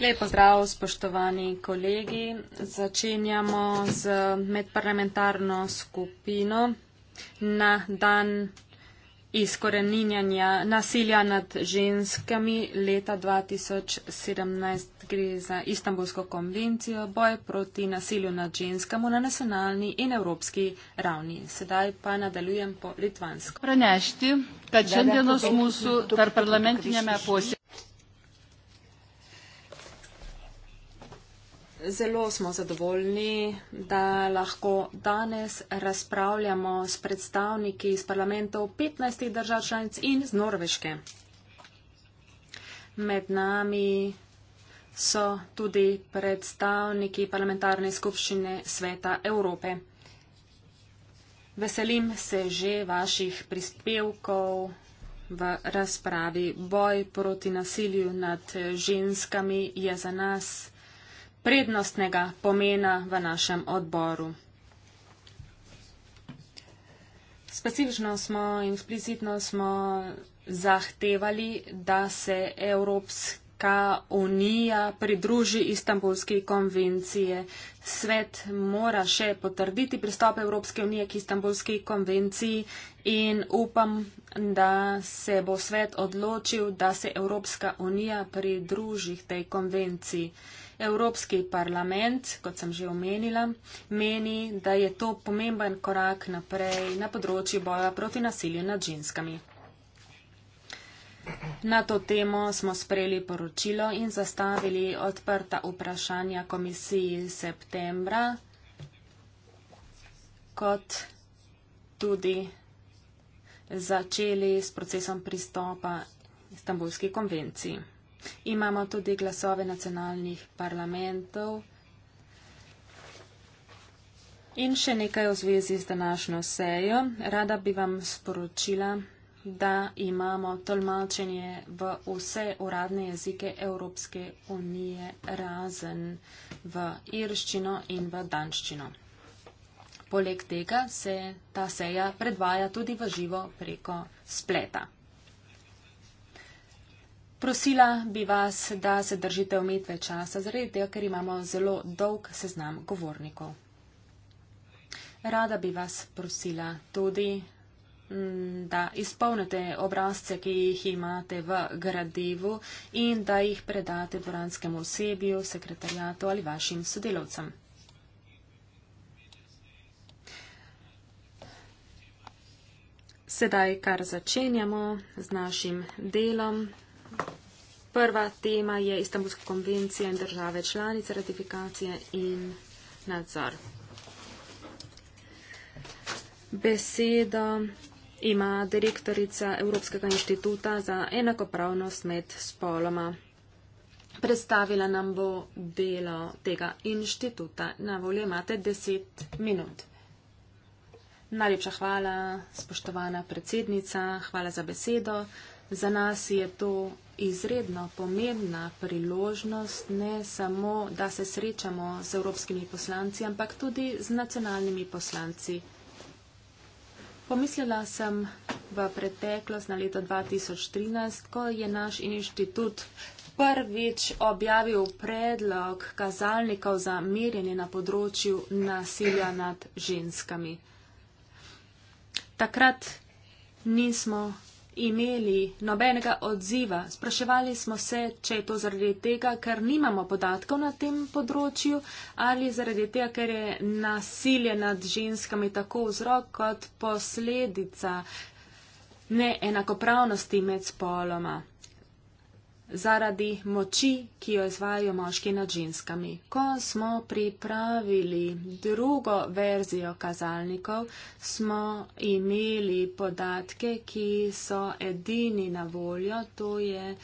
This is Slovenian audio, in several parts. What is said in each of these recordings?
Lepo zdrav, spoštovani kolegi. Začenjamo z medparlamentarno skupino na dan izkoreninjanja nasilja nad ženskami leta 2017. Gre za Istanbulsko konvencijo boj proti nasilju nad ženskami na nacionalni in evropski ravni. Sedaj pa nadaljujem po litvansko. Pranešti, kad šendienos mūsų tarp parlamentinjame posėdžiame. zelo smo zadovoljni, da lahko danes razpravljamo s predstavniki iz parlamentov 15 držav članic in z Norveške. Med nami so tudi predstavniki parlamentarne skupščine Sveta Evrope. Veselim se že vaših prispevkov v razpravi. Boj proti nasilju nad ženskami je za nas prednostnega pomena v našem odboru. Specifično smo in splicitno smo zahtevali, da se Evropska unija pridruži Istanbulski konvencije. Svet mora še potrditi pristop Evropske unije k Istanbulski konvenciji in upam, da se bo svet odločil, da se Evropska unija pridruži tej konvenciji. Evropski parlament, kot sem že omenila, meni, da je to pomemben korak naprej na področju boja proti nasilju nad ženskami. Na to temo smo sprejeli poročilo in zastavili odprta vprašanja komisiji septembra, kot tudi začeli s procesom pristopa Istanbulski konvenciji. Imamo tudi glasove nacionalnih parlamentov in še nekaj v zvezi z današnjo sejo. Rada bi vam sporočila, da imamo tolmačenje v vse uradne jezike Evropske unije, razen v irščino in v danščino. Poleg tega se ta seja predvaja tudi v živo preko spleta. Prosila bi vas, da se držite omejitve časa, zaradi tega, ker imamo zelo dolg seznam govornikov. Rada bi vas prosila tudi, mm, da izpolnite obrazce, ki jih imate v gradivu in da jih predate dvoranskemu osebju, sekretarjatu ali vašim sodelovcem. Sedaj, kar začenjamo z našim delom. Prva tema je Istanbulska konvencija in države članice ratifikacije in nadzor. Besedo ima direktorica Evropskega inštituta za enakopravnost med spoloma. Predstavila nam bo delo tega inštituta. Na voljo imate deset minut. Najlepša hvala, spoštovana predsednica. Hvala za besedo. Za nas je to izredno pomembna priložnost, ne samo, da se srečamo z evropskimi poslanci, ampak tudi z nacionalnimi poslanci. Pomislila sem v preteklost na leto 2013, ko je naš inštitut prvič objavil predlog kazalnikov za merjenje na področju nasilja nad ženskami. Takrat nismo imeli nobenega odziva. Spraševali smo se, če je to zaradi tega, ker nimamo podatkov na tem področju ali zaradi tega, ker je nasilje nad ženskami tako vzrok kot posledica neenakopravnosti med spoloma zaradi moči, ki jo izvajajo moški nad ženskami. Ko smo pripravili drugo verzijo kazalnikov, smo imeli podatke, ki so edini na voljo, to je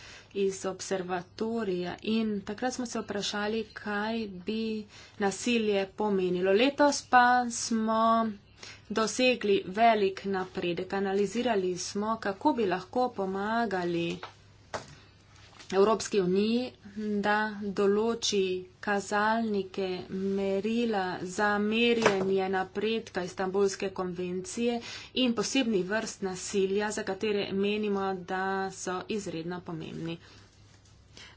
iz observatorija in takrat smo se vprašali, kaj bi nasilje pomenilo. Letos pa smo dosegli velik napredek, analizirali smo, kako bi lahko pomagali Evropski uniji, da določi kazalnike merila za merjenje napredka Istanbulske konvencije in posebni vrst nasilja, za katere menimo, da so izredno pomembni.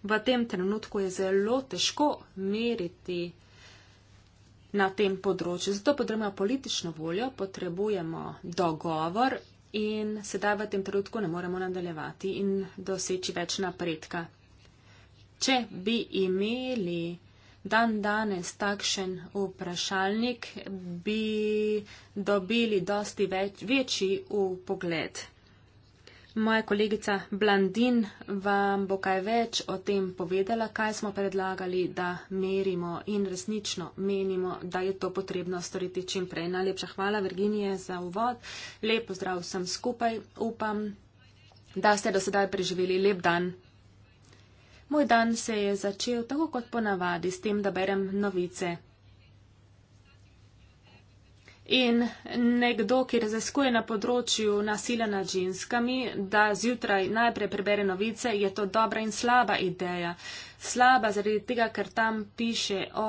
V tem trenutku je zelo težko meriti na tem področju. Zato potrebujemo politično voljo, potrebujemo dogovor in sedaj v tem trenutku ne moremo nadaljevati in doseči več napredka. Če bi imeli dan danes takšen vprašalnik, bi dobili dosti več, večji upogled. Moja kolegica Blandin vam bo kaj več o tem povedala, kaj smo predlagali, da merimo in resnično menimo, da je to potrebno storiti čim prej. Najlepša hvala, Virginije, za uvod. Lep pozdrav vsem skupaj. Upam, da ste do sedaj preživeli lep dan. Moj dan se je začel tako kot ponavadi s tem, da berem novice in nekdo, ki raziskuje na področju nasilja nad ženskami, da zjutraj najprej prebere novice, je to dobra in slaba ideja. Slaba zaradi tega, ker tam piše o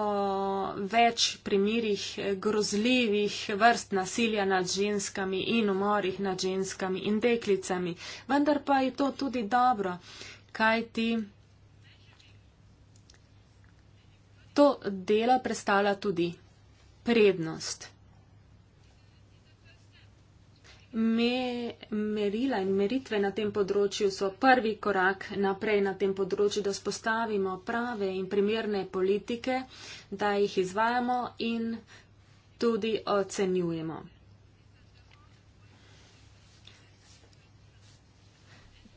več primirih grozljivih vrst nasilja nad ženskami in umorih nad ženskami in deklicami. Vendar pa je to tudi dobro, kaj ti. To delo predstavlja tudi prednost me, merila in meritve na tem področju so prvi korak naprej na tem področju, da spostavimo prave in primerne politike, da jih izvajamo in tudi ocenjujemo.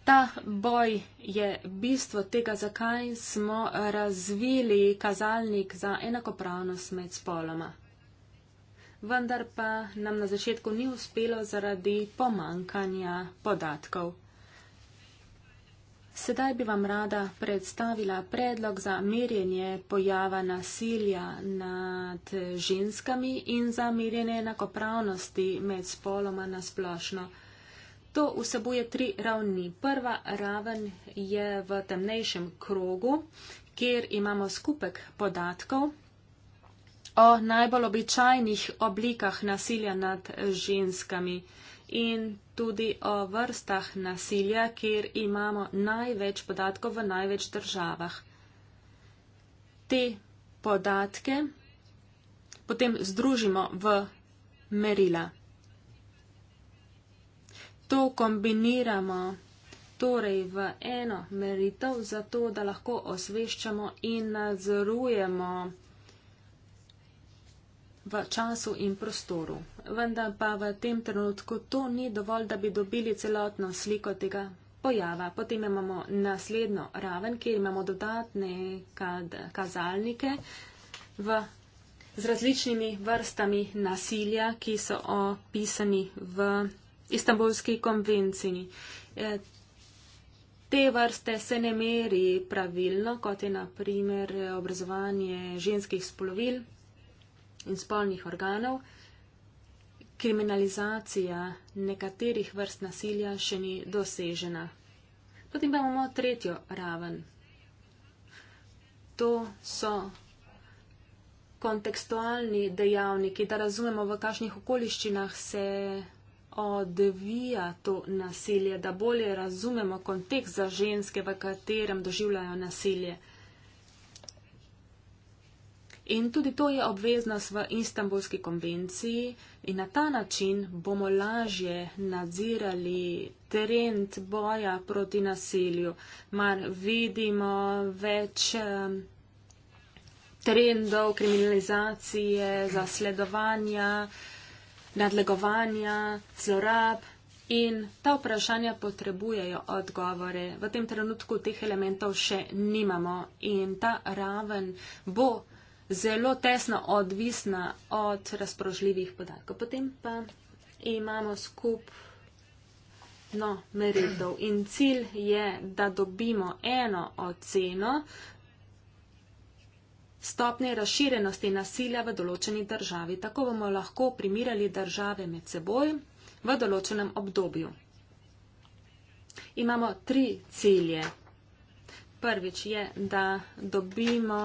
Ta boj je bistvo tega, zakaj smo razvili kazalnik za enakopravnost med spoloma vendar pa nam na začetku ni uspelo zaradi pomankanja podatkov. Sedaj bi vam rada predstavila predlog za merjenje pojava nasilja nad ženskami in za merjenje enakopravnosti med spoloma na splošno. To vsebuje tri ravni. Prva raven je v temnejšem krogu, kjer imamo skupek podatkov o najbolj običajnih oblikah nasilja nad ženskami in tudi o vrstah nasilja, kjer imamo največ podatkov v največ državah. Te podatke potem združimo v merila. To kombiniramo torej v eno meritev, zato da lahko osveščamo in nadzorujemo v času in prostoru. Vendar pa v tem trenutku to ni dovolj, da bi dobili celotno sliko tega pojava. Potem imamo naslednjo raven, kjer imamo dodatne kazalnike v, z različnimi vrstami nasilja, ki so opisani v Istanbulski konvenciji. E, te vrste se ne meri pravilno, kot je naprimer obrazovanje ženskih spolovil, in spolnih organov, kriminalizacija nekaterih vrst nasilja še ni dosežena. Potem imamo tretjo raven. To so kontekstualni dejavniki, da razumemo, v kakšnih okoliščinah se odvija to nasilje, da bolje razumemo kontekst za ženske, v katerem doživljajo nasilje. In tudi to je obveznost v Istanbulski konvenciji in na ta način bomo lažje nadzirali trend boja proti nasilju. Mar vidimo več um, trendov kriminalizacije, zasledovanja, nadlegovanja, zlorab in ta vprašanja potrebujejo odgovore. V tem trenutku teh elementov še nimamo in ta raven bo zelo tesno odvisna od razpoložljivih podatkov. Potem pa imamo skup no, meritev in cilj je, da dobimo eno oceno stopne razširenosti nasilja v določeni državi. Tako bomo lahko primirali države med seboj v določenem obdobju. Imamo tri cilje. Prvič je, da dobimo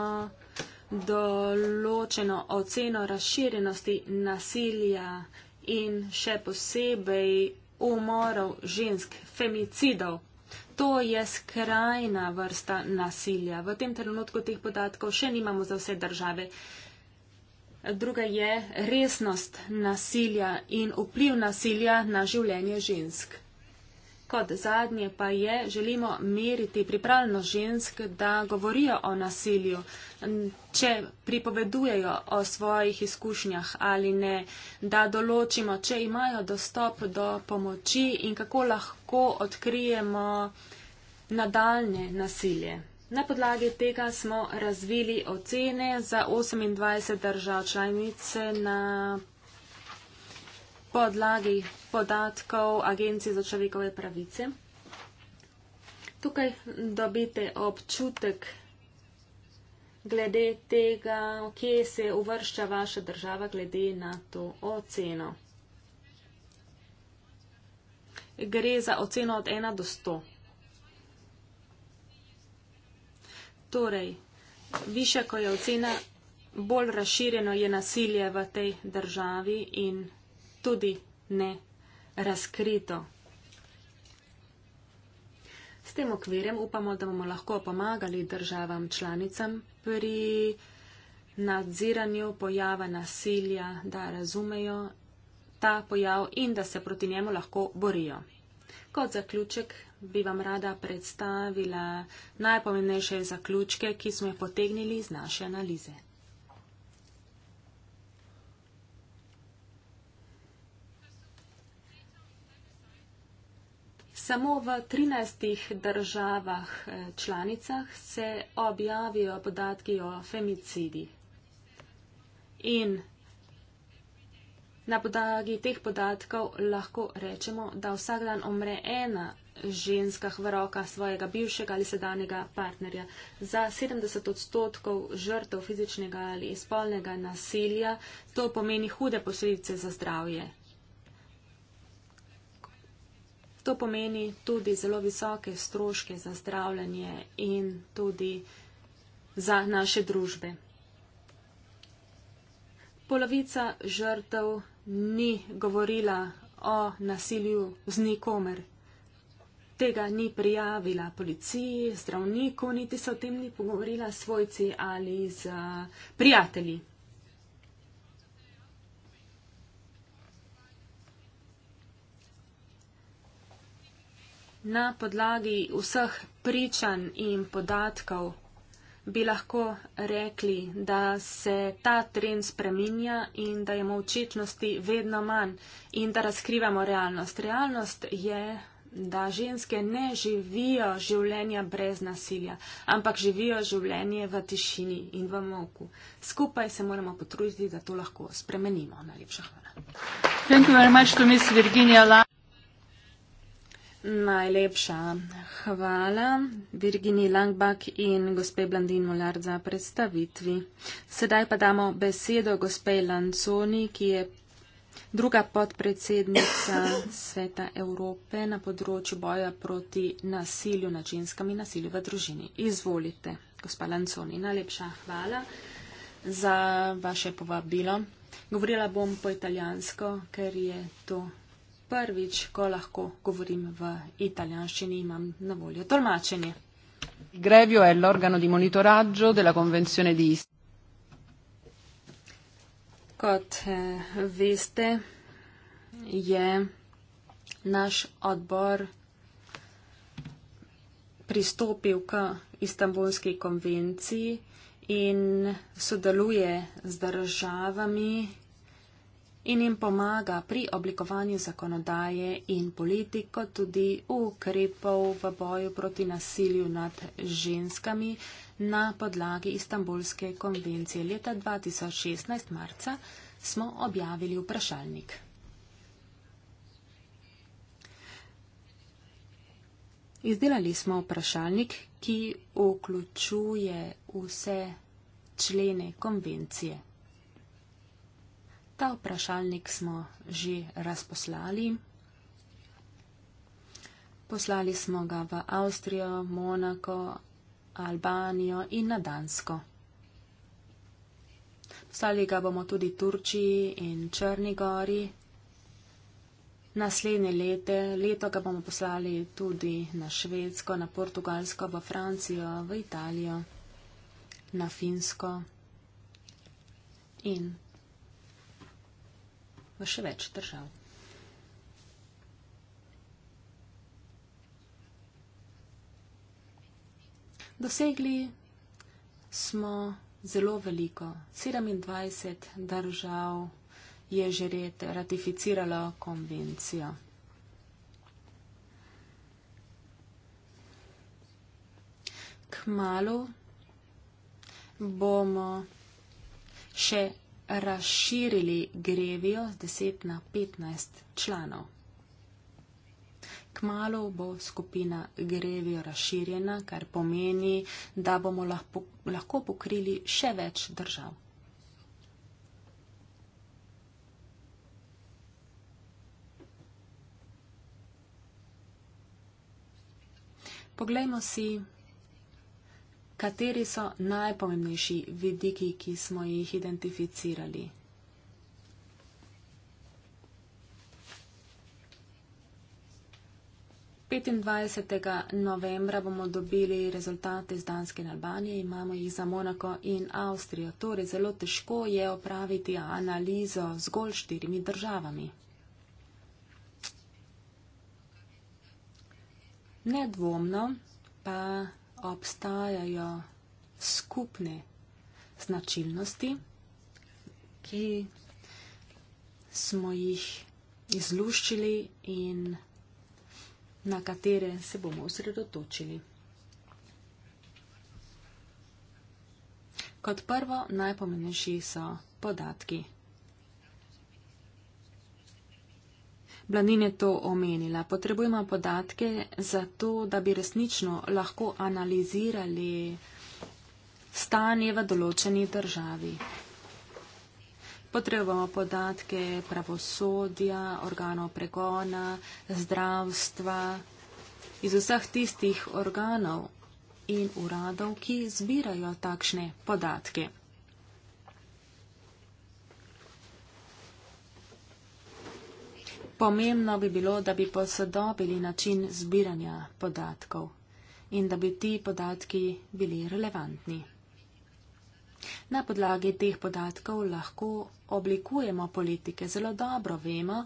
določeno oceno razširjenosti nasilja in še posebej umorov žensk, femicidov. To je skrajna vrsta nasilja. V tem trenutku teh podatkov še nimamo za vse države. Druga je resnost nasilja in vpliv nasilja na življenje žensk. Kot zadnje pa je, želimo meriti pripravljeno žensk, da govorijo o nasilju, če pripovedujejo o svojih izkušnjah ali ne, da določimo, če imajo dostop do pomoči in kako lahko odkrijemo nadaljne nasilje. Na podlagi tega smo razvili ocene za 28 držav članice na podlagi podatkov Agencije za človekove pravice. Tukaj dobite občutek glede tega, kje se uvršča vaša država glede na to oceno. Gre za oceno od 1 do 100. Torej, višja, ko je ocena, bolj razširjeno je nasilje v tej državi in tudi ne razkrito. S tem okvirjem upamo, da bomo lahko pomagali državam članicam pri nadziranju pojava nasilja, da razumejo ta pojav in da se proti njemu lahko borijo. Kot zaključek bi vam rada predstavila najpomembnejše zaključke, ki smo jih potegnili iz naše analize. Samo v 13 državah eh, članicah se objavijo podatki o femicidi. In na podlagi teh podatkov lahko rečemo, da vsak dan omre ena ženska v rokah svojega bivšega ali sedanjega partnerja. Za 70 odstotkov žrtev fizičnega ali spolnega nasilja to pomeni hude posledice za zdravje. To pomeni tudi zelo visoke stroške za zdravljanje in tudi za naše družbe. Polovica žrtev ni govorila o nasilju z nikomer. Tega ni prijavila policiji, zdravniku, niti se o tem ni pogovorila s svojci ali z prijatelji. na podlagi vseh pričanj in podatkov bi lahko rekli, da se ta trend spreminja in da je močečnosti vedno manj in da razkrivamo realnost. Realnost je, da ženske ne živijo življenja brez nasilja, ampak živijo življenje v tišini in v moku. Skupaj se moramo potruditi, da to lahko spremenimo. Najlepša hvala. Najlepša hvala Virgini Langbak in gospe Blandin Molar za predstavitvi. Sedaj pa damo besedo gospe Lanconi, ki je druga podpredsednica Sveta Evrope na področju boja proti nasilju nad ženskami in nasilju v družini. Izvolite, gospa Lanconi. Najlepša hvala za vaše povabilo. Govorila bom po italijansko, ker je to prvič, ko lahko govorim v italijanščini, imam na voljo tolmačenje. Il grevio è l'organo di monitoraggio della Convenzione di Istanbul. Kot eh, veste, je naš odbor pristopil k Istanbulski konvenciji in sodeluje z državami, in jim pomaga pri oblikovanju zakonodaje in politiko tudi ukrepov v boju proti nasilju nad ženskami na podlagi Istanbulske konvencije. Leta 2016 marca smo objavili vprašalnik. Izdelali smo vprašalnik, ki vključuje vse člene konvencije. Ta vprašalnik smo že razposlali. Poslali smo ga v Avstrijo, Monako, Albanijo in na Dansko. Poslali ga bomo tudi Turčiji in Črnigori. Naslednje lete, leto ga bomo poslali tudi na Švedsko, na Portugalsko, v Francijo, v Italijo, na Finsko in v še več držav. Dosegli smo zelo veliko. 27 držav je že ratificiralo konvencijo. Kmalo bomo še razširili grevijo z 10 na 15 članov. Kmalo bo skupina grevijo razširjena, kar pomeni, da bomo lahko pokrili še več držav. Poglejmo si kateri so najpomembnejši vidiki, ki smo jih identificirali. Petindvajsetega novembra bomo dobili rezultate iz Danske in Albanije, imamo jih za Monako in Avstrijo, torej zelo težko je opraviti analizo zgolj štirimi državami. Nedvomno pa obstajajo skupne značilnosti, ki smo jih izluščili in na katere se bomo osredotočili. Kot prvo, najpomenejši so podatki. Blanin je to omenila. Potrebujemo podatke za to, da bi resnično lahko analizirali stanje v določeni državi. Potrebujemo podatke pravosodja, organov pregona, zdravstva, iz vseh tistih organov in uradov, ki zbirajo takšne podatke. Pomembno bi bilo, da bi posodobili način zbiranja podatkov in da bi ti podatki bili relevantni. Na podlagi teh podatkov lahko oblikujemo politike. Zelo dobro vemo,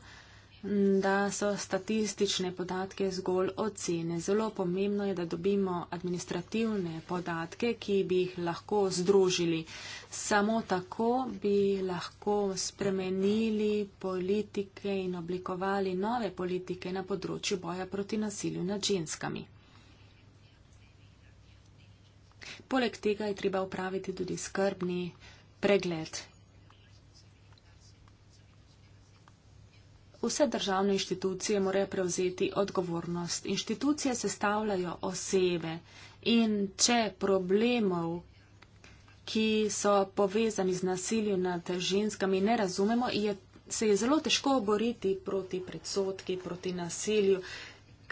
da so statistične podatke zgolj ocene. Zelo pomembno je, da dobimo administrativne podatke, ki bi jih lahko združili. Samo tako bi lahko spremenili politike in oblikovali nove politike na področju boja proti nasilju nad ženskami. Poleg tega je treba upraviti tudi skrbni pregled Vse državne inštitucije morajo prevzeti odgovornost. Inštitucije sestavljajo osebe in če problemov, ki so povezani z nasiljem nad ženskami, ne razumemo, je, se je zelo težko boriti proti predsotki, proti nasilju,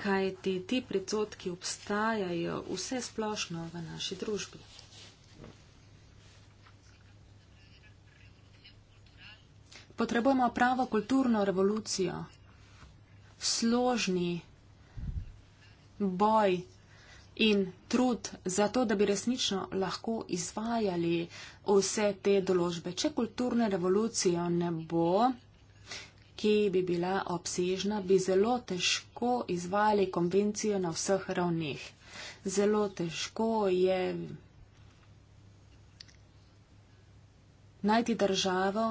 kajti ti predsotki obstajajo vse splošno v naši družbi. Potrebujemo pravo kulturno revolucijo, složni boj in trud za to, da bi resnično lahko izvajali vse te določbe. Če kulturne revolucije ne bo, ki bi bila obsežna, bi zelo težko izvajali konvencijo na vseh ravneh. Zelo težko je najti državo,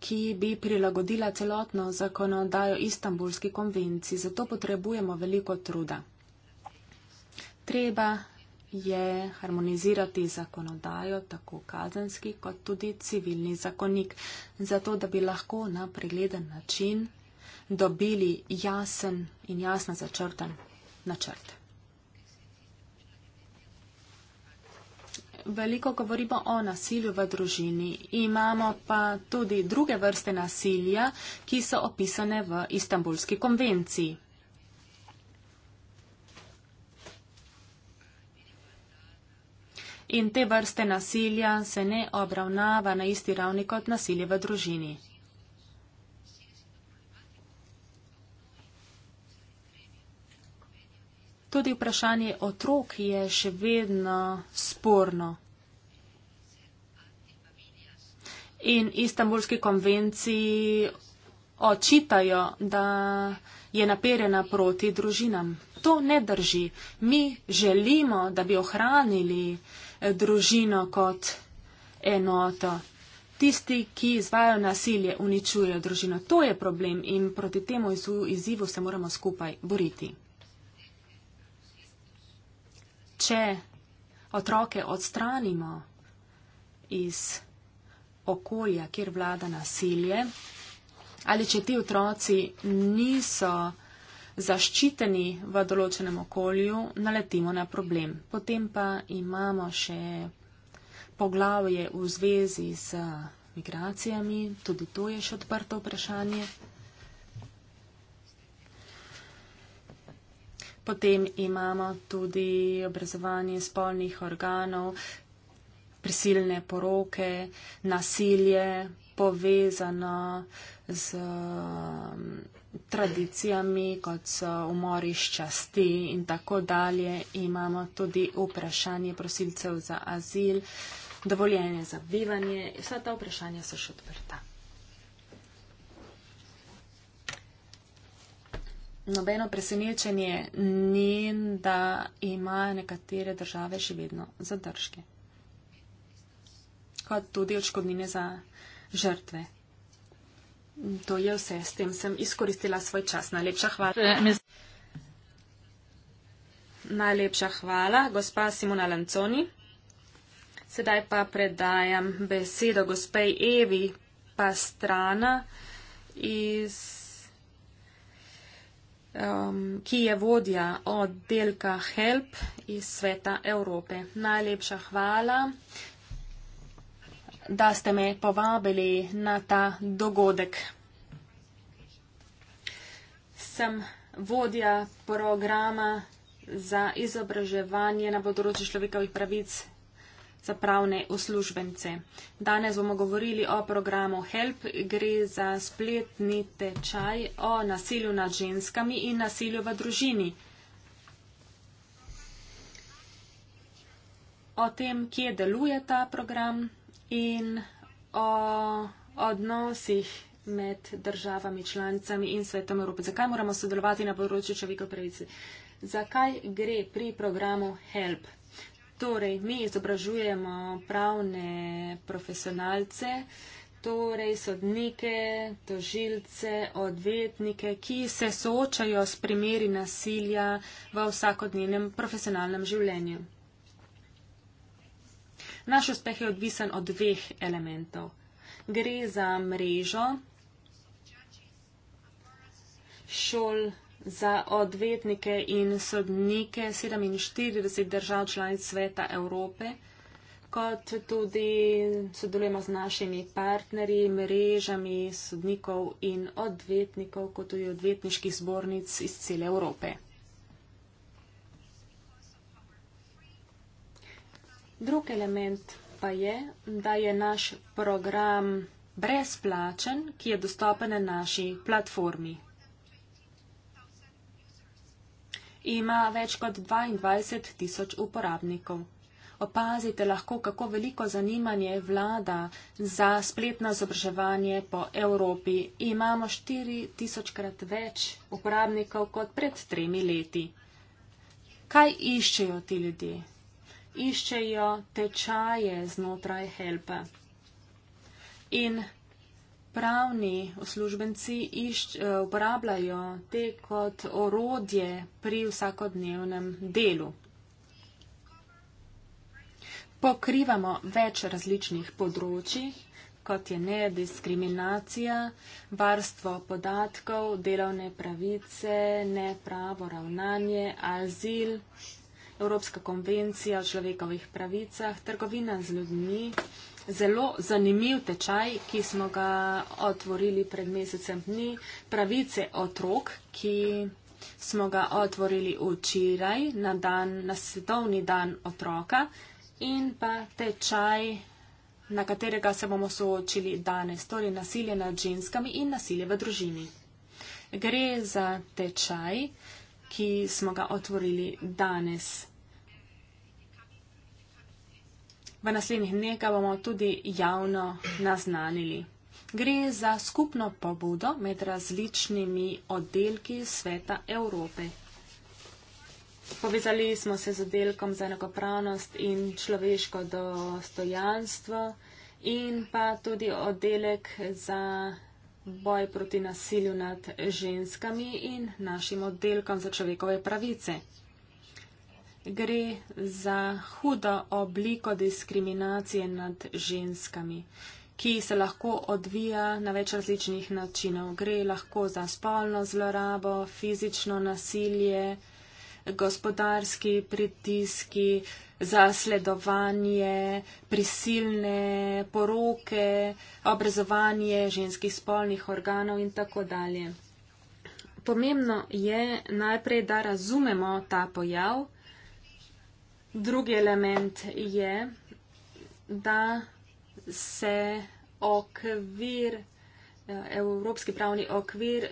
ki bi prilagodila celotno zakonodajo Istanbulski konvenciji. Zato potrebujemo veliko truda. Treba je harmonizirati zakonodajo, tako kazenski kot tudi civilni zakonik, zato da bi lahko na pregleden način dobili jasen in jasno začrtan načrt. veliko govorimo o nasilju v družini. Imamo pa tudi druge vrste nasilja, ki so opisane v Istanbulski konvenciji. In te vrste nasilja se ne obravnava na isti ravni kot nasilje v družini. Tudi vprašanje otrok je še vedno sporno. In istambulski konvenciji očitajo, da je naperjena proti družinam. To ne drži. Mi želimo, da bi ohranili eh, družino kot enoto. Tisti, ki izvajo nasilje, uničujejo družino. To je problem in proti temu izzivu se moramo skupaj boriti če otroke odstranimo iz okolja, kjer vlada nasilje, ali če ti otroci niso zaščiteni v določenem okolju, naletimo na problem. Potem pa imamo še poglavje v zvezi z migracijami, tudi to je še odprto vprašanje. Potem imamo tudi obrazovanje spolnih organov, prisilne poroke, nasilje povezano z um, tradicijami, kot so umori ščasti in tako dalje. Imamo tudi vprašanje prosilcev za azil, dovoljenje za bivanje. Vsa ta vprašanja so še odprta. nobeno presenečenje ni, da imajo nekatere države še vedno zadržke, kot tudi odškodnine za žrtve. To je vse, s tem sem izkoristila svoj čas. Najlepša hvala. Eh, Najlepša hvala, gospa Simona Lanconi. Sedaj pa predajam besedo gospej Evi Pastrana iz um, ki je vodja oddelka HELP iz sveta Evrope. Najlepša hvala, da ste me povabili na ta dogodek. Sem vodja programa za izobraževanje na področju človekovih pravic za pravne uslužbence. Danes bomo govorili o programu HELP. Gre za spletni tečaj o nasilju nad ženskami in nasilju v družini. O tem, kje deluje ta program in o odnosih med državami članicami in svetom Evrope. Zakaj moramo sodelovati na področju človekov pravice? Zakaj gre pri programu HELP? Torej, mi izobražujemo pravne profesionalce, torej sodnike, tožilce, odvetnike, ki se soočajo s primeri nasilja v vsakodnevnem profesionalnem življenju. Naš uspeh je odvisen od dveh elementov. Gre za mrežo šol za odvetnike in sodnike 47 držav članic sveta Evrope, kot tudi sodelujemo z našimi partnerji, mrežami sodnikov in odvetnikov, kot tudi odvetniških zbornic iz cele Evrope. Drugi element pa je, da je naš program brezplačen, ki je dostopen na naši platformi. ima več kot 22 tisoč uporabnikov. Opazite lahko, kako veliko zanimanje vlada za spletno izobraževanje po Evropi. Imamo 4 tisočkrat več uporabnikov kot pred tremi leti. Kaj iščejo ti ljudje? Iščejo tečaje znotraj helpa. In pravni uslužbenci išč, eh, uporabljajo te kot orodje pri vsakodnevnem delu. Pokrivamo več različnih področjih, kot je nediskriminacija, varstvo podatkov, delovne pravice, nepravo ravnanje, azil, Evropska konvencija o človekovih pravicah, trgovina z ljudmi zelo zanimiv tečaj, ki smo ga otvorili pred mesecem dni, pravice otrok, ki smo ga otvorili včeraj na, dan, na svetovni dan otroka in pa tečaj, na katerega se bomo soočili danes, torej nasilje nad ženskami in nasilje v družini. Gre za tečaj, ki smo ga otvorili danes v naslednjih dneh ga bomo tudi javno naznanili. Gre za skupno pobudo med različnimi oddelki Sveta Evrope. Povezali smo se z oddelkom za enakopravnost in človeško dostojanstvo in pa tudi oddelek za boj proti nasilju nad ženskami in našim oddelkom za človekove pravice gre za hudo obliko diskriminacije nad ženskami, ki se lahko odvija na več različnih načinov. Gre lahko za spolno zlorabo, fizično nasilje, gospodarski pritiski, zasledovanje, prisilne poroke, obrazovanje ženskih spolnih organov in tako dalje. Pomembno je najprej, da razumemo ta pojav, Drugi element je, da se okvir, eh, evropski pravni okvir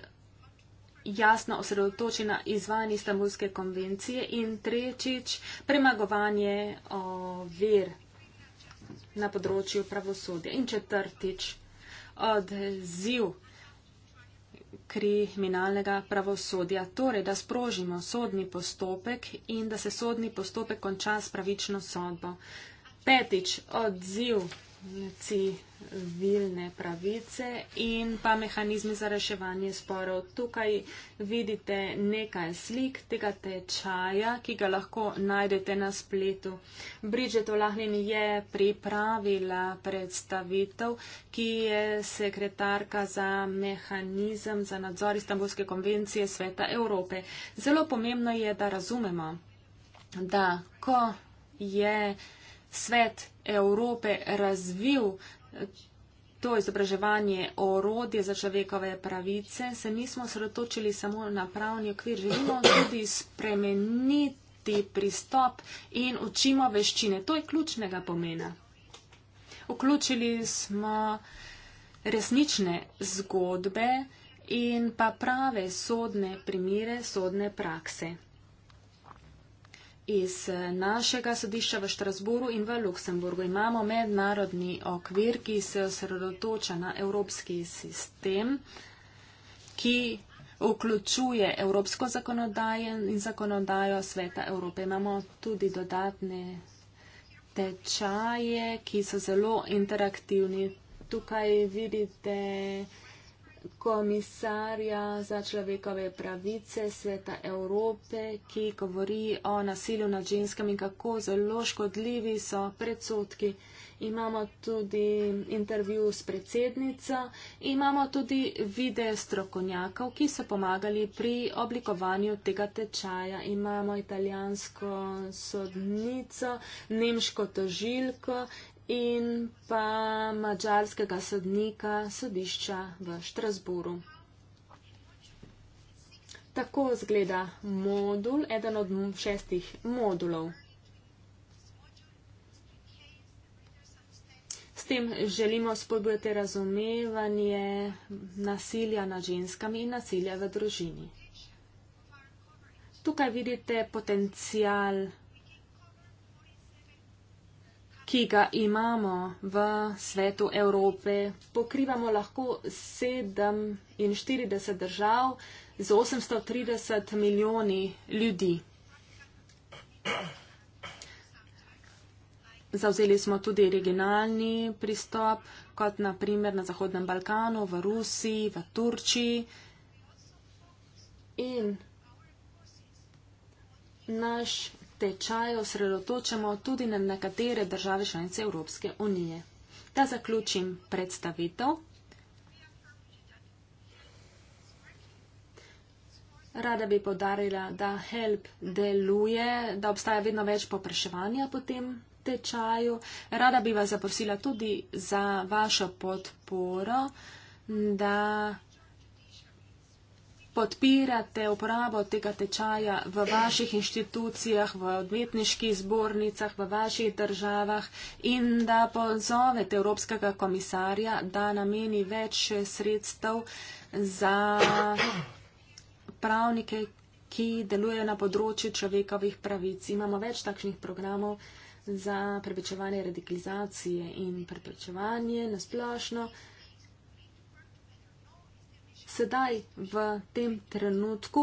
jasno osredotoči na izvajanje Istanbulske konvencije in tretjič premagovanje ovir na področju pravosodja in četrtič odziv kriminalnega pravosodja, torej da sprožimo sodni postopek in da se sodni postopek konča s pravično sodbo. Petič, odziv civilne pravice in pa mehanizmi za reševanje sporov. Tukaj vidite nekaj slik tega tečaja, ki ga lahko najdete na spletu. Bridget Olahnin je pripravila predstavitev, ki je sekretarka za mehanizem za nadzor Istanbulske konvencije Sveta Evrope. Zelo pomembno je, da razumemo, da ko je Svet Evrope razvil to izobraževanje orodje za človekove pravice, se nismo sredotočili samo na pravni okvir, želimo tudi spremeniti pristop in učimo veščine. To je ključnega pomena. Vključili smo resnične zgodbe in pa prave sodne primire, sodne prakse iz eh, našega sodišča v Štrasburu in v Luksemburgu. Imamo mednarodni okvir, ki se osredotoča na evropski sistem, ki vključuje evropsko zakonodajo in zakonodajo sveta Evrope. Imamo tudi dodatne tečaje, ki so zelo interaktivni. Tukaj vidite komisarja za človekove pravice sveta Evrope, ki govori o nasilju nad ženskami, kako zelo škodljivi so predsotki. Imamo tudi intervju s predsednica, imamo tudi videe strokovnjakov, ki so pomagali pri oblikovanju tega tečaja. Imamo italijansko sodnico, nemško tožilko in pa mačarskega sodnika sodišča v Štrasburu. Tako zgleda modul, eden od šestih modulov. S tem želimo spodbujati razumevanje nasilja nad ženskami in nasilja v družini. Tukaj vidite potencial ki ga imamo v svetu Evrope. Pokrivamo lahko 47 držav z 830 milijoni ljudi. Zavzeli smo tudi regionalni pristop, kot naprimer na Zahodnem Balkanu, v Rusiji, v Turčiji. In naš tečaj osredotočamo tudi na nekatere države članice Evropske unije. Da zaključim predstavitev. Rada bi podarila, da HELP deluje, da obstaja vedno več popraševanja po tem tečaju. Rada bi vas zaprosila tudi za vašo podporo, da podpirate uporabo tega tečaja v vaših inštitucijah, v odvetniških zbornicah, v vaših državah in da pozovete Evropskega komisarja, da nameni več sredstev za pravnike, ki delujejo na področju človekovih pravic. Imamo več takšnih programov za preprečevanje radikalizacije in preprečevanje nasplošno. Sedaj, v tem trenutku,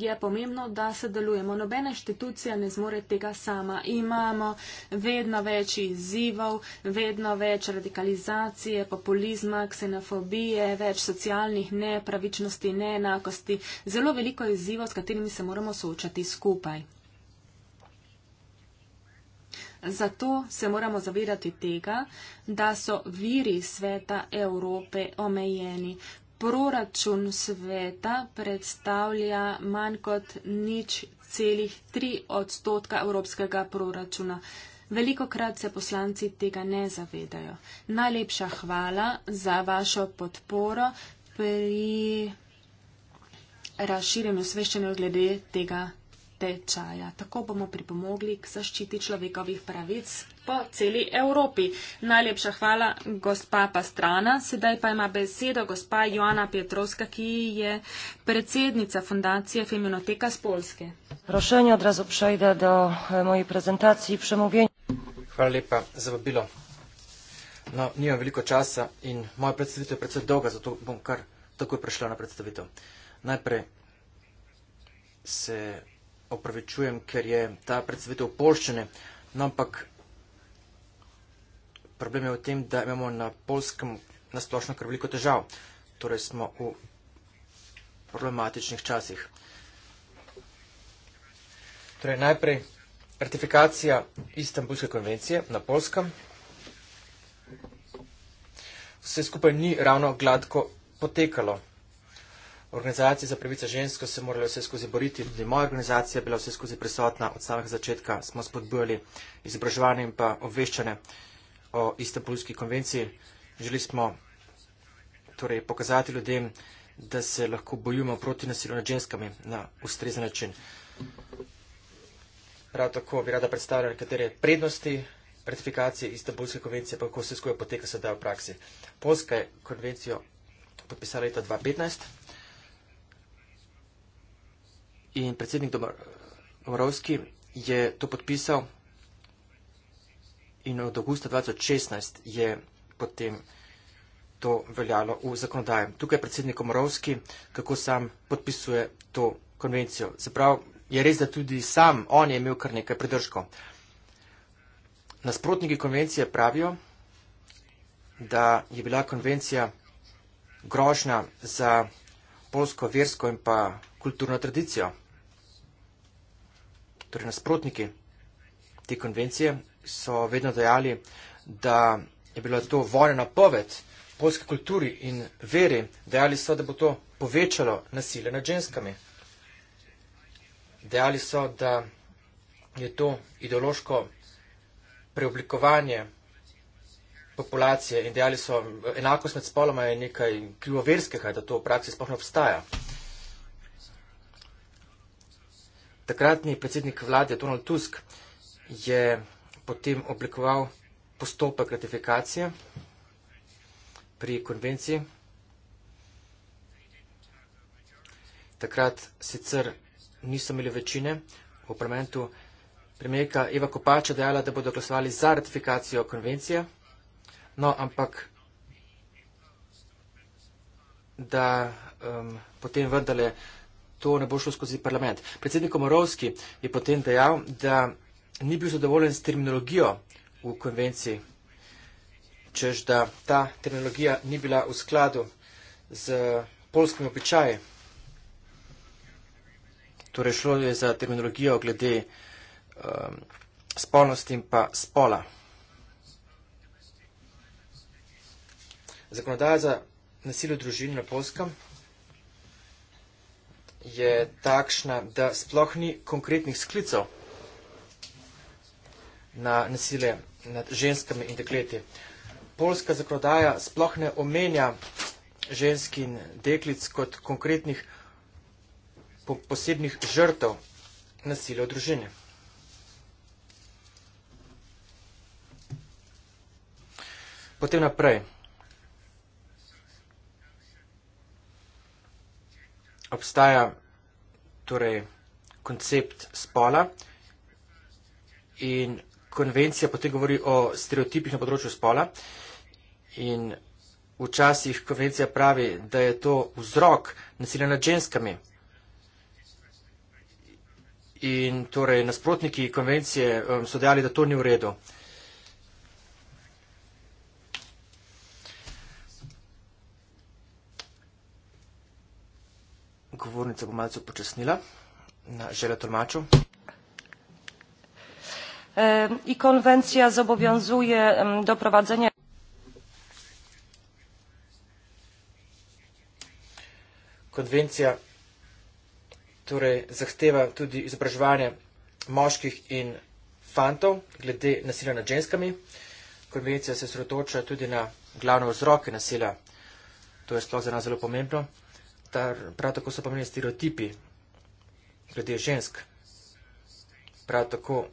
je pomembno, da sodelujemo. Nobena inštitucija ne zmore tega sama. Imamo vedno več izzivov, vedno več radikalizacije, populizma, ksenofobije, več socialnih nepravičnosti, neenakosti. Zelo veliko izzivov, s katerimi se moramo soočati skupaj. Zato se moramo zavedati tega, da so viri sveta Evrope omejeni proračun sveta predstavlja manj kot nič celih tri odstotka evropskega proračuna. Veliko krat se poslanci tega ne zavedajo. Najlepša hvala za vašo podporo pri razširjenju sveščanja glede tega tečaja. Tako bomo pripomogli k zaščiti človekovih pravic po celi Evropi. Najlepša hvala, gospa Pastrana. Sedaj pa ima besedo gospa Joana Pietrovska, ki je predsednica Fundacije Feminoteka z Polske. Prošenje odrazu prejde do eh, moji prezentaciji premovjenja. Hvala lepa za vabilo. No, nimam veliko časa in moja predstavitev je predvsej dolga, zato bom kar takoj prešla na predstavitev. Najprej se opravičujem, ker je ta predstavitev polščene. No, ampak problem je v tem, da imamo na polskem nasplošno kar veliko težav. Torej smo v problematičnih časih. Torej najprej ratifikacija Istanbulske konvencije na polskem. Vse skupaj ni ravno gladko potekalo organizacije za pravice žensko se morale vse skozi boriti, tudi moja organizacija je bila vse skozi prisotna. Od samega začetka smo spodbujali izobraževanje in pa obveščanje o Istanbulski konvenciji. Želi smo torej, pokazati ljudem, da se lahko bojujemo proti nasilju nad ženskami na ustrezen način. Prav tako bi rada predstavila nekatere prednosti ratifikacije Istanbulske konvencije, pa kako vse skupaj poteka sedaj v praksi. Polska je konvencijo podpisala leta 2015. In predsednik Domorovski je to podpisal in od augusta 2016 je potem to veljalo v zakonodaji. Tukaj je predsednik Domorovski, kako sam podpisuje to konvencijo. Se pravi, je res, da tudi sam on je imel kar nekaj pridržkov. Nasprotniki konvencije pravijo, da je bila konvencija grožna za polsko versko in pa kulturno tradicijo torej nasprotniki te konvencije, so vedno dejali, da je bila to vojna na poved polske kulturi in veri, dejali so, da bo to povečalo nasilje nad ženskami. Dejali so, da je to ideološko preoblikovanje populacije in dejali so, enakost med spoloma je nekaj krivoverskega, da to v praksi sploh ne obstaja. Takratni predsednik vlade Donald Tusk je potem oblikoval postopek ratifikacije pri konvenciji. Takrat sicer niso imeli večine v parlamentu. Premijerka Eva Kopača dejala, da bodo glasovali za ratifikacijo konvencije, no ampak da um, potem vendarle to ne bo šlo skozi parlament. Predsednik Komorovski je potem dejal, da ni bil zadovoljen s terminologijo v konvenciji, čež da ta terminologija ni bila v skladu z polskimi običaji. Torej šlo je za terminologijo glede um, spolnosti in pa spola. Zakonodaja za nasilje v družini na polskem je takšna, da sploh ni konkretnih sklicov na nasilje nad ženskami in dekleti. Polska zakonodaja sploh ne omenja ženski in deklic kot konkretnih posebnih žrtev nasilja v družini. Potem naprej. obstaja torej koncept spola in konvencija potem govori o stereotipih na področju spola in včasih konvencija pravi, da je to vzrok nasilja nad ženskami. In torej nasprotniki konvencije um, so dejali, da to ni v redu. govornica bo malce upočasnila. Želja tolmačev. I konvencija zobovjanzuje do provadzenja... Konvencija torej zahteva tudi izobraževanje moških in fantov glede nasilja nad ženskami. Konvencija se sredotoča tudi na glavne vzroke nasilja. To je sploh za nas zelo pomembno prav tako so pomeni stereotipi glede žensk. Prav tako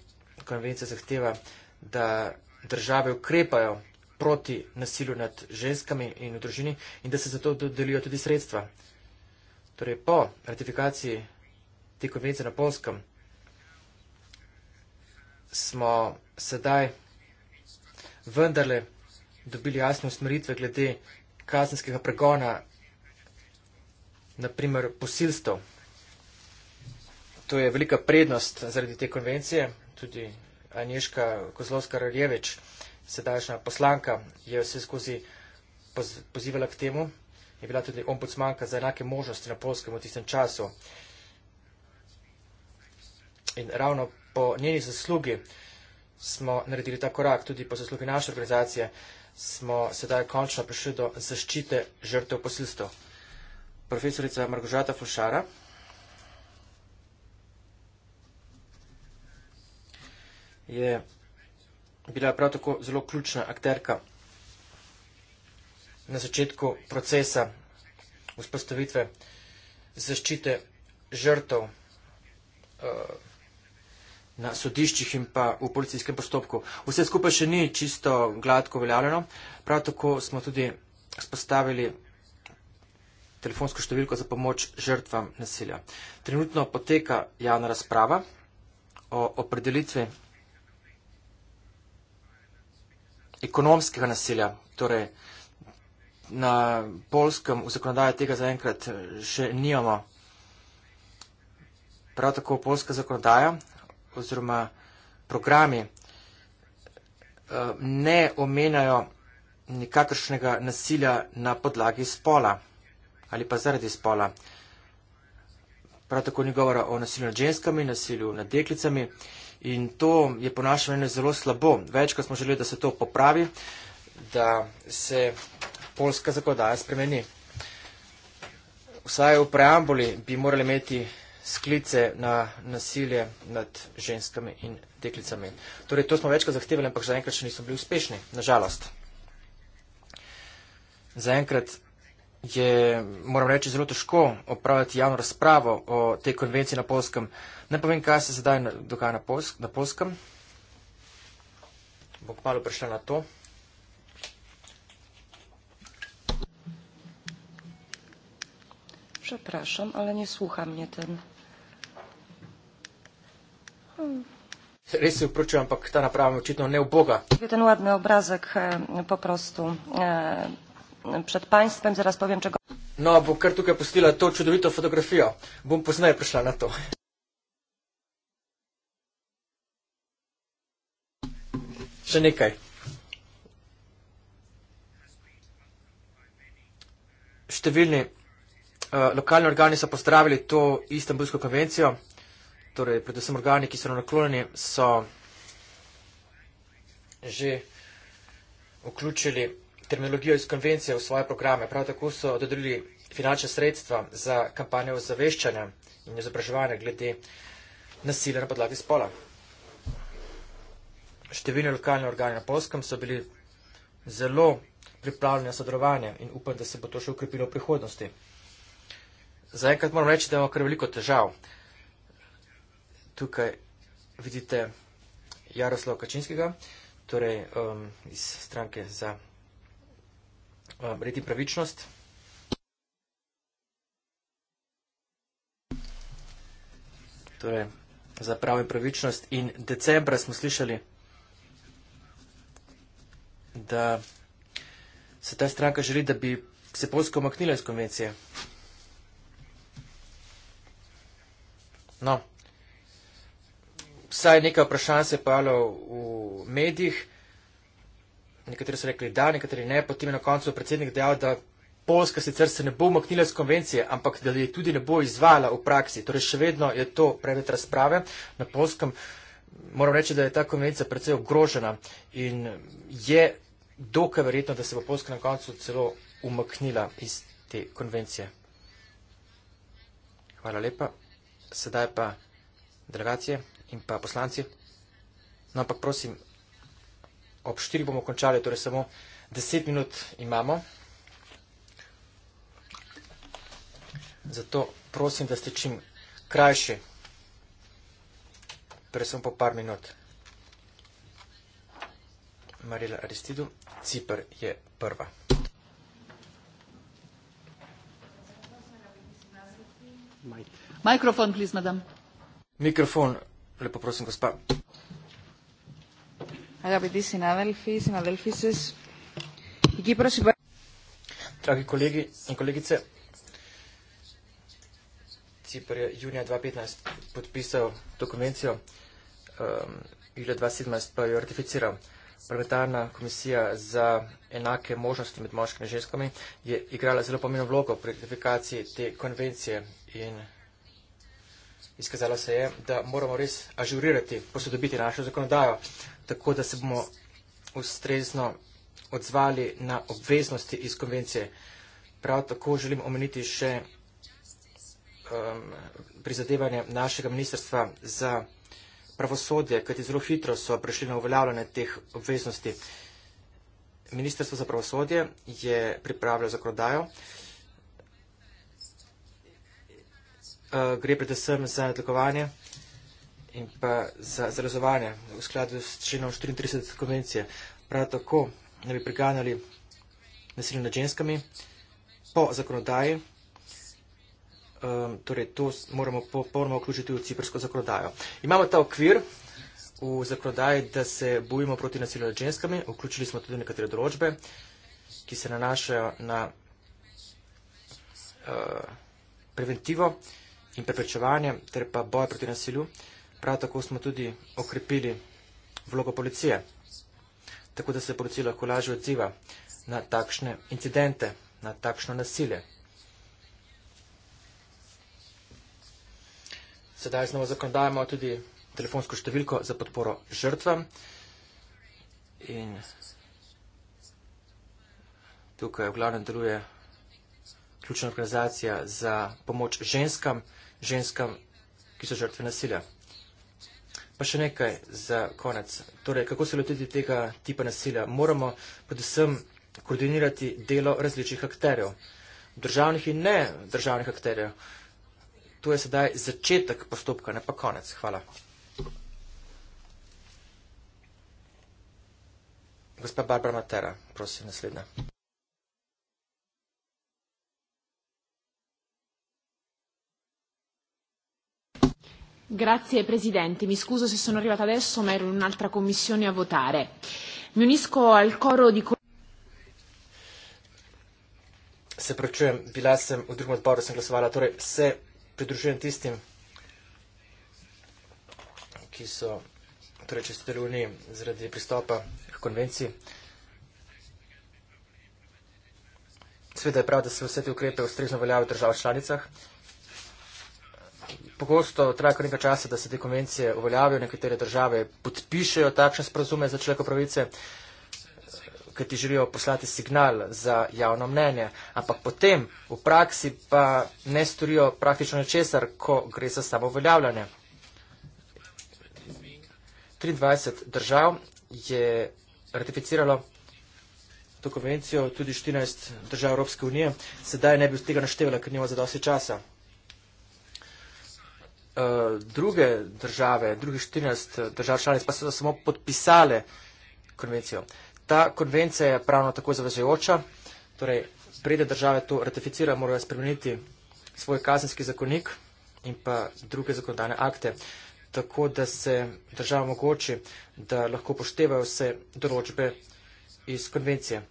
konvencija zahteva, da države ukrepajo proti nasilju nad ženskami in v družini in da se zato dodelijo tudi sredstva. Torej, po ratifikaciji te konvencije na polskem smo sedaj vendarle dobili jasne usmeritve glede kazenskega pregona naprimer posilstv. To je velika prednost zaradi te konvencije. Tudi Anješka Kozlovska-Raljevič, sedajšnja poslanka, je vse skozi pozivala k temu. Je bila tudi ombudsmanka za enake možnosti na polskem v tistem času. In ravno po njeni zaslugi smo naredili ta korak, tudi po zaslugi naše organizacije smo sedaj končno prišli do zaščite žrtev posilstva profesorica Margožata Fošara. Je bila prav tako zelo ključna akterka na začetku procesa vzpostavitve zaščite žrtov eh, na sodiščih in pa v policijskem postopku. Vse skupaj še ni čisto gladko veljavljeno. Prav tako smo tudi spostavili telefonsko številko za pomoč žrtvam nasilja. Trenutno poteka javna razprava o opredelitvi ekonomskega nasilja, torej na polskem v zakonodaje tega zaenkrat eh, še nijamo. Prav tako polska zakonodaja oziroma programi eh, ne omenjajo nikakršnega nasilja na podlagi spola ali pa zaradi spola. Prav tako ni govora o nasilju nad ženskami, nasilju nad deklicami in to je po našem mnenju zelo slabo. Večkrat smo želeli, da se to popravi, da se polska zakonodaja spremeni. Vsaj v preambuli bi morali imeti sklice na nasilje nad ženskami in deklicami. Torej, to smo večkrat zahtevali, ampak zaenkrat še nismo bili uspešni, nažalost. Zaenkrat je, moram reči, zelo težko opravljati javno razpravo o tej konvenciji na polskem. Ne povem, kaj se zdaj dogaja na, Polsk, na polskem. Bom kmalo prišla na to. Przepraszam, ale nie słucha mnie ten. Hmm. Rysy ta naprawa nie uboga. Ten ładny obrazek e, po prostu e, pred państwem, zaraz powiem czego. No, bo kar tukaj pustila to čudovito fotografijo, bom poznaje prišla na to. Še nekaj. Številni uh, lokalni organi so pozdravili to istambulsko konvencijo, torej predvsem organi, ki so naklonjeni, so že vključili terminologijo iz konvencije v svoje programe. Prav tako so dodelili finančne sredstva za kampanjo ozaveščanja in izobraževanja glede nasilja na podlagi spola. Številni lokalni organi na Polskem so bili zelo pripravljeni na sodelovanje in upam, da se bo to še ukrepilo v prihodnosti. Zaenkrat moram reči, da imamo kar veliko težav. Tukaj vidite Jaroslav Kačinskega, torej um, iz stranke za Redi pravičnost. Torej, za prav in pravičnost. In decembra smo slišali, da se ta stranka želi, da bi se Polsko omaknila iz konvencije. No, vsaj nekaj vprašanj se je pojavilo v medijih. Nekateri so rekli da, nekateri ne. Potem je na koncu predsednik dejal, da Poljska sicer se ne bo umaknila z konvencije, ampak da je tudi ne bo izvala v praksi. Torej še vedno je to predmet razprave na Poljskem. Moram reči, da je ta konvencija predvsej ogrožena in je dokaj verjetno, da se bo Poljska na koncu celo umaknila iz te konvencije. Hvala lepa. Sedaj pa delegacije in pa poslanci. No, ampak prosim, ob 4 bomo končali, torej samo 10 minut imamo. Zato prosim, da ste čim krajši, prej samo po par minut. Marila Aristidu, Cipr je prva. Mikrofon, please, madam. Mikrofon, lepo prosim, gospa. Agapiti sinadelfi, sinadelfises. Dragi kolegi in kolegice, Cipr je junija 2015 podpisal to konvencijo, um, ehm, julija 2017 pa jo ratificiral. Parlamentarna komisija za enake možnosti med moškimi in ženskami je igrala zelo pomembno vlogo pri ratifikaciji te konvencije in izkazalo se je, da moramo res ažurirati, posodobiti našo zakonodajo tako da se bomo ustrezno odzvali na obveznosti iz konvencije. Prav tako želim omeniti še um, prizadevanje našega ministrstva za pravosodje, kajti zelo hitro so prišli na uveljavljanje teh obveznosti. Ministrstvo za pravosodje je pripravilo zakonodajo. Uh, gre predvsem za odlikovanje in pa za zrazovanje v skladu s členom 34 konvencije. Prav tako ne bi preganjali nasilje nad ženskami po zakonodaji, um, torej to moramo popolnoma vključiti v ciprsko zakonodajo. Imamo ta okvir v zakonodaji, da se bojimo proti nasilju nad ženskami, vključili smo tudi nekatere določbe, ki se nanašajo na uh, preventivo in preprečevanje ter pa boj proti nasilju. Prav tako smo tudi okrepili vlogo policije, tako da se policija lahko lažje odziva na takšne incidente, na takšno nasilje. Sedaj z novo zakonodajamo tudi telefonsko številko za podporo žrtvam. In tukaj v glavnem deluje ključna organizacija za pomoč ženskam, ženskam, ki so žrtve nasilja. Pa še nekaj za konec. Torej, kako se lotiti tega tipa nasilja? Moramo predvsem koordinirati delo različnih akterjev, državnih in ne državnih akterjev. To je sedaj začetek postopka, ne pa konec. Hvala. Gospa Barbara Matera, prosim, naslednja. Grazie Presidente, mi scuso se sono arrivata adesso ma ero in un'altra commissione a votare. Mi unisco al coro di... Se pročujem, bila sem v drugem odboru, sem glasovala, torej se pridružujem tistim, ki so torej čestiteli v Uniji zaradi pristopa k konvenciji. Sveda je prav, da se vse te ukrepe ustrezno veljavi v državah članicah, pogosto traja kar nekaj časa, da se te konvencije uveljavijo, nekatere države podpišejo takšne sprazume za človekove pravice, ker ti želijo poslati signal za javno mnenje. Ampak potem v praksi pa ne storijo praktično ničesar, ko gre za samo uveljavljanje. 23 držav je ratificiralo to konvencijo, tudi 14 držav Evropske unije. Sedaj ne bi tega naštevala, ker nima za dosti časa. Eh, druge države, drugih 14 držav članic pa so samo podpisale konvencijo. Ta konvencija je pravno tako zavezujoča, torej prede države to ratificira, morajo spremeniti svoj kazenski zakonik in pa druge zakonodajne akte, tako da se država mogoče, da lahko poštevajo vse določbe iz konvencije.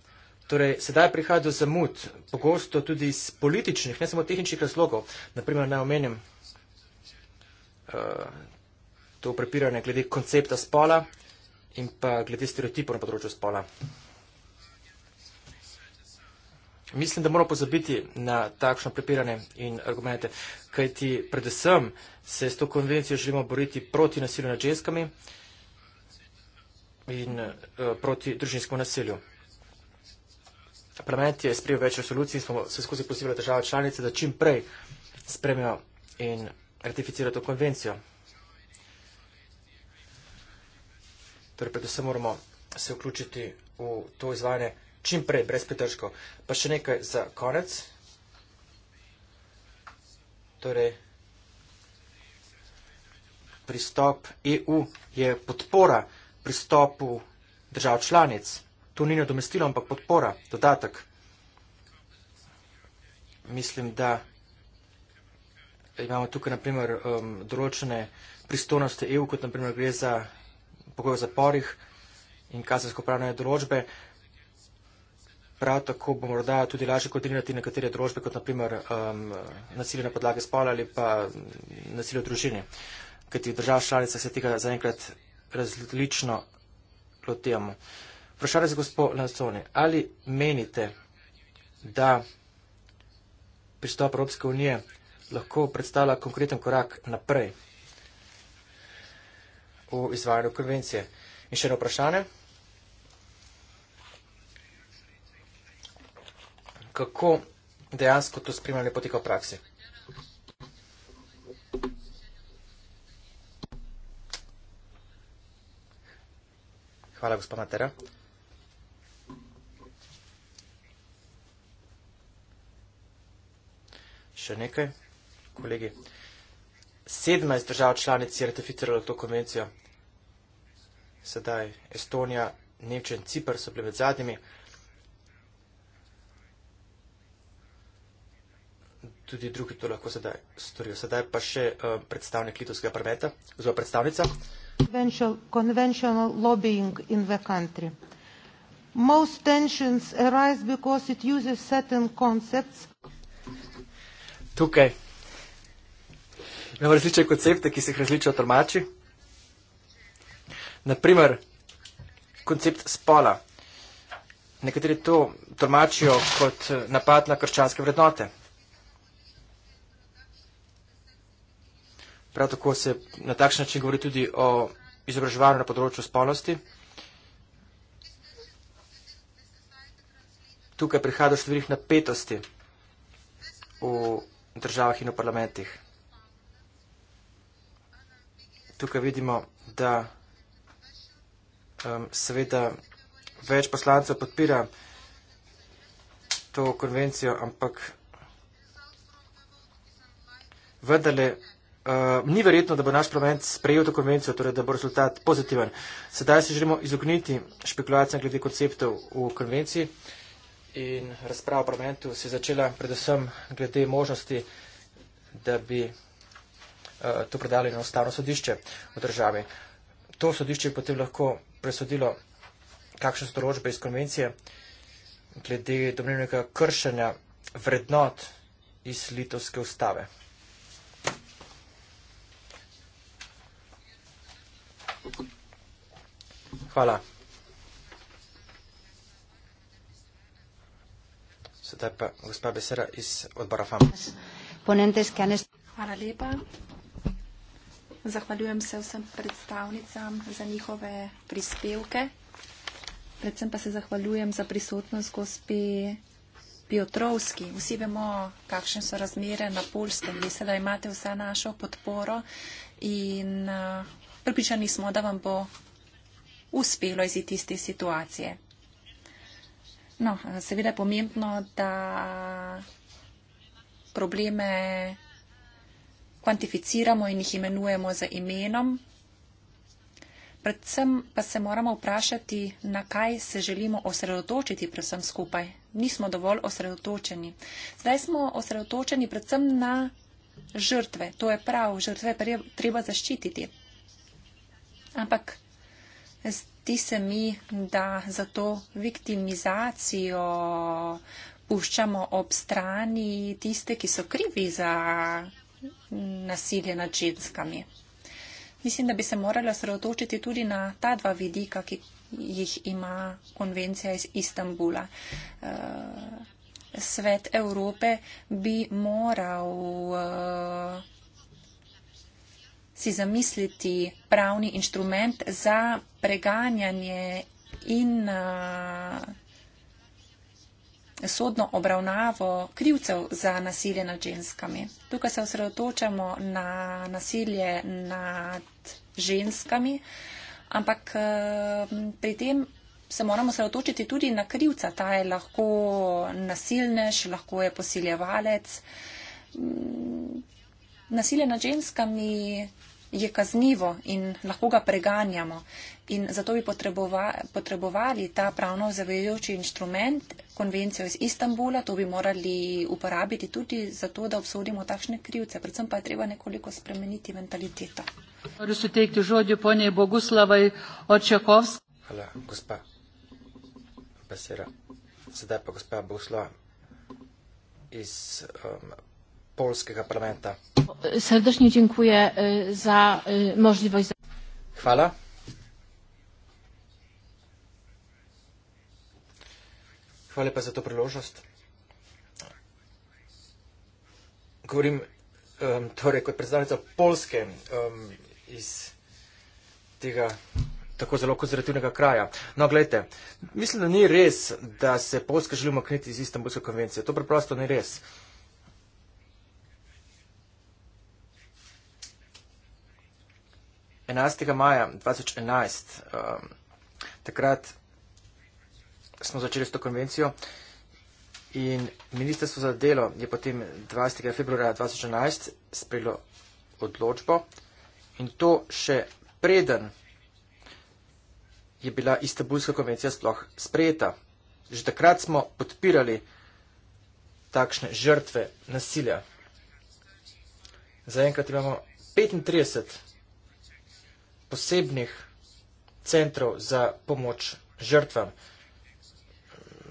Torej, sedaj prihaja do zamud, pogosto tudi iz političnih, ne samo tehničnih razlogov. Naprimer, naj omenim to prepiranje glede koncepta spola in pa glede stereotipov na področju spola. Mislim, da moramo pozabiti na takšno prepiranje in argumente, kajti predvsem se s to konvencijo želimo boriti proti nasilju nad ženskami in eh, proti družinskemu nasilju. Parlament je sprejel več resolucij in smo se skozi pozivali države članice, da čim prej spremijo in ratificirati konvencijo. Torej, predvsem moramo se vključiti v to izvajanje čim prej, brez pritržko. Pa še nekaj za konec. Torej, pristop EU je podpora pristopu držav članic. To ni nadomestilo, ampak podpora, dodatek. Mislim, da imamo tukaj naprimer um, določene pristojnosti EU, kot naprimer gre za pogoj v zaporih in kazensko pravne določbe. Prav tako bo morda tudi lažje koordinirati nekatere družbe, kot naprimer um, nasilje na podlage spola ali pa nasilje v družini, kajti v državah članica se tega zaenkrat različno lotevamo. Vprašanje za gospod Lansoni. Ali menite, da pristop Evropske unije lahko predstavlja konkreten korak naprej v izvajanju konvencije. In še eno vprašanje. Kako dejansko to spremljanje poteka v praksi? Hvala, gospod Matera. Še nekaj? kolegi. 17 držav članic je ratificiralo to konvencijo. Sedaj Estonija, Nemčija in Cipr so bili med zadnjimi. Tudi drugi to lahko sedaj storijo. Sedaj pa še uh, predstavnik litovskega parlamenta, oziroma predstavnica. Conventional lobbying in the country. Most tensions arise because it uses certain concepts. Tukaj Imamo različne koncepte, ki se jih različno tolmači. Naprimer, koncept spola. Nekateri to tolmačijo kot eh, napad na krščanske vrednote. Prav tako se na takšen način govori tudi o izobraževanju na področju spolnosti. Tukaj prihaja do številnih napetosti v državah in v parlamentih tukaj vidimo, da um, seveda več poslancev podpira to konvencijo, ampak vendarle uh, ni verjetno, da bo naš parlament sprejel to konvencijo, torej da bo rezultat pozitiven. Sedaj se želimo izogniti špekulacijam glede konceptov v konvenciji in razprava v parlamentu se je začela predvsem glede možnosti, da bi Eh, to predali na ustavno sodišče v državi. To sodišče je potem lahko presodilo, kakšne so določbe iz konvencije glede domnevnega kršenja vrednot iz litovske ustave. Hvala. Sedaj pa gospa Besera iz odbora FAM. Hvala lepa. Zahvaljujem se vsem predstavnicam za njihove prispevke. Predvsem pa se zahvaljujem za prisotnost gospe Piotrovski. Vsi vemo, kakšne so razmere na Polskem. Mislim, da imate vsa našo podporo in eh, pripričani smo, da vam bo uspelo iz tiste situacije. No, eh, seveda je pomembno, da probleme kvantificiramo in jih imenujemo z imenom. Predvsem pa se moramo vprašati, na kaj se želimo osredotočiti pri vsem skupaj. Nismo dovolj osredotočeni. Zdaj smo osredotočeni predvsem na žrtve. To je prav, žrtve pa je treba zaščititi. Ampak zdi se mi, da za to viktimizacijo puščamo ob strani tiste, ki so krivi za nasilje nad ženskami. Mislim, da bi se morala sredotočiti tudi na ta dva vidika, ki jih ima konvencija iz Istanbula. Eh, Svet Evrope bi moral eh, si zamisliti pravni inštrument za preganjanje in eh, sodno obravnavo krivcev za nasilje nad ženskami. Tukaj se osredotočamo na nasilje nad ženskami, ampak eh, pri tem se moramo osredotočiti tudi na krivca. Ta je lahko nasilnež, lahko je posiljevalec. Mm, nasilje nad ženskami je kaznivo in lahko ga preganjamo. In zato bi potrebova, potrebovali ta pravno zavejujoči inštrument, konvencijo iz Istanbula, to bi morali uporabiti tudi zato, da obsodimo takšne krivce. Predvsem pa je treba nekoliko spremeniti mentaliteto. Hvala, gospa Besera. Sedaj pa gospa Bosla iz um, polskiego parlamenta. Serdecznie dziękuję e, za e, możliwość. Chwala. Chwalę za to przyłożność. Górym um, torek od prezydenta Polskę um, z tego tako zelo konzervativnega kraja. No, gledajte, mislim, da ni res, da se Polska želi umakniti iz Istanbulske konvencije. To preprosto ni res. Uh, 11. maja 2011, um, takrat smo začeli s to konvencijo in Ministrstvo za delo je potem 20. februarja 2011 sprejelo odločbo in to še preden je bila Istanbulska konvencija sploh sprejeta. Že takrat smo podpirali takšne žrtve nasilja. Zaenkrat imamo 35 posebnih centrov za pomoč žrtvam.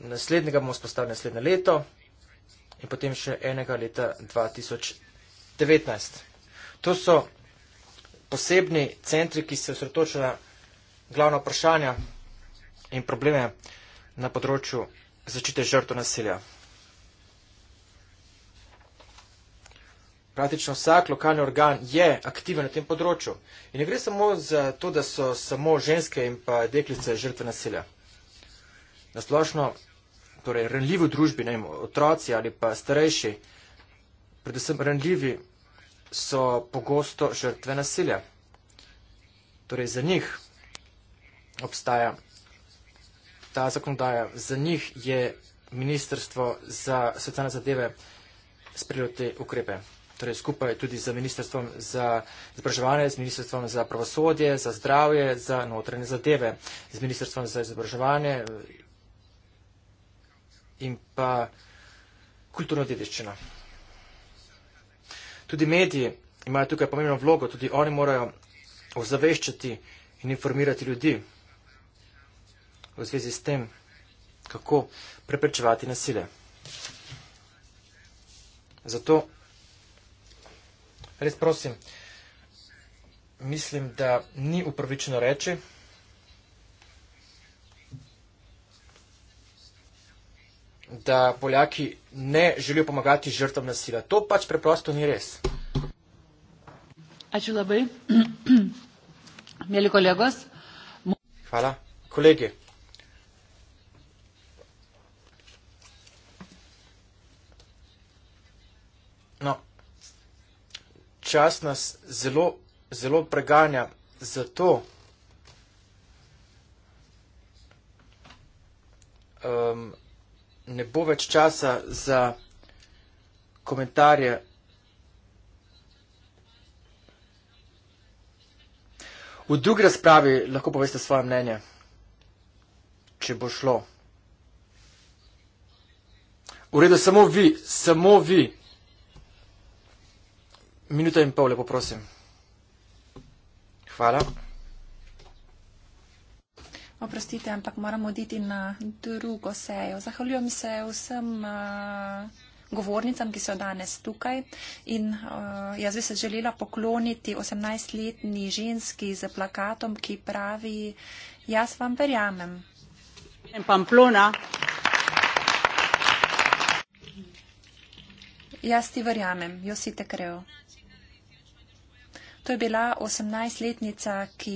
Naslednjega bomo spostavili naslednje leto in potem še enega leta 2019. To so posebni centri, ki se osredotočajo na glavna vprašanja in probleme na področju zaščite žrtv nasilja. Praktično vsak lokalni organ je aktiven na tem področju. In ne gre samo za to, da so samo ženske in pa deklice žrtve nasilja. Nasplošno, torej ranljivi v družbi, ne, otroci ali pa starejši, predvsem ranljivi, so pogosto žrtve nasilja. Torej za njih obstaja ta zakonodaja, za njih je Ministrstvo za socialne zadeve sprejelo te ukrepe torej skupaj tudi z Ministrstvom za izobraževanje, z Ministrstvom za pravosodje, za zdravje, za notranje zadeve, z Ministrstvom za izobraževanje eh, in pa kulturno dediščino. Tudi mediji imajo tukaj pomembno vlogo, tudi oni morajo ozaveščati in informirati ljudi v zvezi s tem, kako preprečevati nasile. Zato Res prosim, mislim, da ni upravičeno reči, da Poljaki ne želijo pomagati žrtvam nasilja. To pač preprosto ni res. Ačiū labai. Mėly kolegos. Hvala. Kolegi. No, čas nas zelo, zelo preganja. Zato um, ne bo več časa za komentarje. V drugi razpravi lahko poveste svoje mnenje, če bo šlo. V redu, samo vi, samo vi. Minuta in pol, lepo prosim. Hvala. Oprostite, ampak moram oditi na drugo sejo. Zahvaljujem se vsem uh, govornicam, ki so danes tukaj in uh, jaz bi se želela pokloniti 18-letni ženski z plakatom, ki pravi, jaz vam verjamem. Pamplona. Jaz ti verjamem, jo si te krev. To je bila 18-letnica, ki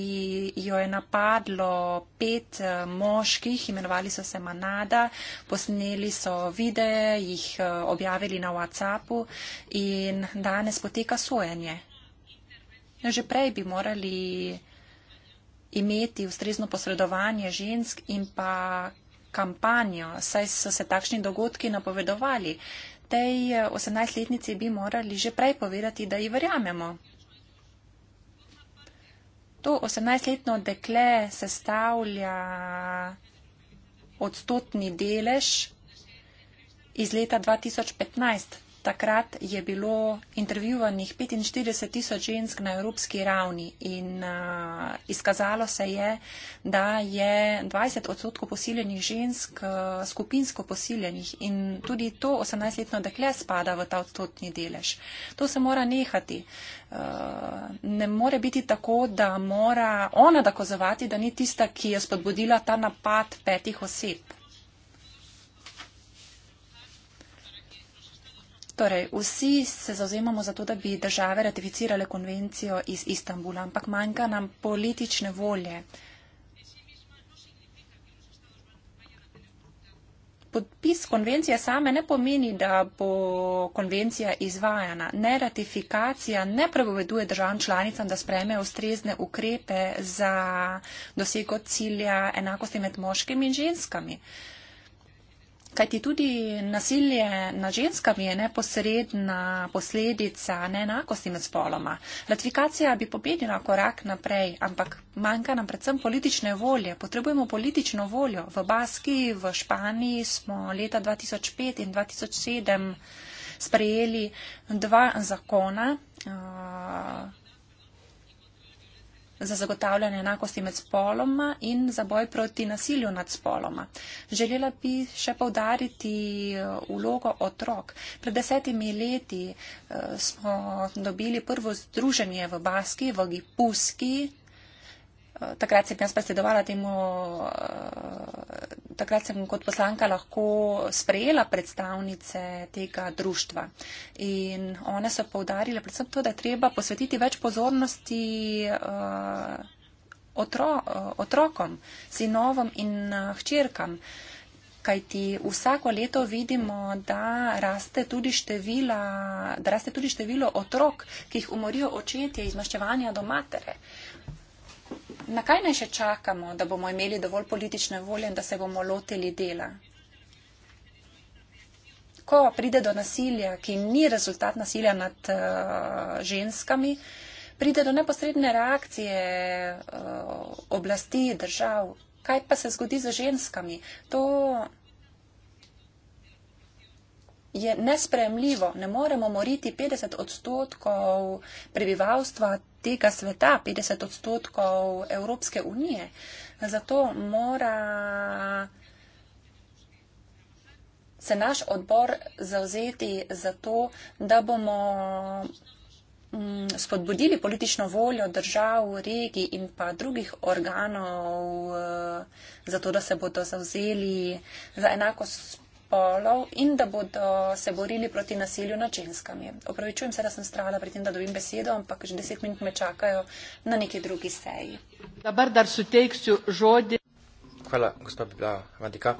jo je napadlo pet eh, moških, imenovali so se Manada, posneli so videe, jih eh, objavili na WhatsAppu in danes poteka sojenje. Že prej bi morali imeti ustrezno posredovanje žensk in pa kampanjo, saj so se takšni dogodki napovedovali. Tej 18-letnici eh, bi morali že prej povedati, da ji verjamemo. To 18-letno dekle sestavlja odstotni delež iz leta 2015. Takrat je bilo intervjuvanih 45 tisoč žensk na evropski ravni in uh, izkazalo se je, da je 20 odstotkov posiljenih žensk uh, skupinsko posiljenih in tudi to 18-letno dekle spada v ta odstotni delež. To se mora nehati. Uh, ne more biti tako, da mora ona dokazovati, da ni tista, ki je spodbudila ta napad petih oseb. Torej, vsi se zauzemamo za to, da bi države ratificirale konvencijo iz Istanbula, ampak manjka nam politične volje. Podpis konvencije same ne pomeni, da bo konvencija izvajana. Neratifikacija ne prepoveduje državam članicam, da spreme ustrezne ukrepe za dosego cilja enakosti med moškimi in ženskami. Kajti tudi nasilje na ženskami je neposredna posledica neenakosti med spoloma. Ratifikacija bi pobedila korak naprej, ampak manjka nam predvsem politične volje. Potrebujemo politično voljo. V Baski, v Španiji smo leta 2005 in 2007 sprejeli dva zakona. Uh, za zagotavljanje enakosti med spoloma in za boj proti nasilju nad spoloma. Želela bi še povdariti eh, vlogo otrok. Pred desetimi leti eh, smo dobili prvo združenje v Baski, v Gipuski, Eh, takrat sem jaz predsedovala temu, eh, takrat sem kot poslanka lahko sprejela predstavnice tega društva. In one so povdarile predvsem to, da je treba posvetiti več pozornosti eh, otro, otrokom, sinovom in hčerkam. Kajti vsako leto vidimo, da raste, števila, da raste tudi število otrok, ki jih umorijo očetje iz maščevanja do matere. Uh, na kaj naj še čakamo, da bomo imeli dovolj politične volje in da se bomo lotili dela? Ko pride do nasilja, ki ni rezultat nasilja nad uh, ženskami, pride do neposredne reakcije uh, oblasti, držav. Kaj pa se zgodi z ženskami? To je nespremljivo. Ne moremo moriti 50 odstotkov prebivalstva tega sveta, 50 odstotkov Evropske unije. Zato mora se naš odbor zauzeti za to, da bomo mm, spodbudili politično voljo držav, regij in pa drugih organov, eh, zato da se bodo zauzeli za enako spodbudo spolov in da bodo se borili proti nasilju nad ženskami. Opravičujem se, da sem strala pri tem, da dobim besedo, ampak že deset minut me čakajo na neki drugi seji. Dobar, da so tekstu žodje. Hvala, gospod Bibla Vadika.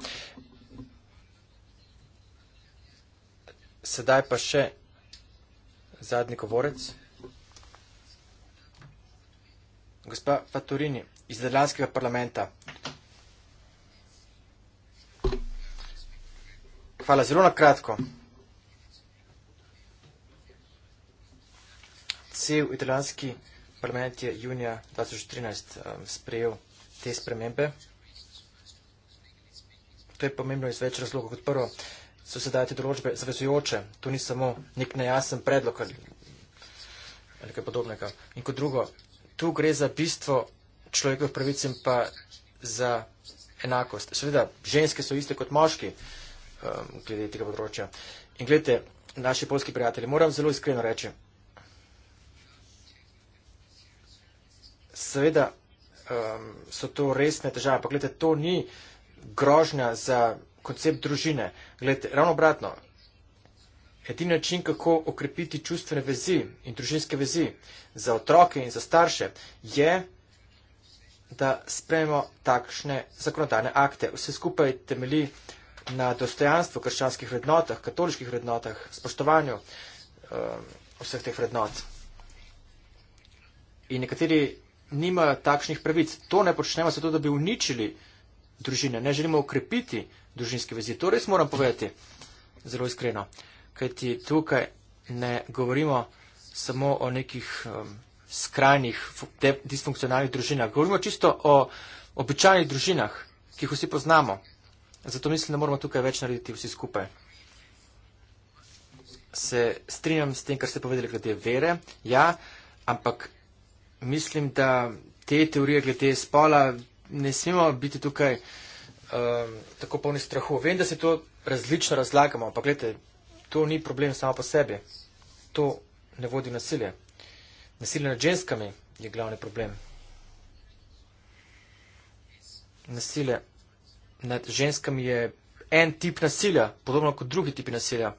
Sedaj pa še zadnji govorec. Gospa Faturini iz Delanskega parlamenta. Hvala, zelo na kratko. Cel italijanski parlament je junija 2013 um, sprejel te spremembe. To je pomembno iz več razlogov. Kot prvo, so se dajati določbe zavezujoče. To ni samo nek nejasen predlog ali, ali kaj podobnega. In kot drugo, tu gre za bistvo človekov pravic in pa za enakost. Seveda, ženske so iste kot moški um, glede tega področja. In gledajte, naši polski prijatelji, moram zelo iskreno reči, seveda um, so to resne težave, pa gledajte, to ni grožnja za koncept družine. Gledajte, ravno obratno, edini način, kako okrepiti čustvene vezi in družinske vezi za otroke in za starše, je, da sprejmemo takšne zakonodajne akte. Vse skupaj temelji na dostojanstvu, krščanskih vrednotah, katoliških vrednotah, spoštovanju um, vseh teh vrednot. In nekateri nimajo takšnih pravic. To ne počnemo zato, da bi uničili družine. Ne želimo ukrepiti družinske vezi. To res moram povedati zelo iskreno. Kaj ti tukaj ne govorimo samo o nekih um, skrajnih, disfunkcionalnih družinah. Govorimo čisto o običajnih družinah, ki jih vsi poznamo. Zato mislim, da moramo tukaj več narediti vsi skupaj. Se strinjam s tem, kar ste povedali glede vere. Ja, ampak mislim, da te teorije glede spola ne smemo biti tukaj um, tako polni strahu. Vem, da se to različno razlagamo, ampak gledajte, to ni problem samo po sebi. To ne vodi nasilje. Nasilje nad ženskami je glavni problem. Nasilje nad ženskami je en tip nasilja, podobno kot drugi tipi nasilja.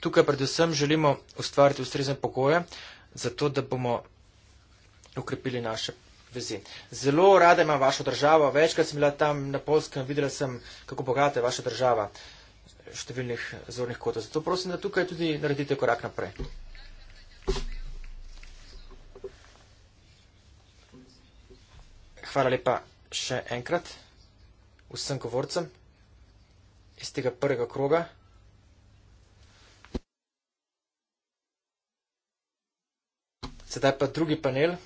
Tukaj predvsem želimo ustvariti ustrezne pogoje, zato da bomo ukrepili naše vezi. Zelo rada imam vašo državo, večkrat sem bila tam na Polskem, videla sem, kako bogata je vaša država številnih zornih kotov. Zato prosim, da tukaj tudi naredite korak naprej. Hvala lepa še enkrat vsem govorcem iz tega prvega kroga. Sedaj pa drugi panel.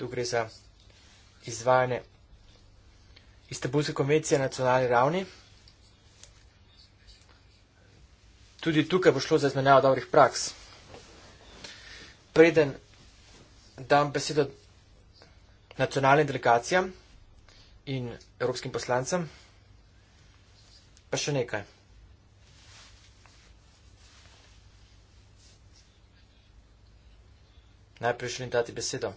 Tu gre za izvajanje Istanbulske konvencije na nacionalni ravni. Tudi tukaj bo šlo za izmenjavo dobrih praks. Preden dam besedo nacionalnim delegacijam in evropskim poslancem. Pa še nekaj. Najprej želim dati besedo.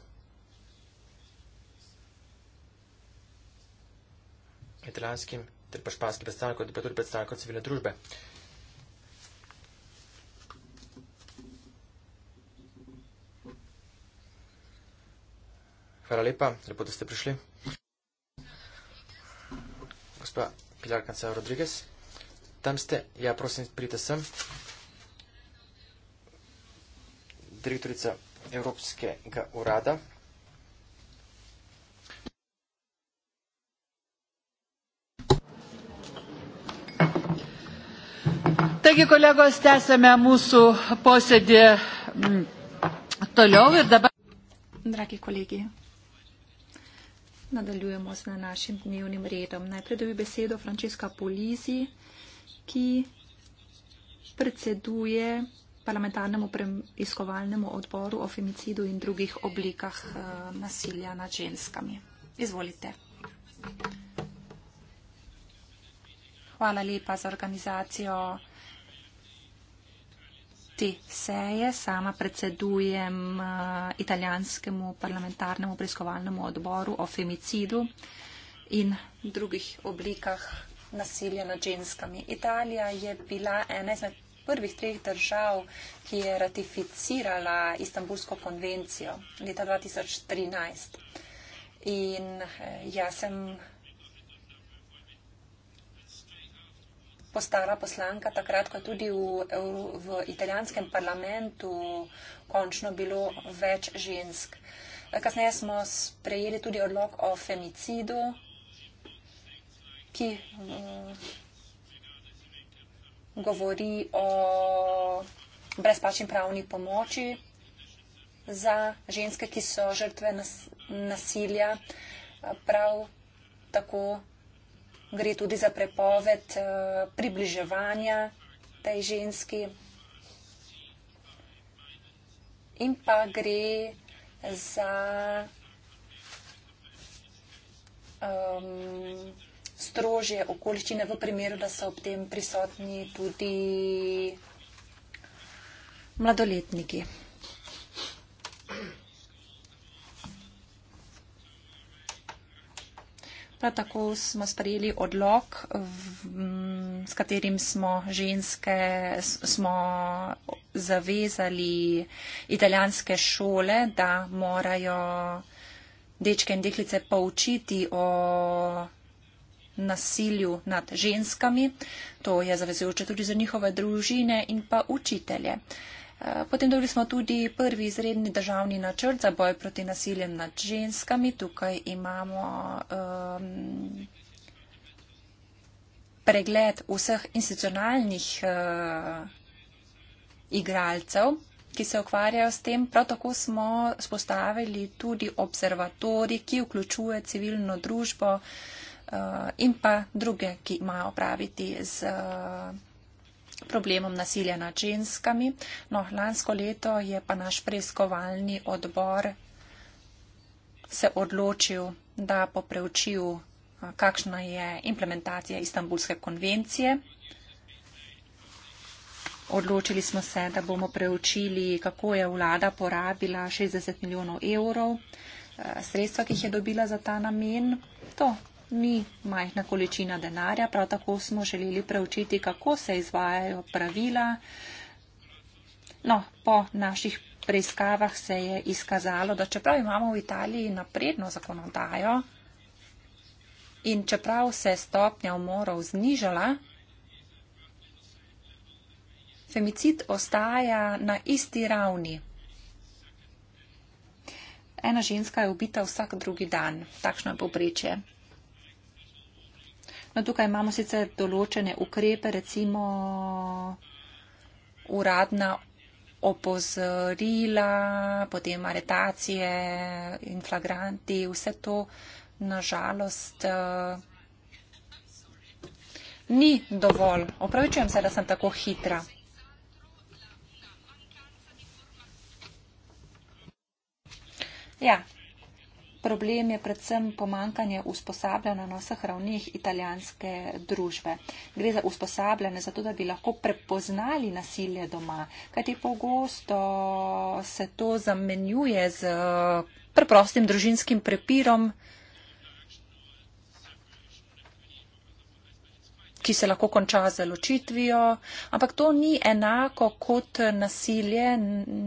italijanskim ter pa španskim predstavnikom, pa tudi predstavnikom civilne družbe. Hvala lepa, lepo, da ste prišli. Gospa Pilar Kancel Rodriguez, tam ste, ja prosim, pridite sem. Direktorica Evropskega urada. Taigi, kolegos, tęsėme mūsų posėdį mm, toliau ir dabar. Dragi kolegiai nadaljujemo z našim dnevnim redom. Najprej dobi besedo Francesca Polizi, ki predseduje parlamentarnemu preiskovalnemu odboru o femicidu in drugih oblikah eh, nasilja nad ženskami. Izvolite. Hvala lepa za organizacijo te seje sama predsedujem uh, italijanskemu parlamentarnemu preiskovalnemu odboru o femicidu in drugih oblikah nasilja nad ženskami. Italija je bila ena izmed prvih treh držav, ki je ratificirala Istanbulsko konvencijo leta 2013. In eh, jaz sem postala poslanka, takrat, ko je tudi v, v italijanskem parlamentu končno bilo več žensk. Kasneje smo sprejeli tudi odlog o femicidu, ki mm, govori o brezpačni pravni pomoči za ženske, ki so žrtve nasilja. Prav tako gre tudi za prepoved eh, približevanja tej ženski. In pa gre za um, strožje okoliščine v primeru, da so ob tem prisotni tudi mladoletniki. rekla, tako smo sprejeli odlok, s katerim smo ženske, smo zavezali italijanske šole, da morajo dečke in deklice poučiti o nasilju nad ženskami. To je zavezujoče tudi za njihove družine in pa učitelje. Uh, Potem dobili smo tudi prvi izredni državni načrt za boj proti nasiljem nad ženskami. Tukaj imamo um, pregled vseh institucionalnih uh, igralcev, ki se ukvarjajo s tem. Prav tako smo spostavili tudi observatori, ki vključuje civilno družbo uh, in pa druge, ki imajo praviti z. Uh, problemom nasilja nad ženskami. No, lansko leto je pa naš preiskovalni odbor se odločil, da bo preučil, kakšna je implementacija Istanbulske konvencije. Odločili smo se, da bomo preučili, kako je vlada porabila 60 milijonov evrov, sredstva, ki jih je dobila za ta namen. To ni majhna količina denarja, prav tako smo želeli preučiti, kako se izvajajo pravila. No, po naših preiskavah se je izkazalo, da čeprav imamo v Italiji napredno zakonodajo in čeprav se je stopnja umorov znižala, femicid ostaja na isti ravni. Ena ženska je ubita vsak drugi dan, takšno je povprečje. No, tukaj imamo sicer določene ukrepe, recimo uradna opozorila, potem aretacije in flagranti, vse to nažalost eh, ni dovolj. Opravičujem se, da sem tako hitra. Ja, problem je predvsem pomankanje usposabljanja na vseh ravnih italijanske družbe. Gre za usposabljanje, zato da bi lahko prepoznali nasilje doma, kajti pogosto se to zamenjuje z preprostim družinskim prepirom, ki se lahko konča z ločitvijo, ampak to ni enako kot nasilje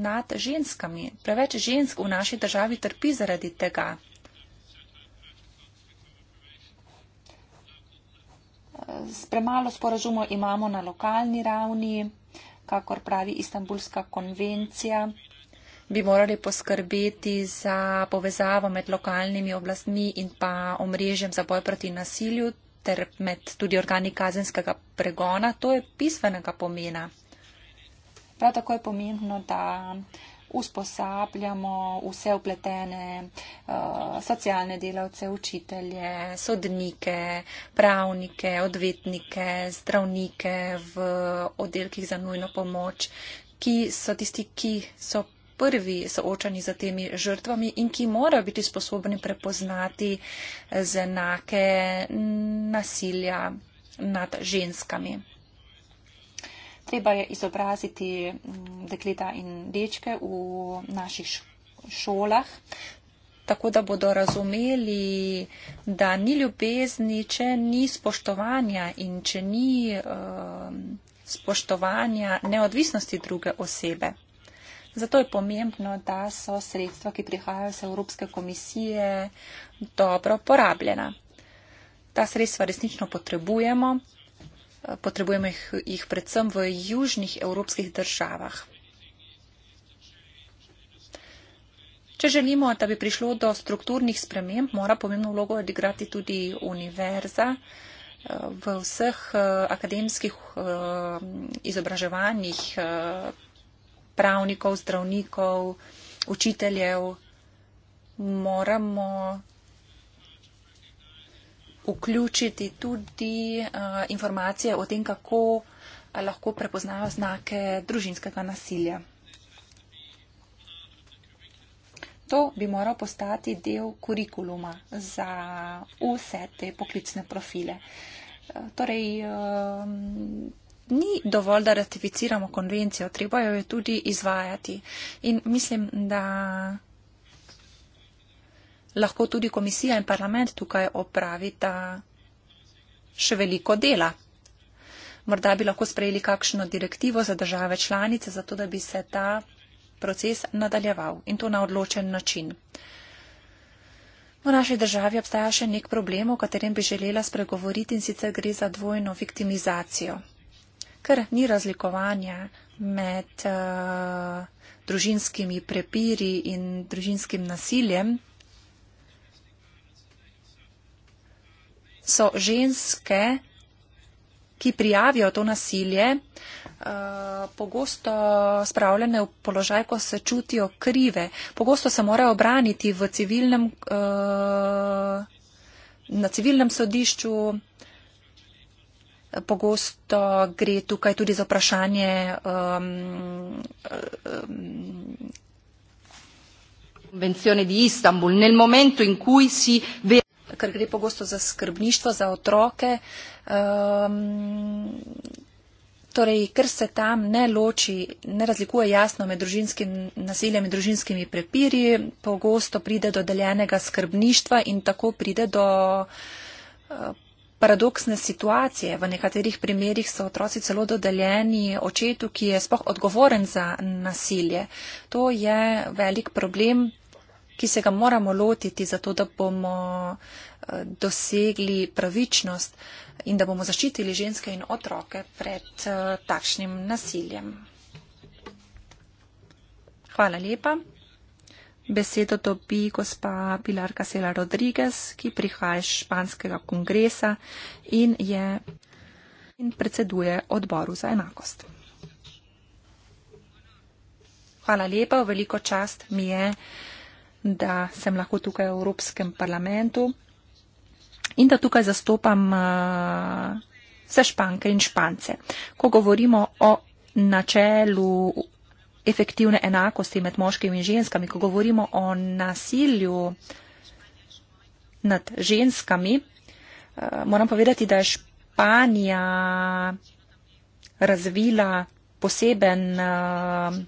nad ženskami. Preveč žensk v naši državi trpi zaradi tega. s premalo sporožumo imamo na lokalni ravni, kakor pravi Istanbulska konvencija, bi morali poskrbeti za povezavo med lokalnimi oblastmi in pa omrežjem za boj proti nasilju ter med tudi organi kazenskega pregona. To je pismenega pomena. Prav tako je pomembno, da usposabljamo vse upletene uh, socialne delavce, učitelje, sodnike, pravnike, odvetnike, zdravnike v oddelkih za nujno pomoč, ki so tisti, ki so prvi soočani za temi žrtvami in ki morajo biti sposobni prepoznati znake nasilja nad ženskami treba je izobraziti mm, dekleta in dečke v naših šolah, tako da bodo razumeli, da ni ljubezni, če ni spoštovanja in če ni uh, spoštovanja neodvisnosti druge osebe. Zato je pomembno, da so sredstva, ki prihajajo iz Evropske komisije, dobro porabljena. Ta sredstva resnično potrebujemo, potrebujemo jih, jih predvsem v južnih evropskih državah. Če želimo, da bi prišlo do strukturnih sprememb, mora pomembno vlogo odigrati tudi univerza v vseh eh, akademskih eh, izobraževanjih eh, pravnikov, zdravnikov, učiteljev. Moramo vključiti tudi eh, informacije o tem, kako eh, lahko prepoznajo znake družinskega nasilja. To bi moral postati del kurikuluma za vse te poklicne profile. Eh, torej, ehm, ni dovolj, da ratificiramo konvencijo, treba jo je tudi izvajati. In mislim, da lahko tudi komisija in parlament tukaj opravita še veliko dela. Morda bi lahko sprejeli kakšno direktivo za države članice, zato da bi se ta proces nadaljeval in to na odločen način. V naši državi obstaja še nek problem, o katerem bi želela spregovoriti in sicer gre za dvojno viktimizacijo. Ker ni razlikovanja med uh, družinskimi prepiri in družinskim nasiljem, so ženske, ki prijavijo to nasilje, eh, pogosto spravljene v položaj, ko se čutijo krive. Pogosto se morajo obraniti v civilnem, eh, na civilnem sodišču. Pogosto gre tukaj tudi za vprašanje konvencione eh, um, um, di Istanbul, nel momento in cui si ve ker gre pogosto za skrbništvo, za otroke. Um, torej, ker se tam ne loči, ne razlikuje jasno med družinskim nasiljem in družinskimi prepiri, pogosto pride do deljenega skrbništva in tako pride do. Eh, paradoksne situacije. V nekaterih primerjih so otroci celo dodeljeni očetu, ki je spoh odgovoren za nasilje. To je velik problem, ki se ga moramo lotiti, zato da bomo uh, dosegli pravičnost in da bomo zaščitili ženske in otroke pred eh, takšnim nasiljem. Hvala lepa. Besedo dobi gospa Pilar Casela Rodriguez, ki prihaja iz Španskega kongresa in, je, in predseduje odboru za enakost. Hvala lepa, veliko čast mi je, da sem lahko tukaj v Evropskem parlamentu in da tukaj zastopam eh, vse španke in špance. Ko govorimo o načelu efektivne enakosti med moškimi in ženskami, ko govorimo o nasilju nad ženskami, eh, moram povedati, da je Španija razvila poseben eh,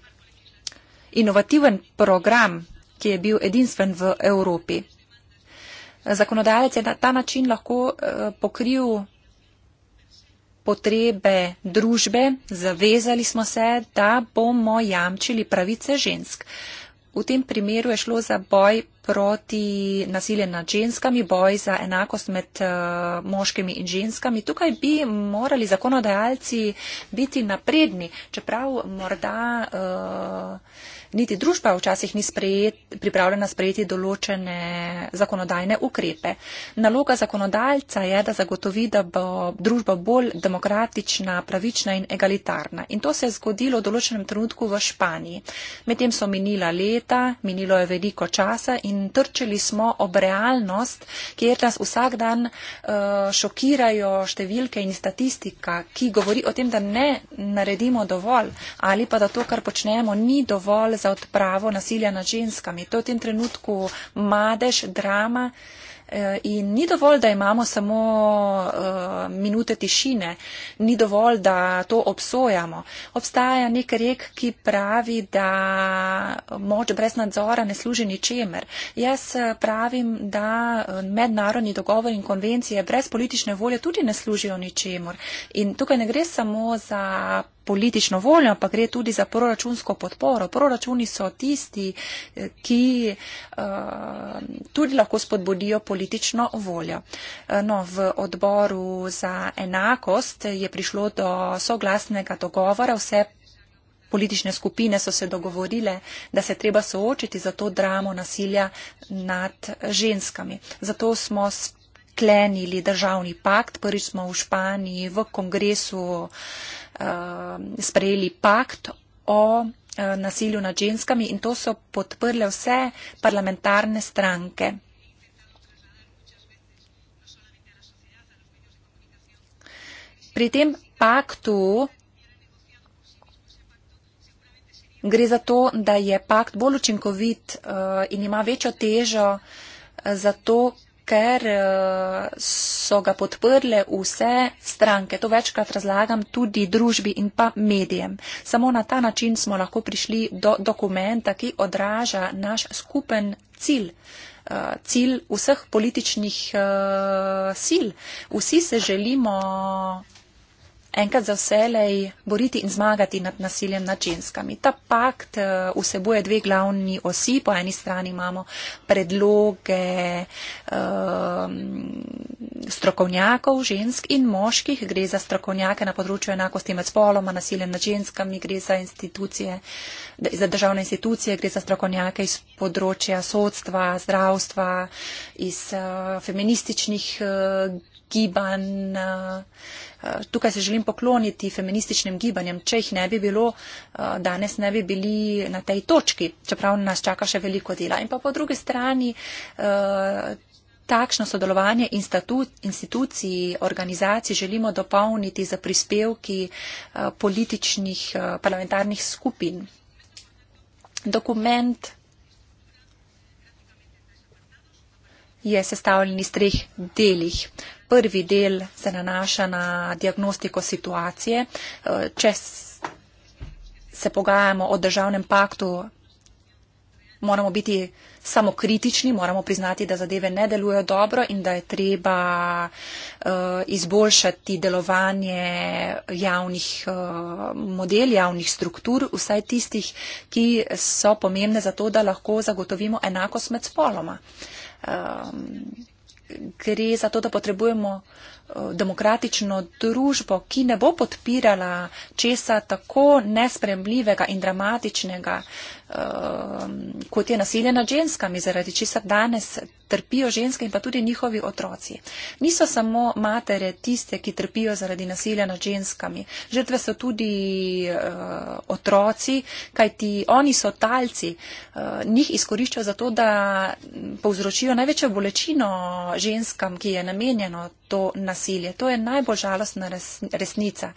inovativen program, ki je bil edinstven v Evropi zakonodajalec je na ta način lahko eh, pokril potrebe družbe, zavezali smo se, da bomo jamčili pravice žensk. V tem primeru je šlo za boj proti nasilje nad ženskami, boj za enakost med eh, moškimi in ženskami. Tukaj bi morali zakonodajalci biti napredni, čeprav morda. Uh, niti družba včasih ni sprejet, pripravljena sprejeti določene zakonodajne ukrepe. Naloga zakonodajca je, da zagotovi, da bo družba bolj demokratična, pravična in egalitarna. In to se je zgodilo v določenem trenutku v Španiji. Medtem so minila leta, minilo je veliko časa in trčeli smo ob realnost, kjer nas vsak dan eh, šokirajo številke in statistika, ki govori o tem, da ne naredimo dovolj ali pa da to, kar počnemo, ni dovolj za odpravo nasilja nad ženskami. To je v tem trenutku madež, drama. Eh, in ni dovolj, da imamo samo uh, minute tišine, ni dovolj, da to obsojamo. Obstaja nek rek, ki pravi, da moč brez nadzora ne služi ničemer. Jaz eh, pravim, da mednarodni dogovor in konvencije brez politične volje tudi ne služijo ničemer. In tukaj ne gre samo za politično voljo, ampak gre tudi za proračunsko podporo. Proračuni so tisti, eh, ki uh, tudi lahko spodbudijo politično voljo. Eh, no, v odboru za enakost je prišlo do soglasnega dogovora. Vse politične skupine so se dogovorile, da se treba soočiti za to dramo nasilja nad ženskami. Zato smo sklenili državni pakt. Prvi smo v Španiji v kongresu uh, Um, sprejeli pakt o uh, nasilju nad ženskami in to so podprle vse parlamentarne stranke. Pri tem paktu gre za to, da je pakt bolj učinkovit uh, in ima večjo težo uh, za to, ker eh, so ga podprle vse stranke. To večkrat razlagam tudi družbi in pa medijem. Samo na ta način smo lahko prišli do dokumenta, ki odraža naš skupen cilj. Eh, cilj vseh političnih eh, sil. Vsi se želimo enkrat za vselej boriti in zmagati nad nasiljem nad ženskami. Ta pakt eh, vsebuje dve glavni osi. Po eni strani imamo predloge um, strokovnjakov, žensk in moških. Gre za strokovnjake na področju enakosti med spoloma, nasiljem nad ženskami, gre za, za državne institucije, gre za strokovnjake iz področja sodstva, zdravstva, iz uh, feminističnih. Uh, gibanj. Eh, eh, tukaj se želim pokloniti feminističnim gibanjem. Če jih ne bi bilo, eh, danes ne bi bili na tej točki, čeprav nas čaka še veliko dela. In pa po drugi strani takšno sodelovanje institucij, organizacij želimo dopolniti za prispevki političnih parlamentarnih skupin. Dokument je sestavljen iz treh delih. Prvi del se nanaša na diagnostiko situacije. Če se pogajamo o državnem paktu, moramo biti samo kritični, moramo priznati, da zadeve ne delujejo dobro in da je treba eh, izboljšati delovanje javnih eh, model, javnih struktur, vsaj tistih, ki so pomembne za to, da lahko zagotovimo enakost med spoloma um, gre za to, da potrebujemo eh, demokratično družbo, ki ne bo podpirala česa tako nespremljivega in dramatičnega, uh, Um, kot je nasilje nad ženskami, zaradi česar danes trpijo ženske in pa tudi njihovi otroci. Niso samo matere tiste, ki trpijo zaradi nasilja nad ženskami. Žrtve so tudi uh, otroci, kajti oni so talci. Uh, njih izkoriščajo zato, da povzročijo največjo bolečino ženskam, ki je namenjeno to nasilje. To je najbolj žalostna res, resnica.